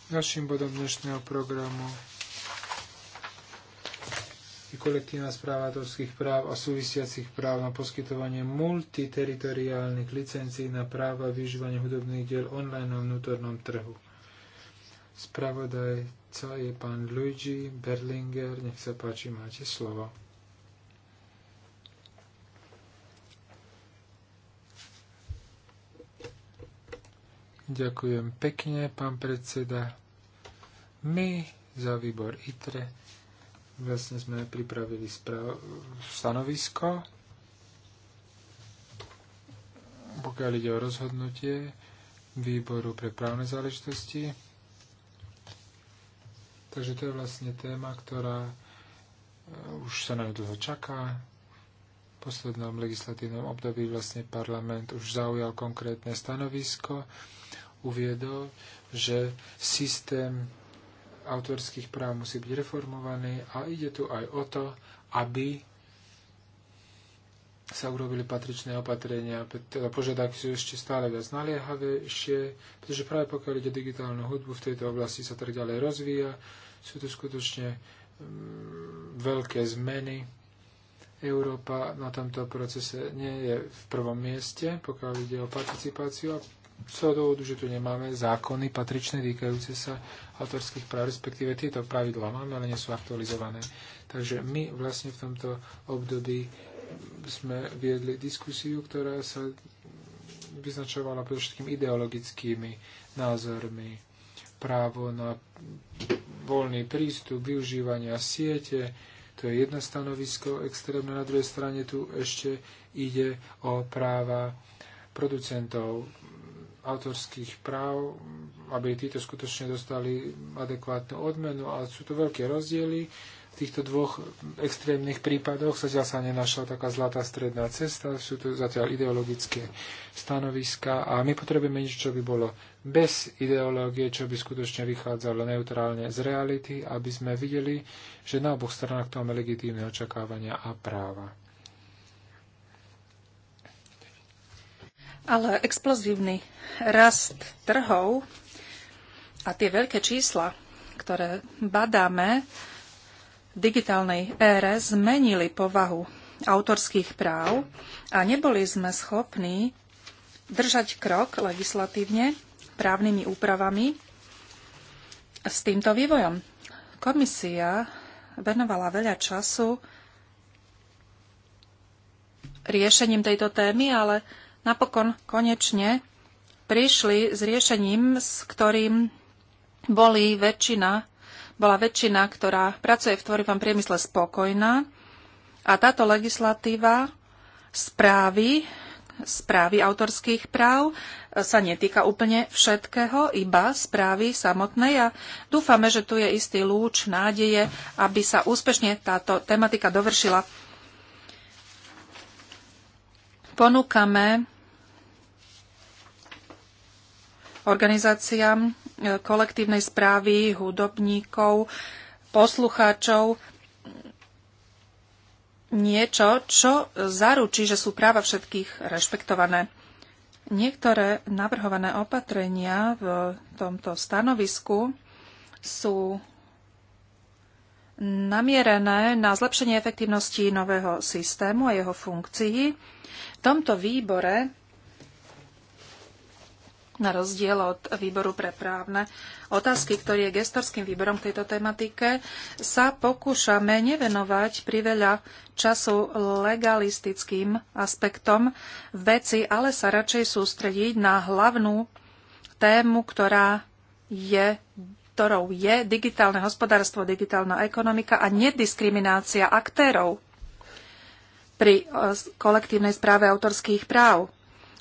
Ďalším bodom dnešného programu kolektívna správa autorských práv a súvisiacich práv na poskytovanie multiteritoriálnych licencií na práva využívania hudobných diel online na vnútornom trhu. Spravodajca je pán Luigi Berlinger. Nech sa páči, máte slovo. Ďakujem pekne, pán predseda. My za výbor ITRE Vlastne sme pripravili stanovisko, pokiaľ ide o rozhodnutie výboru pre právne záležitosti. Takže to je vlastne téma, ktorá eh, už sa na dlho čaká. V poslednom legislatívnom období vlastne parlament už zaujal konkrétne stanovisko, uviedol, že systém autorských práv musí byť reformovaný a ide tu aj o to, aby sa urobili patričné opatrenia, teda požiadavky sú ešte stále viac naliehavejšie, pretože práve pokiaľ ide digitálnu hudbu v tejto oblasti sa tak ďalej rozvíja, sú tu skutočne mm, veľké zmeny. Európa na tomto procese nie je v prvom mieste, pokiaľ ide o participáciu a z toho dôvodu, že tu nemáme zákony patričné týkajúce sa autorských práv, respektíve tieto pravidlá máme, ale nie sú aktualizované. Takže my vlastne v tomto období sme viedli diskusiu, ktorá sa vyznačovala predovšetkým ideologickými názormi. Právo na voľný prístup, využívania siete, to je jedno stanovisko extrémne. Na druhej strane tu ešte ide o práva producentov, autorských práv, aby títo skutočne dostali adekvátnu odmenu, ale sú to veľké rozdiely. V týchto dvoch extrémnych prípadoch zatiaľ sa nenašla taká zlatá stredná cesta, sú to zatiaľ ideologické stanoviska a my potrebujeme niečo, čo by bolo bez ideológie, čo by skutočne vychádzalo neutrálne z reality, aby sme videli, že na oboch stranách to máme legitímne očakávania a práva. Ale explozívny rast trhov a tie veľké čísla, ktoré badáme v digitálnej ére, zmenili povahu autorských práv a neboli sme schopní držať krok legislatívne právnymi úpravami s týmto vývojom. Komisia venovala veľa času riešením tejto témy, ale napokon konečne prišli s riešením, s ktorým boli väčšina, bola väčšina, ktorá pracuje v tvorivom priemysle spokojná. A táto legislatíva správy, správy autorských práv e, sa netýka úplne všetkého, iba správy samotnej a dúfame, že tu je istý lúč nádeje, aby sa úspešne táto tematika dovršila ponúkame organizáciám e, kolektívnej správy, hudobníkov, poslucháčov niečo, čo zaručí, že sú práva všetkých rešpektované. Niektoré navrhované opatrenia v tomto stanovisku sú namierené na zlepšenie efektivnosti nového systému a jeho funkcií. V tomto výbore, na rozdiel od výboru pre právne otázky, ktorý je gestorským výborom k tejto tematike, sa pokúšame nevenovať priveľa času legalistickým aspektom veci, ale sa radšej sústrediť na hlavnú tému, ktorá je ktorou je digitálne hospodárstvo, digitálna ekonomika a nediskriminácia aktérov pri e, kolektívnej správe autorských práv.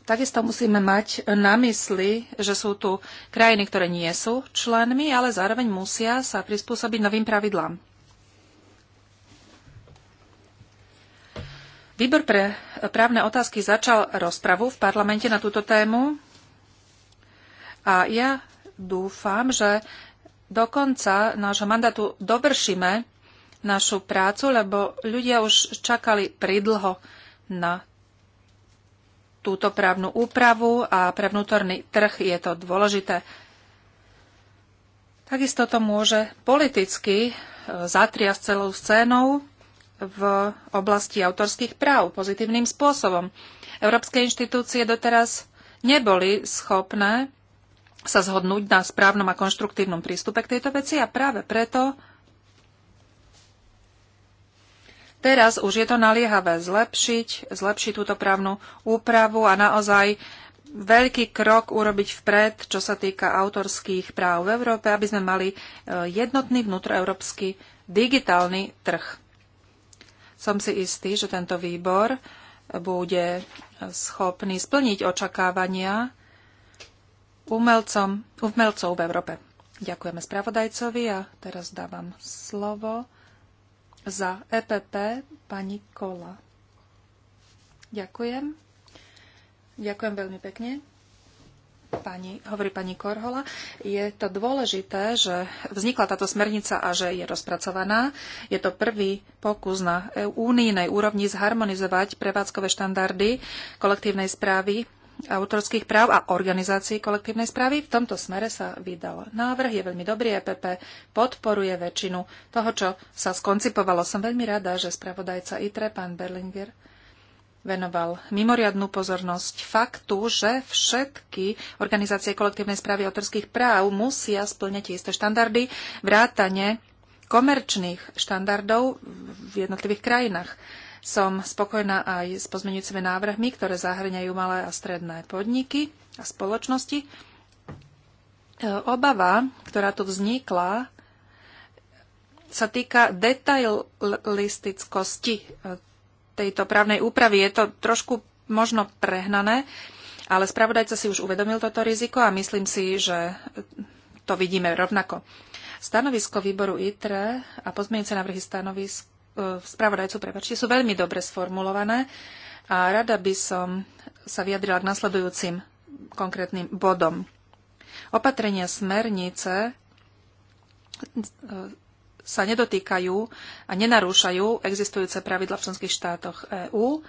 Takisto musíme mať na mysli, že sú tu krajiny, ktoré nie sú členmi, ale zároveň musia sa prispôsobiť novým pravidlám. Výbor pre právne otázky začal rozpravu v parlamente na túto tému a ja dúfam, že do konca nášho mandátu dovršíme našu prácu, lebo ľudia už čakali pridlho na túto právnu úpravu a pre vnútorný trh je to dôležité. Takisto to môže politicky e, zatriasť celou scénou v oblasti autorských práv pozitívnym spôsobom. Európske inštitúcie doteraz neboli schopné sa zhodnúť na správnom a konštruktívnom prístupe k tejto veci a práve preto teraz už je to naliehavé zlepšiť, zlepšiť túto právnu úpravu a naozaj veľký krok urobiť vpred, čo sa týka autorských práv v Európe, aby sme mali e, jednotný vnútroeurópsky digitálny trh. Som si istý, že tento výbor bude e, schopný splniť očakávania umelcom, umelcov v Európe. Ďakujeme spravodajcovi a teraz dávam slovo za EPP pani Kola. Ďakujem. Ďakujem veľmi pekne. Pani, hovorí pani Korhola, je to dôležité, že vznikla táto smernica a že je rozpracovaná. Je to prvý pokus na únijnej úrovni zharmonizovať prevádzkové štandardy kolektívnej správy autorských práv a organizácií kolektívnej správy. V tomto smere sa vydal návrh, je veľmi dobrý, EPP podporuje väčšinu toho, čo sa skoncipovalo. Som veľmi rada, že spravodajca ITRE, pán Berlinger, venoval mimoriadnú pozornosť faktu, že všetky organizácie kolektívnej správy autorských práv musia splňať isté štandardy vrátane komerčných štandardov v jednotlivých krajinách. Som spokojná aj s pozmeňujúcimi návrhmi, ktoré zahrňajú malé a stredné podniky a spoločnosti. E, obava, ktorá tu vznikla, sa týka detailistickosti e, tejto právnej úpravy. Je to trošku možno prehnané, ale spravodajca si už uvedomil toto riziko a myslím si, že to vidíme rovnako. Stanovisko výboru ITRE a pozmienujúce návrhy stanovisk E, spravodajcu, prepačte, sú veľmi dobre sformulované a rada by som sa vyjadrila k nasledujúcim konkrétnym bodom. Opatrenia smernice e, sa nedotýkajú a nenarúšajú existujúce pravidla v členských štátoch EÚ.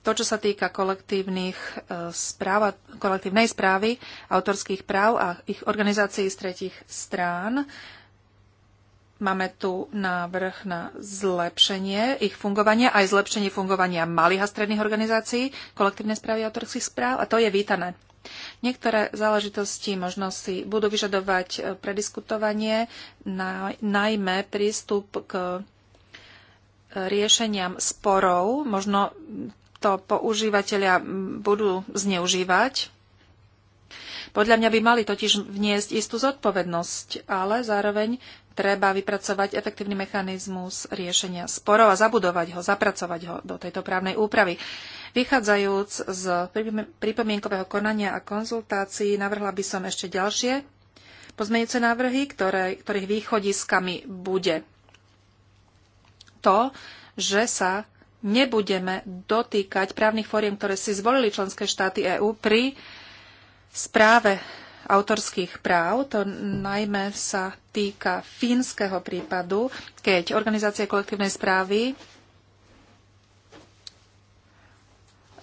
To, čo sa týka kolektívnych e, správ, kolektívnej správy autorských práv a ich organizácií z tretich strán, Máme tu návrh na zlepšenie ich fungovania, aj zlepšenie fungovania malých a stredných organizácií, kolektívne správy autorských správ a to je vítané. Niektoré záležitosti možno si budú vyžadovať e, prediskutovanie, najmä prístup k e, riešeniam sporov. Možno to používateľia budú zneužívať, podľa mňa by mali totiž vniesť istú zodpovednosť, ale zároveň treba vypracovať efektívny mechanizmus riešenia sporov a zabudovať ho, zapracovať ho do tejto právnej úpravy. Vychádzajúc z pripomienkového konania a konzultácií, navrhla by som ešte ďalšie pozmeňujúce návrhy, ktoré, ktorých východiskami bude to, že sa nebudeme dotýkať právnych fóriem, ktoré si zvolili členské štáty EÚ pri správe autorských práv. To najmä sa týka fínskeho prípadu, keď organizácie kolektívnej správy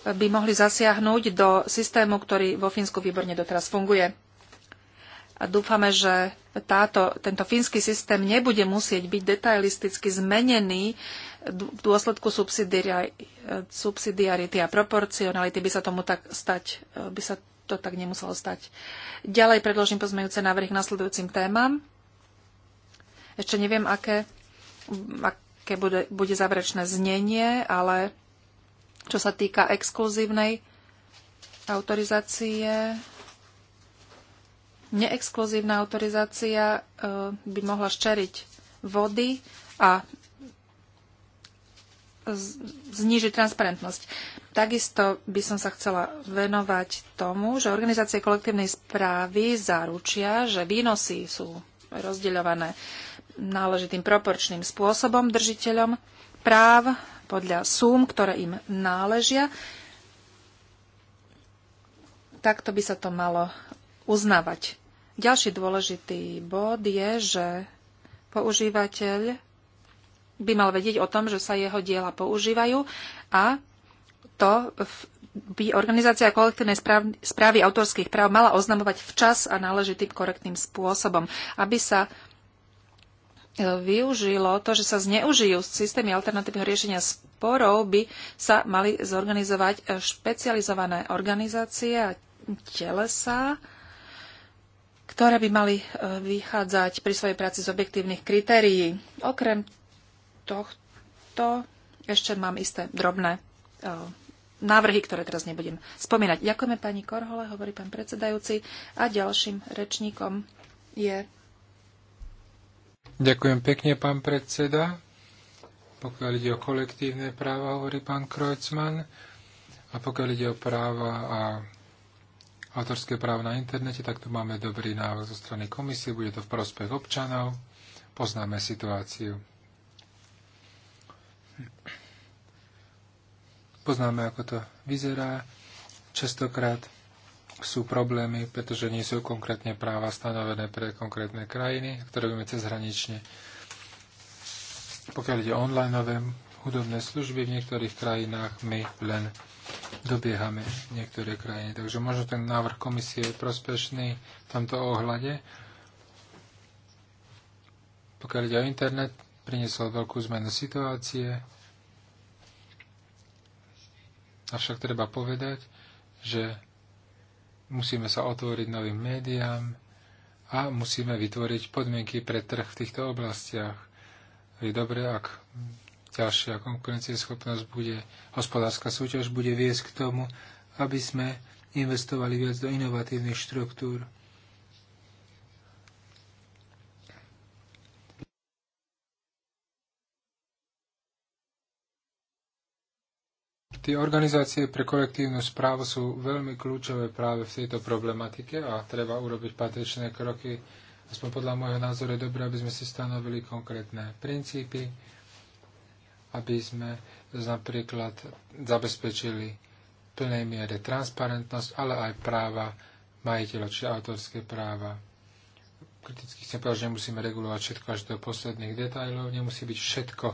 by mohli zasiahnuť do systému, ktorý vo Fínsku výborne doteraz funguje. A dúfame, že táto, tento fínsky systém nebude musieť byť detailisticky zmenený v dôsledku subsidiarity a proporcionality by sa tomu tak stať, by sa to tak nemuselo stať. Ďalej predložím pozmejúce návrhy k nasledujúcim témam. Ešte neviem, aké, aké bude, bude záverečné znenie, ale čo sa týka exkluzívnej autorizácie, neexkluzívna autorizácia e, by mohla ščeriť vody a znížiť transparentnosť. Takisto by som sa chcela venovať tomu, že organizácie kolektívnej správy zaručia, že výnosy sú rozdeľované náležitým proporčným spôsobom držiteľom práv podľa súm, ktoré im náležia. Takto by sa to malo uznávať. Ďalší dôležitý bod je, že používateľ by mal vedieť o tom, že sa jeho diela používajú a to by organizácia kolektívnej správy, správy autorských práv mala oznamovať včas a náležitým korektným spôsobom, aby sa e, využilo to, že sa zneužijú systémy alternatívneho riešenia sporov, by sa mali zorganizovať e, špecializované organizácie a telesa, ktoré by mali e, vychádzať pri svojej práci z objektívnych kritérií. Okrem tohto ešte mám isté drobné e, návrhy, ktoré teraz nebudem spomínať. Ďakujeme pani Korhole, hovorí pán predsedajúci. A ďalším rečníkom je... Ďakujem pekne, pán predseda. Pokiaľ ide o kolektívne práva, hovorí pán Krojcman. A pokiaľ ide o práva a autorské právo na internete, tak tu máme dobrý návrh zo strany komisie. Bude to v prospech občanov. Poznáme situáciu. Poznáme, ako to vyzerá. Častokrát sú problémy, pretože nie sú konkrétne práva stanovené pre konkrétne krajiny, ktoré robíme cezhranične. Pokiaľ ide online, hudobné služby, v niektorých krajinách my len dobiehame niektoré krajiny. Takže možno ten návrh komisie je prospešný v tomto ohľade. Pokiaľ ide o internet, priniesol veľkú zmenu situácie. Avšak treba povedať, že musíme sa otvoriť novým médiám a musíme vytvoriť podmienky pre trh v týchto oblastiach. Je dobré, ak ďalšia konkurencieschopnosť bude, hospodárska súťaž bude viesť k tomu, aby sme investovali viac do inovatívnych štruktúr. Tie organizácie pre kolektívnu správu sú veľmi kľúčové práve v tejto problematike a treba urobiť patričné kroky. Aspoň podľa môjho názoru je dobré, aby sme si stanovili konkrétne princípy, aby sme napríklad zabezpečili plnej miere transparentnosť, ale aj práva majiteľov, či autorské práva. Kriticky chcem povedať, že nemusíme regulovať všetko až do posledných detajlov, nemusí byť všetko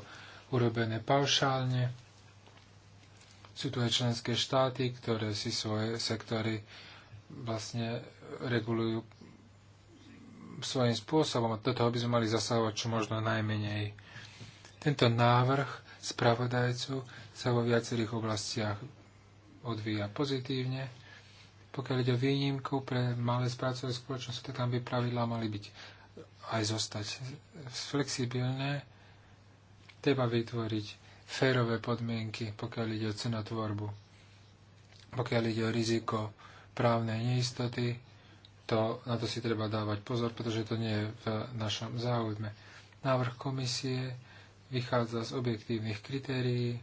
urobené paušálne, sú tu aj členské štáty, ktoré si svoje sektory vlastne regulujú svojím spôsobom a do toho by sme mali zasahovať čo možno najmenej. Tento návrh spravodajcu sa vo viacerých oblastiach odvíja pozitívne. Pokiaľ ide o výnimku pre malé spracové spoločnosti, tak tam by pravidlá mali byť aj zostať flexibilné. Treba vytvoriť férové podmienky, pokiaľ ide o cenotvorbu. Pokiaľ ide o riziko právnej neistoty, to, na to si treba dávať pozor, pretože to nie je v našom záujme. Návrh komisie vychádza z objektívnych kritérií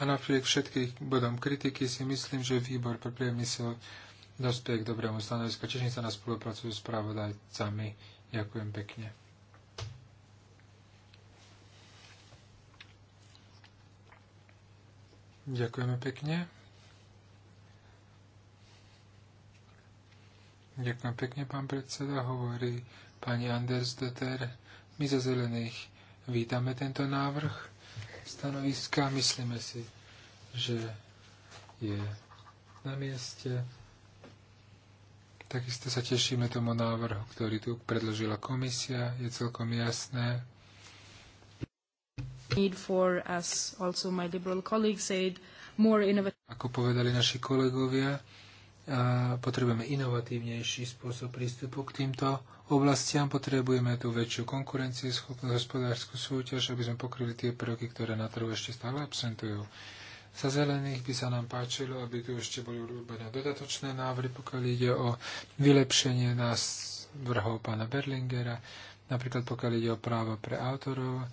a napriek všetkých bodom kritiky si myslím, že výbor pre priemysel dospie k dobrému stanovisku. Čiže sa na spoluprácu s pravodajcami. Ďakujem pekne. Ďakujeme pekne. Ďakujem pekne, pán predseda, hovorí pani Anders Dotter. My za zelených vítame tento návrh stanoviska. Myslíme si, že je na mieste. Takisto sa tešíme tomu návrhu, ktorý tu predložila komisia. Je celkom jasné, Need for, as also my liberal colleague said, more innovative... Ako povedali naši kolegovia, potrebujeme inovatívnejší spôsob prístupu k týmto oblastiam, potrebujeme tú väčšiu schopnosť, hospodárskú súťaž, aby sme pokryli tie prvky, ktoré na trhu ešte stále absentujú. Za zelených by sa nám páčilo, aby tu ešte boli urobené dodatočné návrhy, pokiaľ ide o vylepšenie nás vrhov pána Berlingera, napríklad pokiaľ ide o práva pre autorov,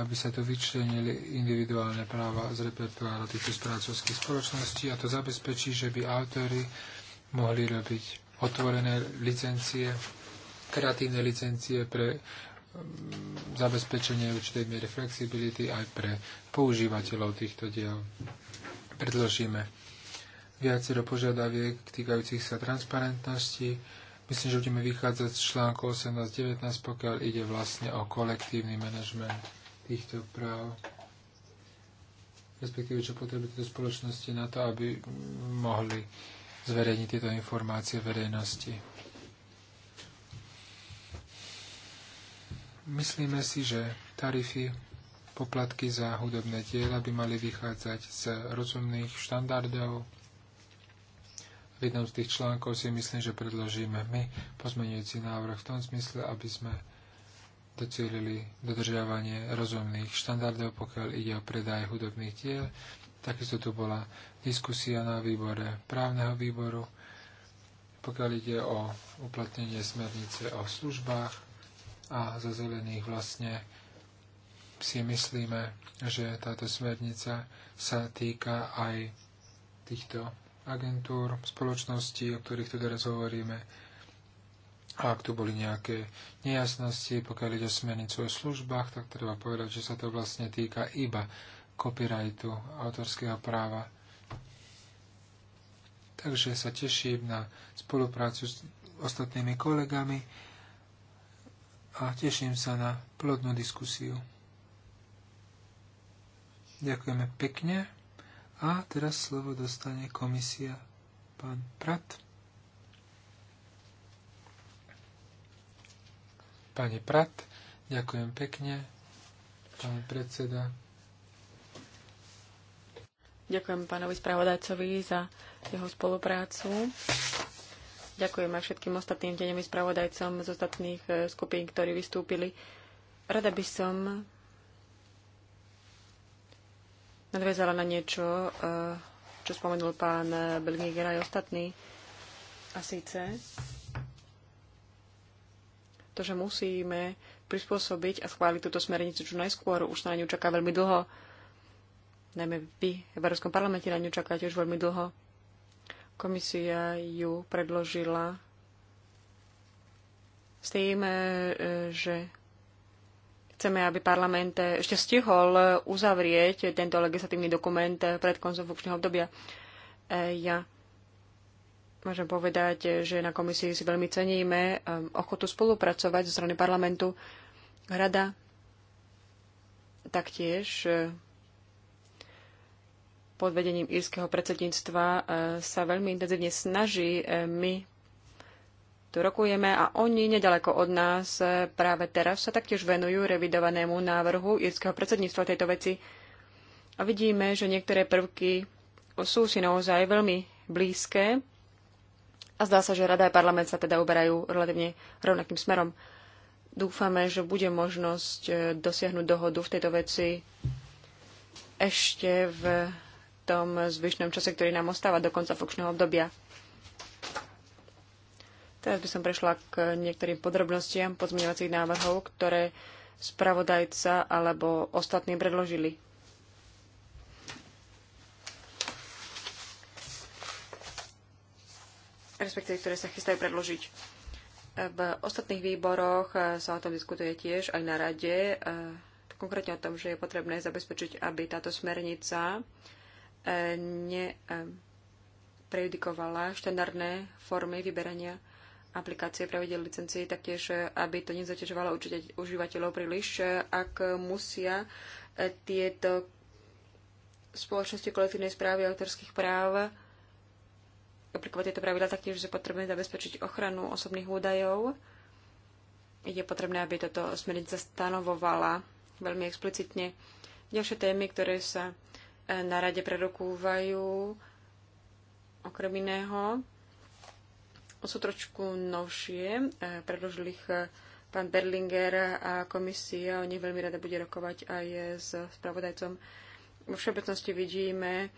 aby sa tu vyčlenili individuálne práva z repertoára týchto správcovských spoločností a to zabezpečí, že by autory mohli robiť otvorené licencie, kreatívne licencie pre mm, zabezpečenie určitej miery flexibility aj pre používateľov týchto diel. Predložíme viacero požiadaviek týkajúcich sa transparentnosti. Myslím, že budeme vychádzať z článku 18.19, pokiaľ ide vlastne o kolektívny manažment týchto práv, respektíve čo potrebujú tieto spoločnosti na to, aby mohli zverejniť tieto informácie verejnosti. Myslíme si, že tarify, poplatky za hudobné diela by mali vychádzať z rozumných štandardov. V jednom z tých článkov si myslím, že predložíme my pozmenujúci návrh v tom zmysle, aby sme docielili dodržiavanie rozumných štandardov, pokiaľ ide o predaj hudobných diel. Takisto tu bola diskusia na výbore právneho výboru, pokiaľ ide o uplatnenie smernice o službách a za zelených vlastne si myslíme, že táto smernica sa týka aj týchto agentúr, spoločností, o ktorých tu teraz hovoríme, a ak tu boli nejaké nejasnosti, pokiaľ ide o smernicu o službách, tak treba povedať, že sa to vlastne týka iba copyrightu, autorského práva. Takže sa teším na spoluprácu s ostatnými kolegami a teším sa na plodnú diskusiu. Ďakujeme pekne a teraz slovo dostane komisia pán Prat. Pani Prat, ďakujem pekne. Pán predseda. Ďakujem pánovi spravodajcovi za jeho spoluprácu. Ďakujem aj všetkým ostatným tenemi spravodajcom z ostatných e, skupín, ktorí vystúpili. Rada by som nadviazala na niečo, e, čo spomenul pán Belgiger aj ostatní. A síce to, že musíme prispôsobiť a schváliť túto smernicu čo najskôr. Už na ňu čaká veľmi dlho. Najmä vy v Európskom parlamente na ňu čakáte už veľmi dlho. Komisia ju predložila s tým, e, že chceme, aby parlament ešte stihol uzavrieť tento legislatívny dokument pred koncom funkčného obdobia. E, ja Môžem povedať, že na komisii si veľmi ceníme um, ochotu spolupracovať zo strany parlamentu. Rada taktiež uh, pod vedením írskeho predsedníctva uh, sa veľmi intenzívne snaží. Uh, my tu rokujeme a oni nedaleko od nás práve teraz sa taktiež venujú revidovanému návrhu írskeho predsedníctva tejto veci. A vidíme, že niektoré prvky sú si naozaj veľmi blízke a zdá sa, že Rada aj parlament sa teda uberajú relatívne rovnakým smerom. Dúfame, že bude možnosť e, dosiahnuť dohodu v tejto veci ešte v tom zvyšnom čase, ktorý nám ostáva do konca funkčného obdobia. Teraz by som prešla k niektorým podrobnostiam pozmeňovacích návrhov, ktoré spravodajca alebo ostatní predložili. respektíve ktoré sa chystajú predložiť. V ostatných výboroch e, sa o tom diskutuje tiež aj na rade, e, konkrétne o tom, že je potrebné zabezpečiť, aby táto smernica e, neprejudikovala štandardné formy vyberania aplikácie pravidel licencií, taktiež, aby to nezaťažovalo určite užívateľov príliš, ak musia tieto spoločnosti kolektívnej správy autorských práv aplikovať tieto pravidla, taktiež je potrebné zabezpečiť ochranu osobných údajov. Je potrebné, aby toto smernica stanovovala veľmi explicitne. Ďalšie témy, ktoré sa e, na rade prerokúvajú, okrem iného, sú trošku novšie. E, predložil ich e, pán Berlinger a komisia o nich veľmi rada bude rokovať aj s spravodajcom. Vo všeobecnosti vidíme,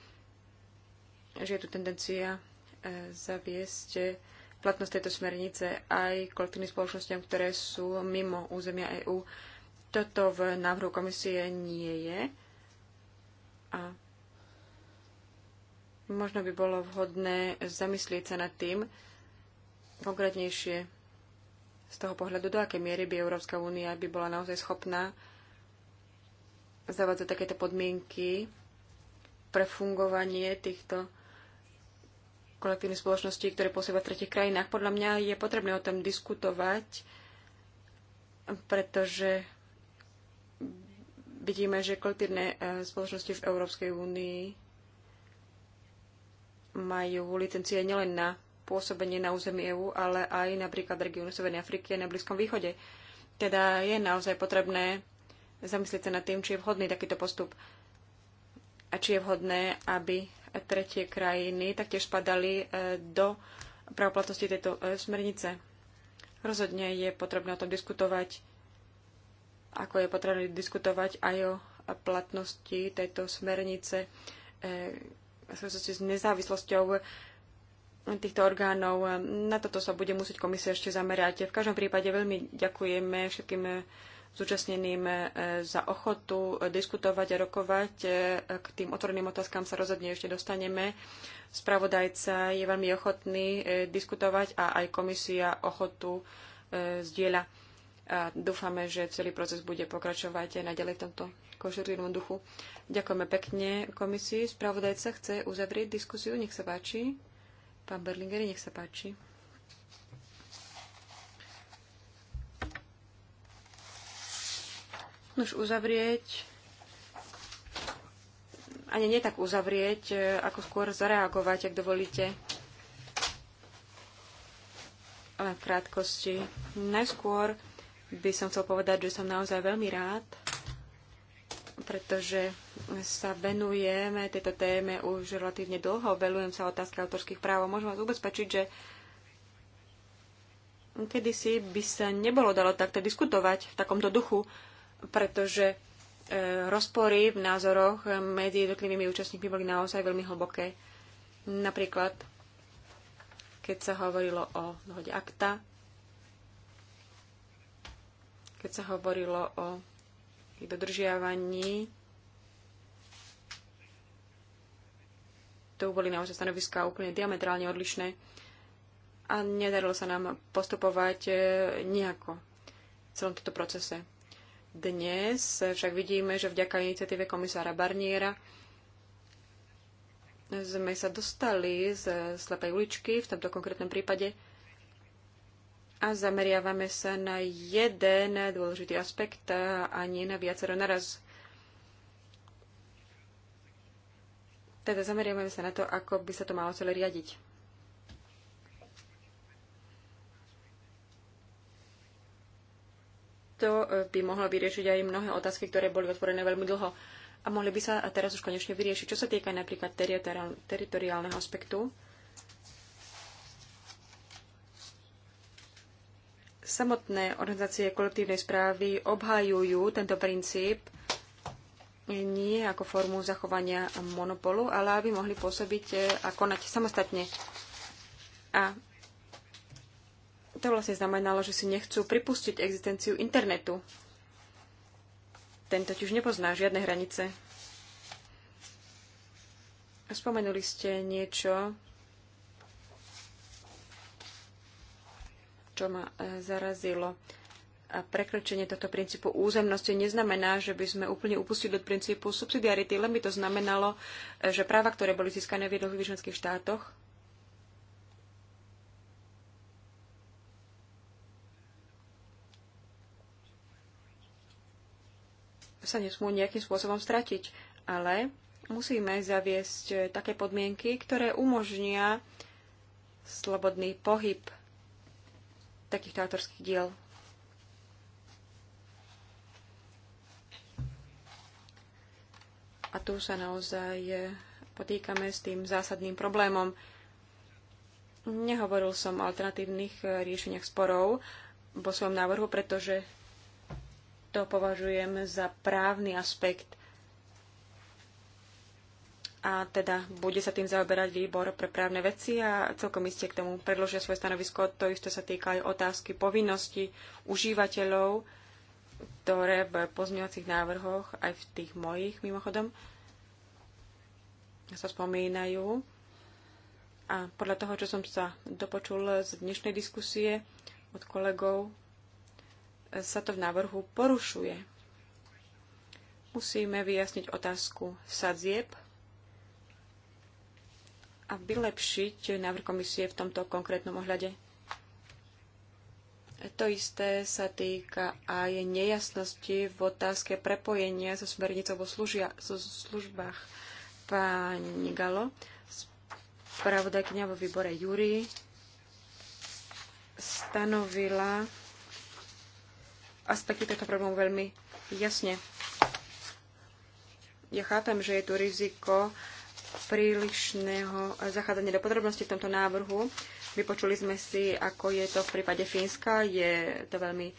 že je tu tendencia zaviesť platnosť tejto smernice aj kolektívnym spoločnosťam, ktoré sú mimo územia EÚ. Toto v návrhu komisie nie je. A možno by bolo vhodné zamyslieť sa nad tým konkrétnejšie z toho pohľadu, do akej miery by Európska únia by bola naozaj schopná zavádzať takéto podmienky pre fungovanie týchto kolektívnych spoločností, ktoré pôsobia v tretich krajinách. Podľa mňa je potrebné o tom diskutovať, pretože vidíme, že kolektívne e, spoločnosti v Európskej únii majú licencie nielen na pôsobenie na území EÚ, ale aj napríklad regiónu Severnej Afriky a na Blízkom východe. Teda je naozaj potrebné zamyslieť sa nad tým, či je vhodný takýto postup a či je vhodné, aby tretie krajiny taktiež padali e, do pravoplatnosti tejto e, smernice. Rozhodne je potrebné o tom diskutovať, ako je potrebné diskutovať aj o platnosti tejto smernice e, v súvislosti s nezávislosťou týchto orgánov. Na toto sa bude musieť komisia ešte zamerať. V každom prípade veľmi ďakujeme všetkým zúčastneným e, za ochotu diskutovať a rokovať. E, k tým otvoreným otázkam sa rozhodne ešte dostaneme. Spravodajca je veľmi ochotný e, diskutovať a aj komisia ochotu zdieľa. A dúfame, že celý proces bude pokračovať aj naďalej v tomto konštruktívnom duchu. Ďakujeme pekne komisii. Spravodajca chce uzavrieť diskusiu. Nech sa páči. Pán Berlingeri, nech sa páči. už uzavrieť, ani nie tak uzavrieť, e, ako skôr zareagovať, ak dovolíte. Ale v krátkosti. Najskôr by som chcel povedať, že som naozaj veľmi rád, pretože sa venujeme tejto téme už relatívne dlho. Velujem sa otázke autorských práv. Môžem vás ubezpečiť, že kedysi by sa nebolo dalo takto diskutovať v takomto duchu pretože e, rozpory v názoroch medzi jednotlivými účastníkmi boli naozaj veľmi hlboké. Napríklad, keď sa hovorilo o dohode akta, keď sa hovorilo o dodržiavaní, tu boli naozaj stanoviská úplne diametrálne odlišné a nedarilo sa nám postupovať e, nejako v celom tomto procese. Dnes však vidíme, že vďaka iniciatíve komisára Barniera sme sa dostali z slepej uličky v tomto konkrétnom prípade a zameriavame sa na jeden dôležitý aspekt a nie na viacero naraz. Teda zameriavame sa na to, ako by sa to malo celé riadiť. to e, by mohlo vyriešiť aj mnohé otázky, ktoré boli otvorené veľmi dlho a mohli by sa a teraz už konečne vyriešiť. Čo sa týka napríklad teritoriálneho aspektu, samotné organizácie kolektívnej správy obhajujú tento princíp nie ako formu zachovania monopolu, ale aby mohli pôsobiť a konať samostatne. A to vlastne znamenalo, že si nechcú pripustiť existenciu internetu. Ten totiž nepozná žiadne hranice. Spomenuli ste niečo, čo ma e, zarazilo. A prekročenie tohto princípu územnosti neznamená, že by sme úplne upustili od princípu subsidiarity, len by to znamenalo, e, že práva, ktoré boli získané v jednotlivých členských štátoch, sa nesmú nejakým spôsobom stratiť. Ale musíme zaviesť eh, také podmienky, ktoré umožnia slobodný pohyb takýchto autorských diel. A tu sa naozaj eh, potýkame s tým zásadným problémom. Nehovoril som o alternatívnych eh, riešeniach sporov vo svojom návrhu, pretože to považujem za právny aspekt a teda bude sa tým zaoberať výbor pre právne veci a celkom iste k tomu predložia svoje stanovisko. To isto sa týka aj otázky povinnosti užívateľov, ktoré v pozňovacích návrhoch, aj v tých mojich mimochodom, sa spomínajú. A podľa toho, čo som sa dopočul z dnešnej diskusie od kolegov, sa to v návrhu porušuje. Musíme vyjasniť otázku sadzieb a vylepšiť návrh komisie v tomto konkrétnom ohľade. To isté sa týka aj nejasnosti v otázke prepojenia so smernicou vo služia, so službách. Pani Galo, spravodajkňa vo výbore Júri, stanovila aspekty tohto problému veľmi jasne. Ja chápem, že je tu riziko prílišného zachádzania do podrobností v tomto návrhu. Vypočuli sme si, ako je to v prípade Fínska. Je to veľmi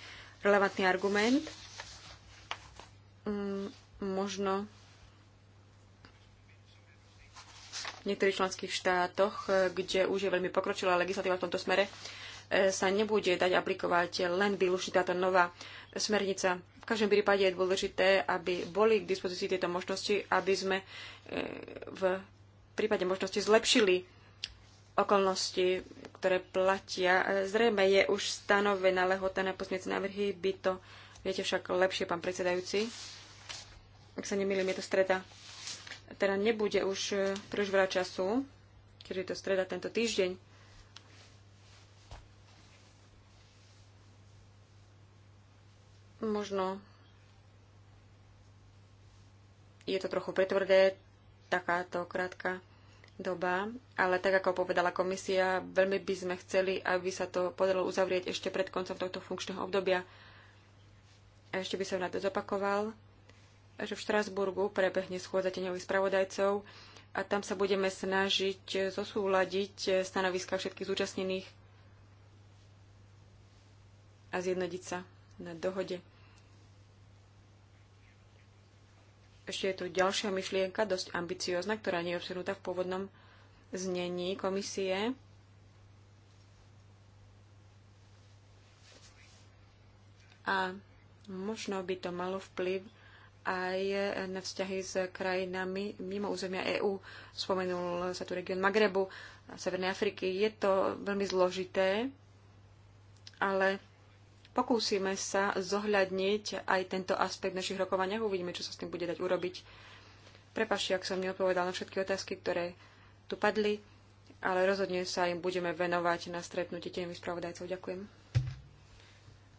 relevantný argument. Mm, možno v niektorých členských štátoch, kde už je veľmi pokročilá legislatíva v tomto smere, E, sa nebude dať aplikovať len výlučne táto nová smernica. V každom prípade je dôležité, aby boli k dispozícii tieto možnosti, aby sme e, v prípade možnosti zlepšili okolnosti, ktoré platia. E, zrejme je už stanovená lehota na pozmiece návrhy, by to viete však lepšie, pán predsedajúci. Ak sa nemýlim, je to streda. Teda nebude už príliš veľa času, keďže je to streda tento týždeň. Možno je to trochu pretvrdé, takáto krátka doba, ale tak ako povedala komisia, veľmi by sme chceli, aby sa to podarilo uzavrieť ešte pred koncom tohto funkčného obdobia. A ešte by som na to zopakoval, že v Štrásburgu prebehne schôdza teňových spravodajcov a tam sa budeme snažiť zosúľadiť stanoviska všetkých zúčastnených a zjednodiť sa na dohode. Ešte je tu ďalšia myšlienka, dosť ambiciózna, ktorá nie je obsiahnutá v pôvodnom znení komisie. A možno by to malo vplyv aj na vzťahy s krajinami mimo územia EÚ. Spomenul sa tu región Magrebu, Severnej Afriky. Je to veľmi zložité, ale Pokúsime sa zohľadniť aj tento aspekt v našich rokovaniach. Uvidíme, čo sa s tým bude dať urobiť. Prepašte, ak som neodpovedal na všetky otázky, ktoré tu padli, ale rozhodne sa im budeme venovať na stretnutí tieňových spravodajcov. Ďakujem.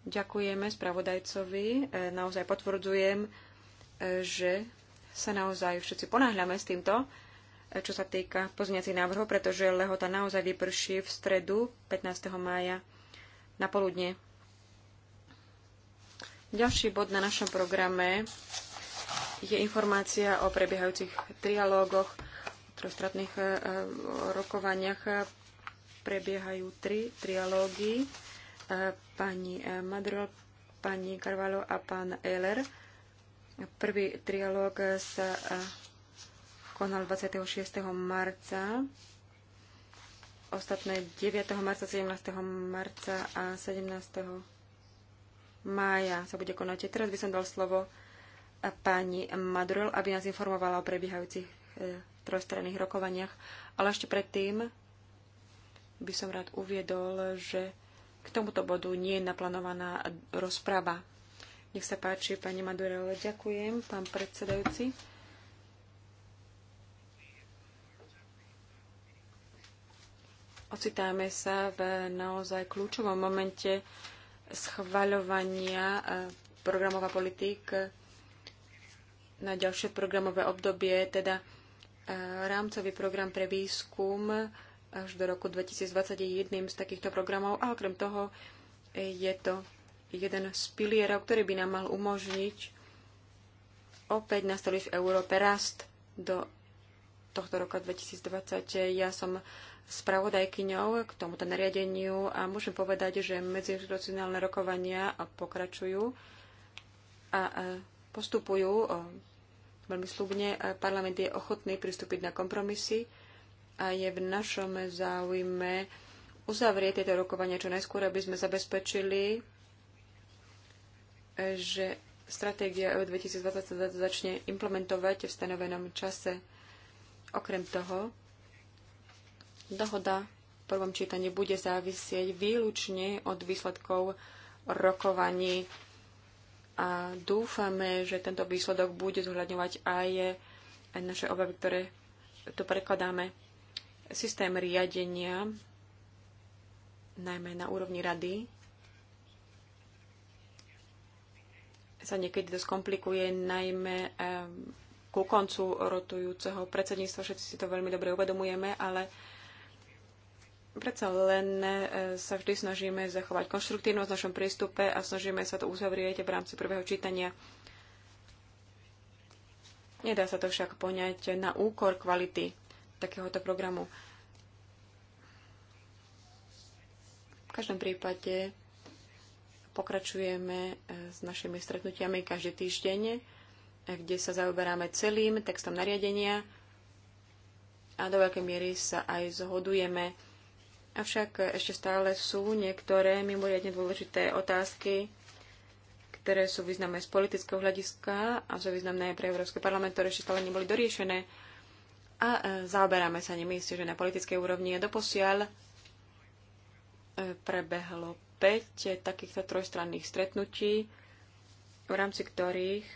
Ďakujeme spravodajcovi. E, naozaj potvrdzujem, e, že sa naozaj všetci ponáhľame s týmto e, čo sa týka pozniacich návrhov, pretože lehota naozaj vyprší v stredu 15. mája na poludne. Ďalší bod na našom programe je informácia o prebiehajúcich trialógoch, o trostratných e, e, rokovaniach. Prebiehajú tri trialógy. E, pani Madro, pani Carvalho a pán Eller. Prvý trialóg sa konal 26. marca ostatné 9. marca, 17. marca a 17 mája sa bude konať. Teraz by som dal slovo eh, pani Madurel, aby nás informovala o prebiehajúcich eh, trojstranných rokovaniach. Ale ešte predtým by som rád uviedol, že k tomuto bodu nie je naplánovaná rozprava. Nech sa páči, pani Madurel. Ďakujem, pán predsedajúci. Ocitáme sa v naozaj kľúčovom momente schvaľovania eh, programová politik politík eh, na ďalšie programové obdobie, teda eh, rámcový program pre výskum až do roku 2020 je jedným z takýchto programov a okrem toho je to jeden z pilierov, ktorý by nám mal umožniť opäť nastoliť v Európe rast do tohto roka 2020. Ja som spravodajkyňou k tomuto nariadeniu a môžem povedať, že medziinstitucionálne rokovania pokračujú a postupujú veľmi slubne. Parlament je ochotný pristúpiť na kompromisy a je v našom záujme uzavrieť tieto rokovania čo najskôr, aby sme zabezpečili, že stratégia EU 2020 začne implementovať v stanovenom čase. Okrem toho, Dohoda v prvom čítaní bude závisieť výlučne od výsledkov rokovaní a dúfame, že tento výsledok bude zohľadňovať aj, aj naše obavy, ktoré tu prekladáme. Systém riadenia, najmä na úrovni rady, sa niekedy to skomplikuje, najmä ku koncu rotujúceho predsedníctva. Všetci si to veľmi dobre uvedomujeme, ale Predsa len e, sa vždy snažíme zachovať konštruktívnosť v našom prístupe a snažíme sa to uzavrieť v rámci prvého čítania. Nedá sa to však poňať na úkor kvality takéhoto programu. V každom prípade pokračujeme e, s našimi stretnutiami každý týždeň, e, kde sa zaoberáme celým textom nariadenia a do veľkej miery sa aj zhodujeme Avšak ešte stále sú niektoré mimoriadne dôležité otázky, ktoré sú významné z politického hľadiska a sú významné aj pre Európske parlament, ktoré ešte stále neboli doriešené. A e, zaoberáme sa nimi, že na politickej úrovni je doposiaľ e, prebehlo 5 takýchto trojstranných stretnutí, v rámci ktorých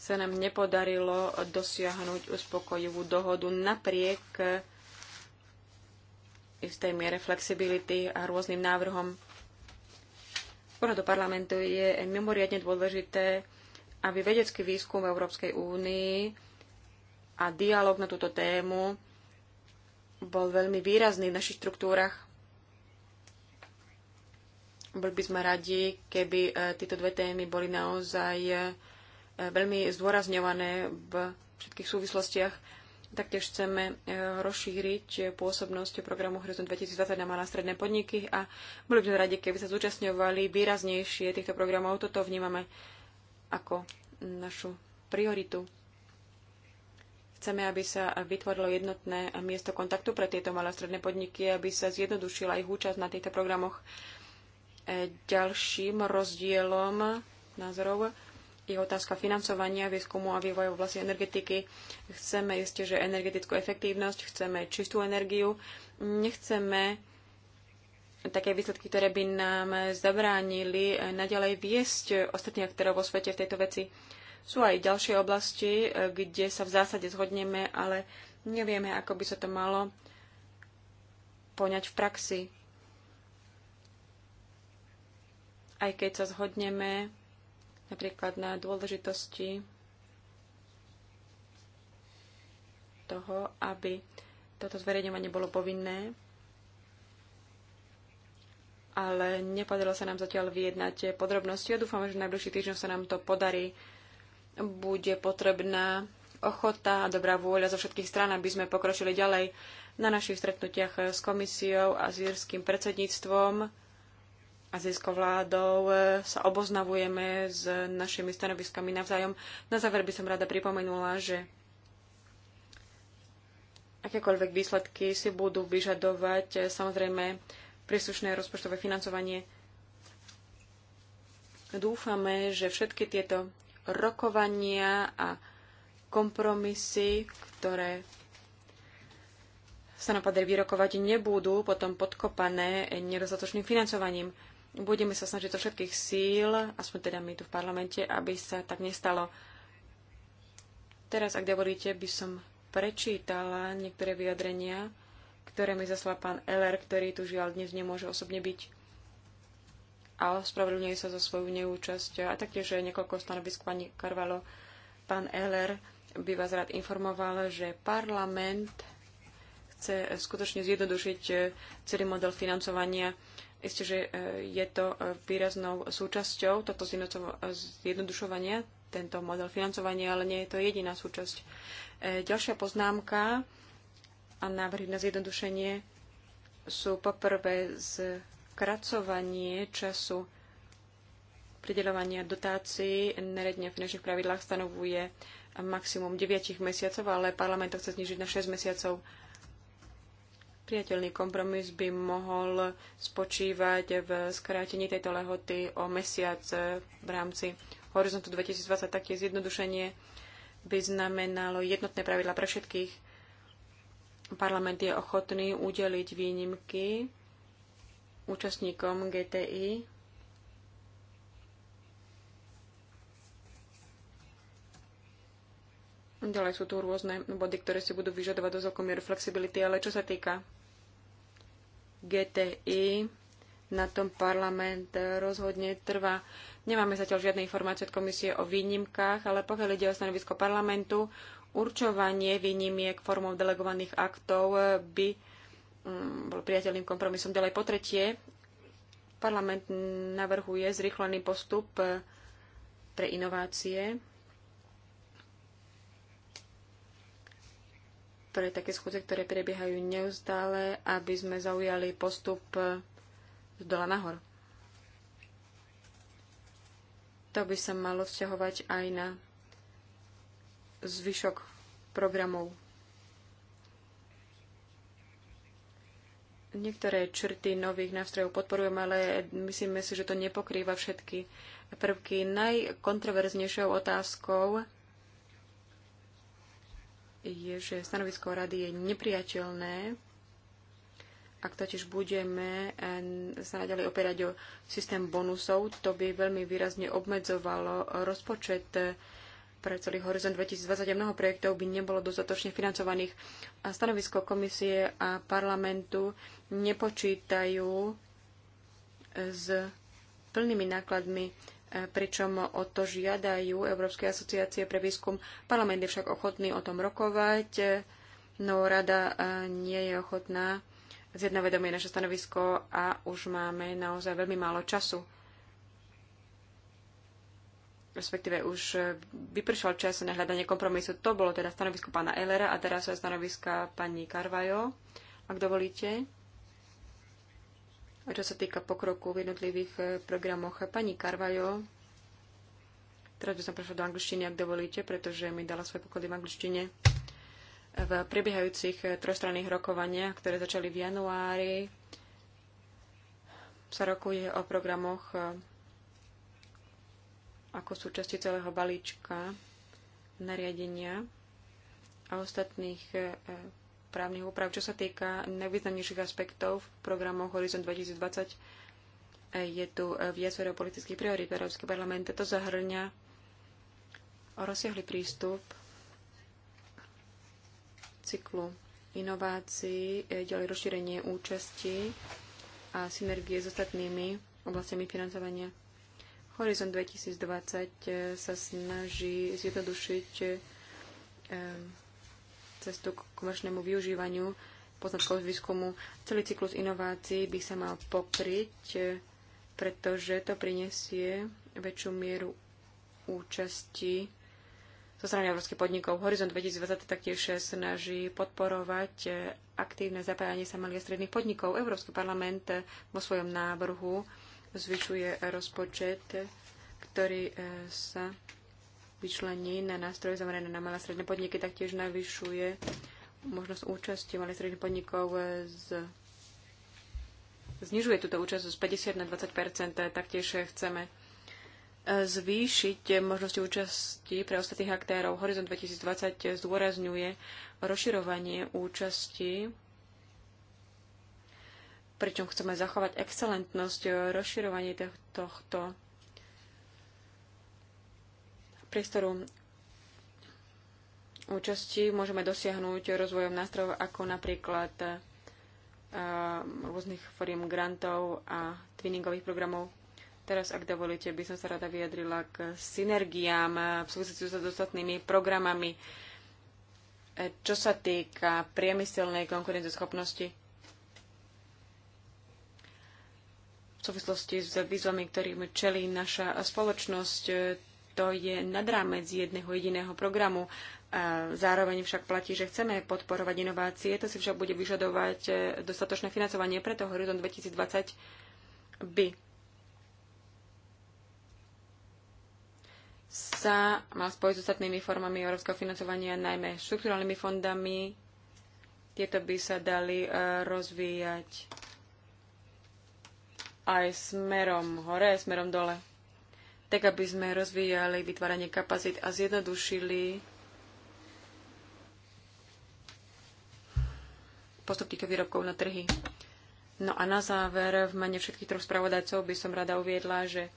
sa nám nepodarilo dosiahnuť uspokojivú dohodu napriek istej miere flexibility a rôznym návrhom. Z do parlamentu je mimoriadne dôležité, aby vedecký výskum v Európskej únii a dialog na túto tému bol veľmi výrazný v našich štruktúrach. Boli by sme radi, keby e, tieto dve témy boli naozaj e, veľmi zdôrazňované v všetkých súvislostiach Taktiež chceme e, rozšíriť pôsobnosť programu Horizon 2020 na malé stredné podniky a boli by sme radi, keby sa zúčastňovali výraznejšie týchto programov. Toto vnímame ako našu prioritu. Chceme, aby sa vytvorilo jednotné miesto kontaktu pre tieto malé stredné podniky, aby sa zjednodušila ich účasť na týchto programoch. E, ďalším rozdielom názorov je otázka financovania výskumu a vývoja v oblasti energetiky. Chceme isté, že energetickú efektívnosť, chceme čistú energiu. Nechceme také výsledky, ktoré by nám zabránili naďalej viesť ostatní aktérov vo svete v tejto veci. Sú aj ďalšie oblasti, kde sa v zásade zhodneme, ale nevieme, ako by sa to malo poňať v praxi. Aj keď sa zhodneme napríklad na dôležitosti toho, aby toto zverejňovanie bolo povinné, ale nepodarilo sa nám zatiaľ vyjednať podrobnosti. Ja dúfam, že v najbližších týždňoch sa nám to podarí. Bude potrebná ochota a dobrá vôľa zo všetkých strán, aby sme pokročili ďalej na našich stretnutiach s komisiou a s írským predsedníctvom azijskou vládou e, sa oboznavujeme s našimi stanoviskami navzájom. Na záver by som rada pripomenula, že akékoľvek výsledky si budú vyžadovať e, samozrejme príslušné rozpočtové financovanie. Dúfame, že všetky tieto rokovania a kompromisy, ktoré sa napadli vyrokovať, nebudú potom podkopané nedostatočným financovaním. Budeme sa snažiť do všetkých síl, aspoň teda my tu v parlamente, aby sa tak nestalo. Teraz, ak dovolíte, by som prečítala niektoré vyjadrenia, ktoré mi zaslal pán LR, ktorý tu žiaľ dnes nemôže osobne byť a ospravedlňuje sa za svoju neúčasť a taktiež niekoľko stanovisk pani Karvalo. Pán LR by vás rád informoval, že parlament chce skutočne zjednodušiť eh, celý model financovania Isté, že e, je to e, výraznou súčasťou toto zjednodušovania, tento model financovania, ale nie je to jediná súčasť. E, ďalšia poznámka a návrhy na zjednodušenie sú poprvé zkracovanie času prideľovania dotácií. Neredne v finančných pravidlách stanovuje maximum 9 mesiacov, ale parlament to chce znižiť na 6 mesiacov. Priateľný kompromis by mohol spočívať v skrátení tejto lehoty o mesiac v rámci horizontu 2020. Také zjednodušenie by znamenalo jednotné pravidla pre všetkých. Parlament je ochotný udeliť výnimky účastníkom GTI Ďalej sú tu rôzne body, ktoré si budú vyžadovať dosť mieru flexibility, ale čo sa týka GTI, na tom parlament rozhodne trvá. Nemáme zatiaľ žiadne informácie od komisie o výnimkách, ale pokiaľ ide o stanovisko parlamentu, určovanie výnimiek formou delegovaných aktov by mm, bol priateľným kompromisom. Ďalej po tretie, parlament navrhuje zrýchlený postup pre inovácie pre také schôdze, ktoré prebiehajú neustále, aby sme zaujali postup z dola nahor. To by sa malo vzťahovať aj na zvyšok programov. Niektoré črty nových nástrojov podporujem, ale myslíme si, že to nepokrýva všetky prvky. Najkontroverznejšou otázkou je, že stanovisko rady je nepriateľné, ak totiž budeme eh, sa naďalej opierať o systém bonusov, to by veľmi výrazne obmedzovalo rozpočet eh, pre celý horizont 2020 a mnoho projektov by nebolo dostatočne financovaných. A stanovisko komisie a parlamentu nepočítajú eh, s plnými nákladmi pričom o to žiadajú Európske asociácie pre výskum. Parlament je však ochotný o tom rokovať, no rada e, nie je ochotná. Zjednovedomie naše stanovisko a už máme naozaj veľmi málo času. Respektíve už e, vypršal čas na hľadanie kompromisu. To bolo teda stanovisko pána Elera a teraz je stanoviska pani Carvajo, ak dovolíte. A čo sa týka pokroku v jednotlivých e, programoch, pani Karvajo, teraz by som prešla do angličtiny, ak dovolíte, pretože mi dala svoje poklady v angličtine. V prebiehajúcich e, trojstranných rokovaniach, ktoré začali v januári, sa rokuje o programoch e, ako súčasti celého balíčka nariadenia a ostatných právnych úprav. Čo sa týka najvýznamnejších aspektov v programu Horizon 2020, je tu viacero politických priorít Európsky parlamentu To zahrňa rozsiahly prístup cyklu inovácií, ďalej rozšírenie účasti a synergie s ostatnými oblastiami financovania. Horizon 2020 sa snaží zjednodušiť cestu k komerčnému využívaniu poznatkov z výskumu. Celý cyklus inovácií by sa mal pokryť, pretože to prinesie väčšiu mieru účasti zo strany európskych podnikov. Horizont 2020 taktiež snaží podporovať aktívne zapájanie sa malých a stredných podnikov. Európsky parlament vo svojom návrhu zvyšuje rozpočet, ktorý e, sa vyčlení na nástroje zamerané na malé a stredné podniky, taktiež navyšuje možnosť účasti malých stredných podnikov z znižuje túto účasť z 50 na 20 taktiež chceme e, zvýšiť možnosti účasti pre ostatných aktérov. Horizont 2020 zdôrazňuje rozširovanie účasti, pričom chceme zachovať excelentnosť e, rozširovanie tohto priestoru účasti môžeme dosiahnuť rozvojom nástrojov ako napríklad eh, rôznych foriem grantov a twinningových programov. Teraz, ak dovolíte, by som sa rada vyjadrila k synergiám eh, v súvislosti s ostatnými programami, eh, čo sa týka priemyselnej konkurenceschopnosti. V súvislosti s výzvami, ktorým čelí naša spoločnosť, to je nad rámec jedného jediného programu. Zároveň však platí, že chceme podporovať inovácie, to si však bude vyžadovať e, dostatočné financovanie, preto Horizon 2020 by sa mal spojiť s ostatnými formami európskeho financovania, najmä štruktúralnými fondami. Tieto by sa dali e, rozvíjať aj smerom hore, aj smerom dole tak aby sme rozvíjali vytváranie kapacít a zjednodušili postup týchto výrobkov na trhy. No a na záver, v mene všetkých troch spravodajcov by som rada uviedla, že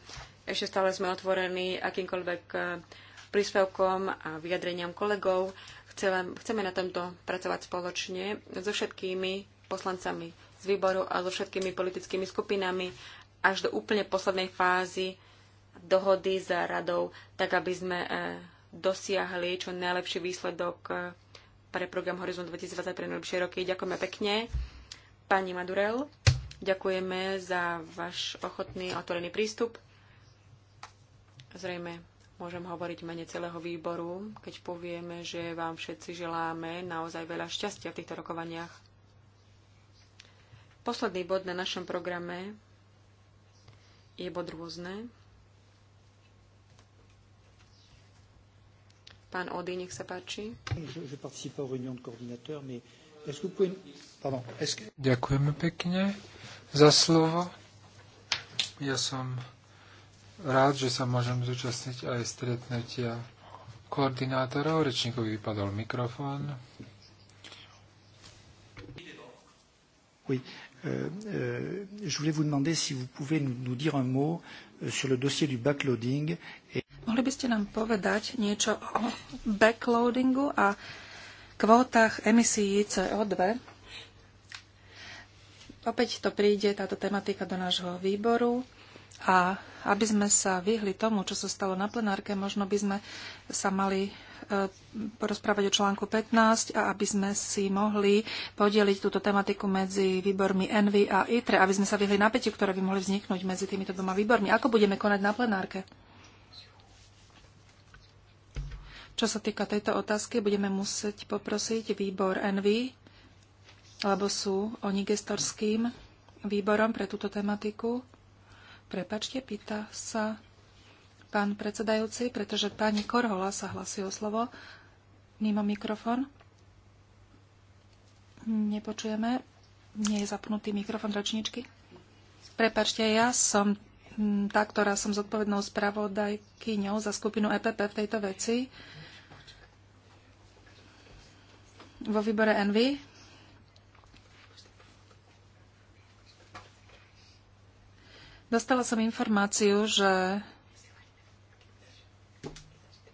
ešte stále sme otvorení akýmkoľvek eh, príspevkom a vyjadreniam kolegov. Chceme na tomto pracovať spoločne so všetkými poslancami z výboru a so všetkými politickými skupinami až do úplne poslednej fázy dohody s radou, tak aby sme e, dosiahli čo najlepší výsledok e, pre program Horizon 2020 pre najlepšie roky. Ďakujeme pekne. Pani Madurel, ďakujeme za váš ochotný a otvorený prístup. Zrejme môžem hovoriť mene celého výboru, keď povieme, že vám všetci želáme naozaj veľa šťastia v týchto rokovaniach. Posledný bod na našom programe je bod rôzne. Pán Ody, nech sa páči. Ďakujeme pekne za slovo. Ja som rád, že sa môžem zúčastniť aj stretnutia koordinátorov. Rečníkovi vypadol mikrofón. Oui. Euh, euh, je voulais vous demander si vous pouvez nous, nous dire un mot euh, sur le dossier du backloading. Et... Mohli by ste nám povedať niečo o backloadingu a kvótach emisí CO2? Opäť to príde, táto tematika, do nášho výboru. A aby sme sa vyhli tomu, čo sa stalo na plenárke, možno by sme sa mali e, porozprávať o článku 15 a aby sme si mohli podeliť túto tematiku medzi výbormi Envy a ITRE, aby sme sa vyhli napätiu, ktoré by mohli vzniknúť medzi týmito dvoma výbormi. Ako budeme konať na plenárke? Čo sa týka tejto otázky, budeme musieť poprosiť výbor NV, lebo sú oni gestorským výborom pre túto tematiku. Prepačte, pýta sa pán predsedajúci, pretože pani Korhola sa hlasí o slovo. Mimo mikrofón. Nepočujeme. Nie je zapnutý mikrofón rečničky. Prepačte, ja som tá, ktorá som zodpovednou spravodajkyňou za skupinu EPP v tejto veci vo výbore Envy. Dostala som informáciu, že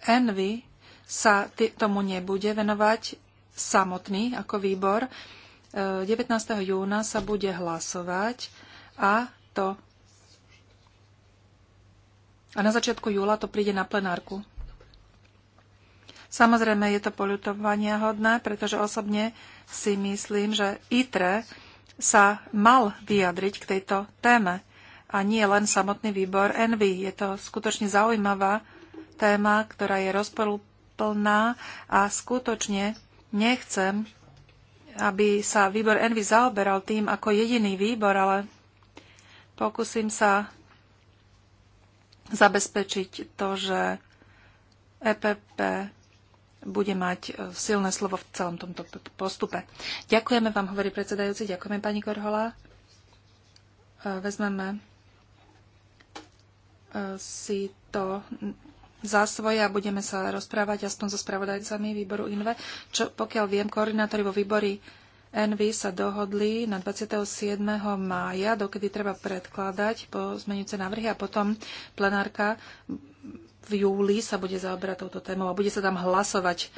Envy sa tomu nebude venovať samotný ako výbor. 19. E, júna sa bude hlasovať a to a na začiatku júla to príde na plenárku. Samozrejme je to poľutovania hodné, pretože osobne si myslím, že ITRE sa mal vyjadriť k tejto téme a nie len samotný výbor Envy. Je to skutočne zaujímavá téma, ktorá je rozporúplná a skutočne nechcem, aby sa výbor Envy zaoberal tým ako jediný výbor, ale pokúsim sa zabezpečiť to, že EPP bude mať e, silné slovo v celom tomto postupe. Ďakujeme vám, hovorí predsedajúci, ďakujeme pani Korhola. E, vezmeme e, si to za svoje a budeme sa rozprávať aspoň so spravodajcami výboru INVE. Čo, pokiaľ viem, koordinátori vo výbori Envy sa dohodli na 27. mája, dokedy treba predkladať zmenujúce návrhy a potom plenárka v júli sa bude zaoberať touto témou a bude sa tam hlasovať.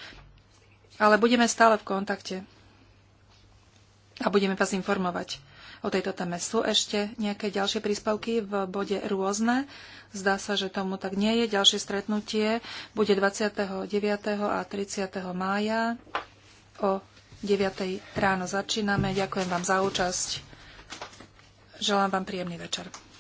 Ale budeme stále v kontakte a budeme vás informovať o tejto téme. Sú ešte nejaké ďalšie príspevky v bode rôzne? Zdá sa, že tomu tak nie je. Ďalšie stretnutie bude 29. a 30. mája o 9. ráno začíname. Ďakujem vám za účasť. Želám vám príjemný večer.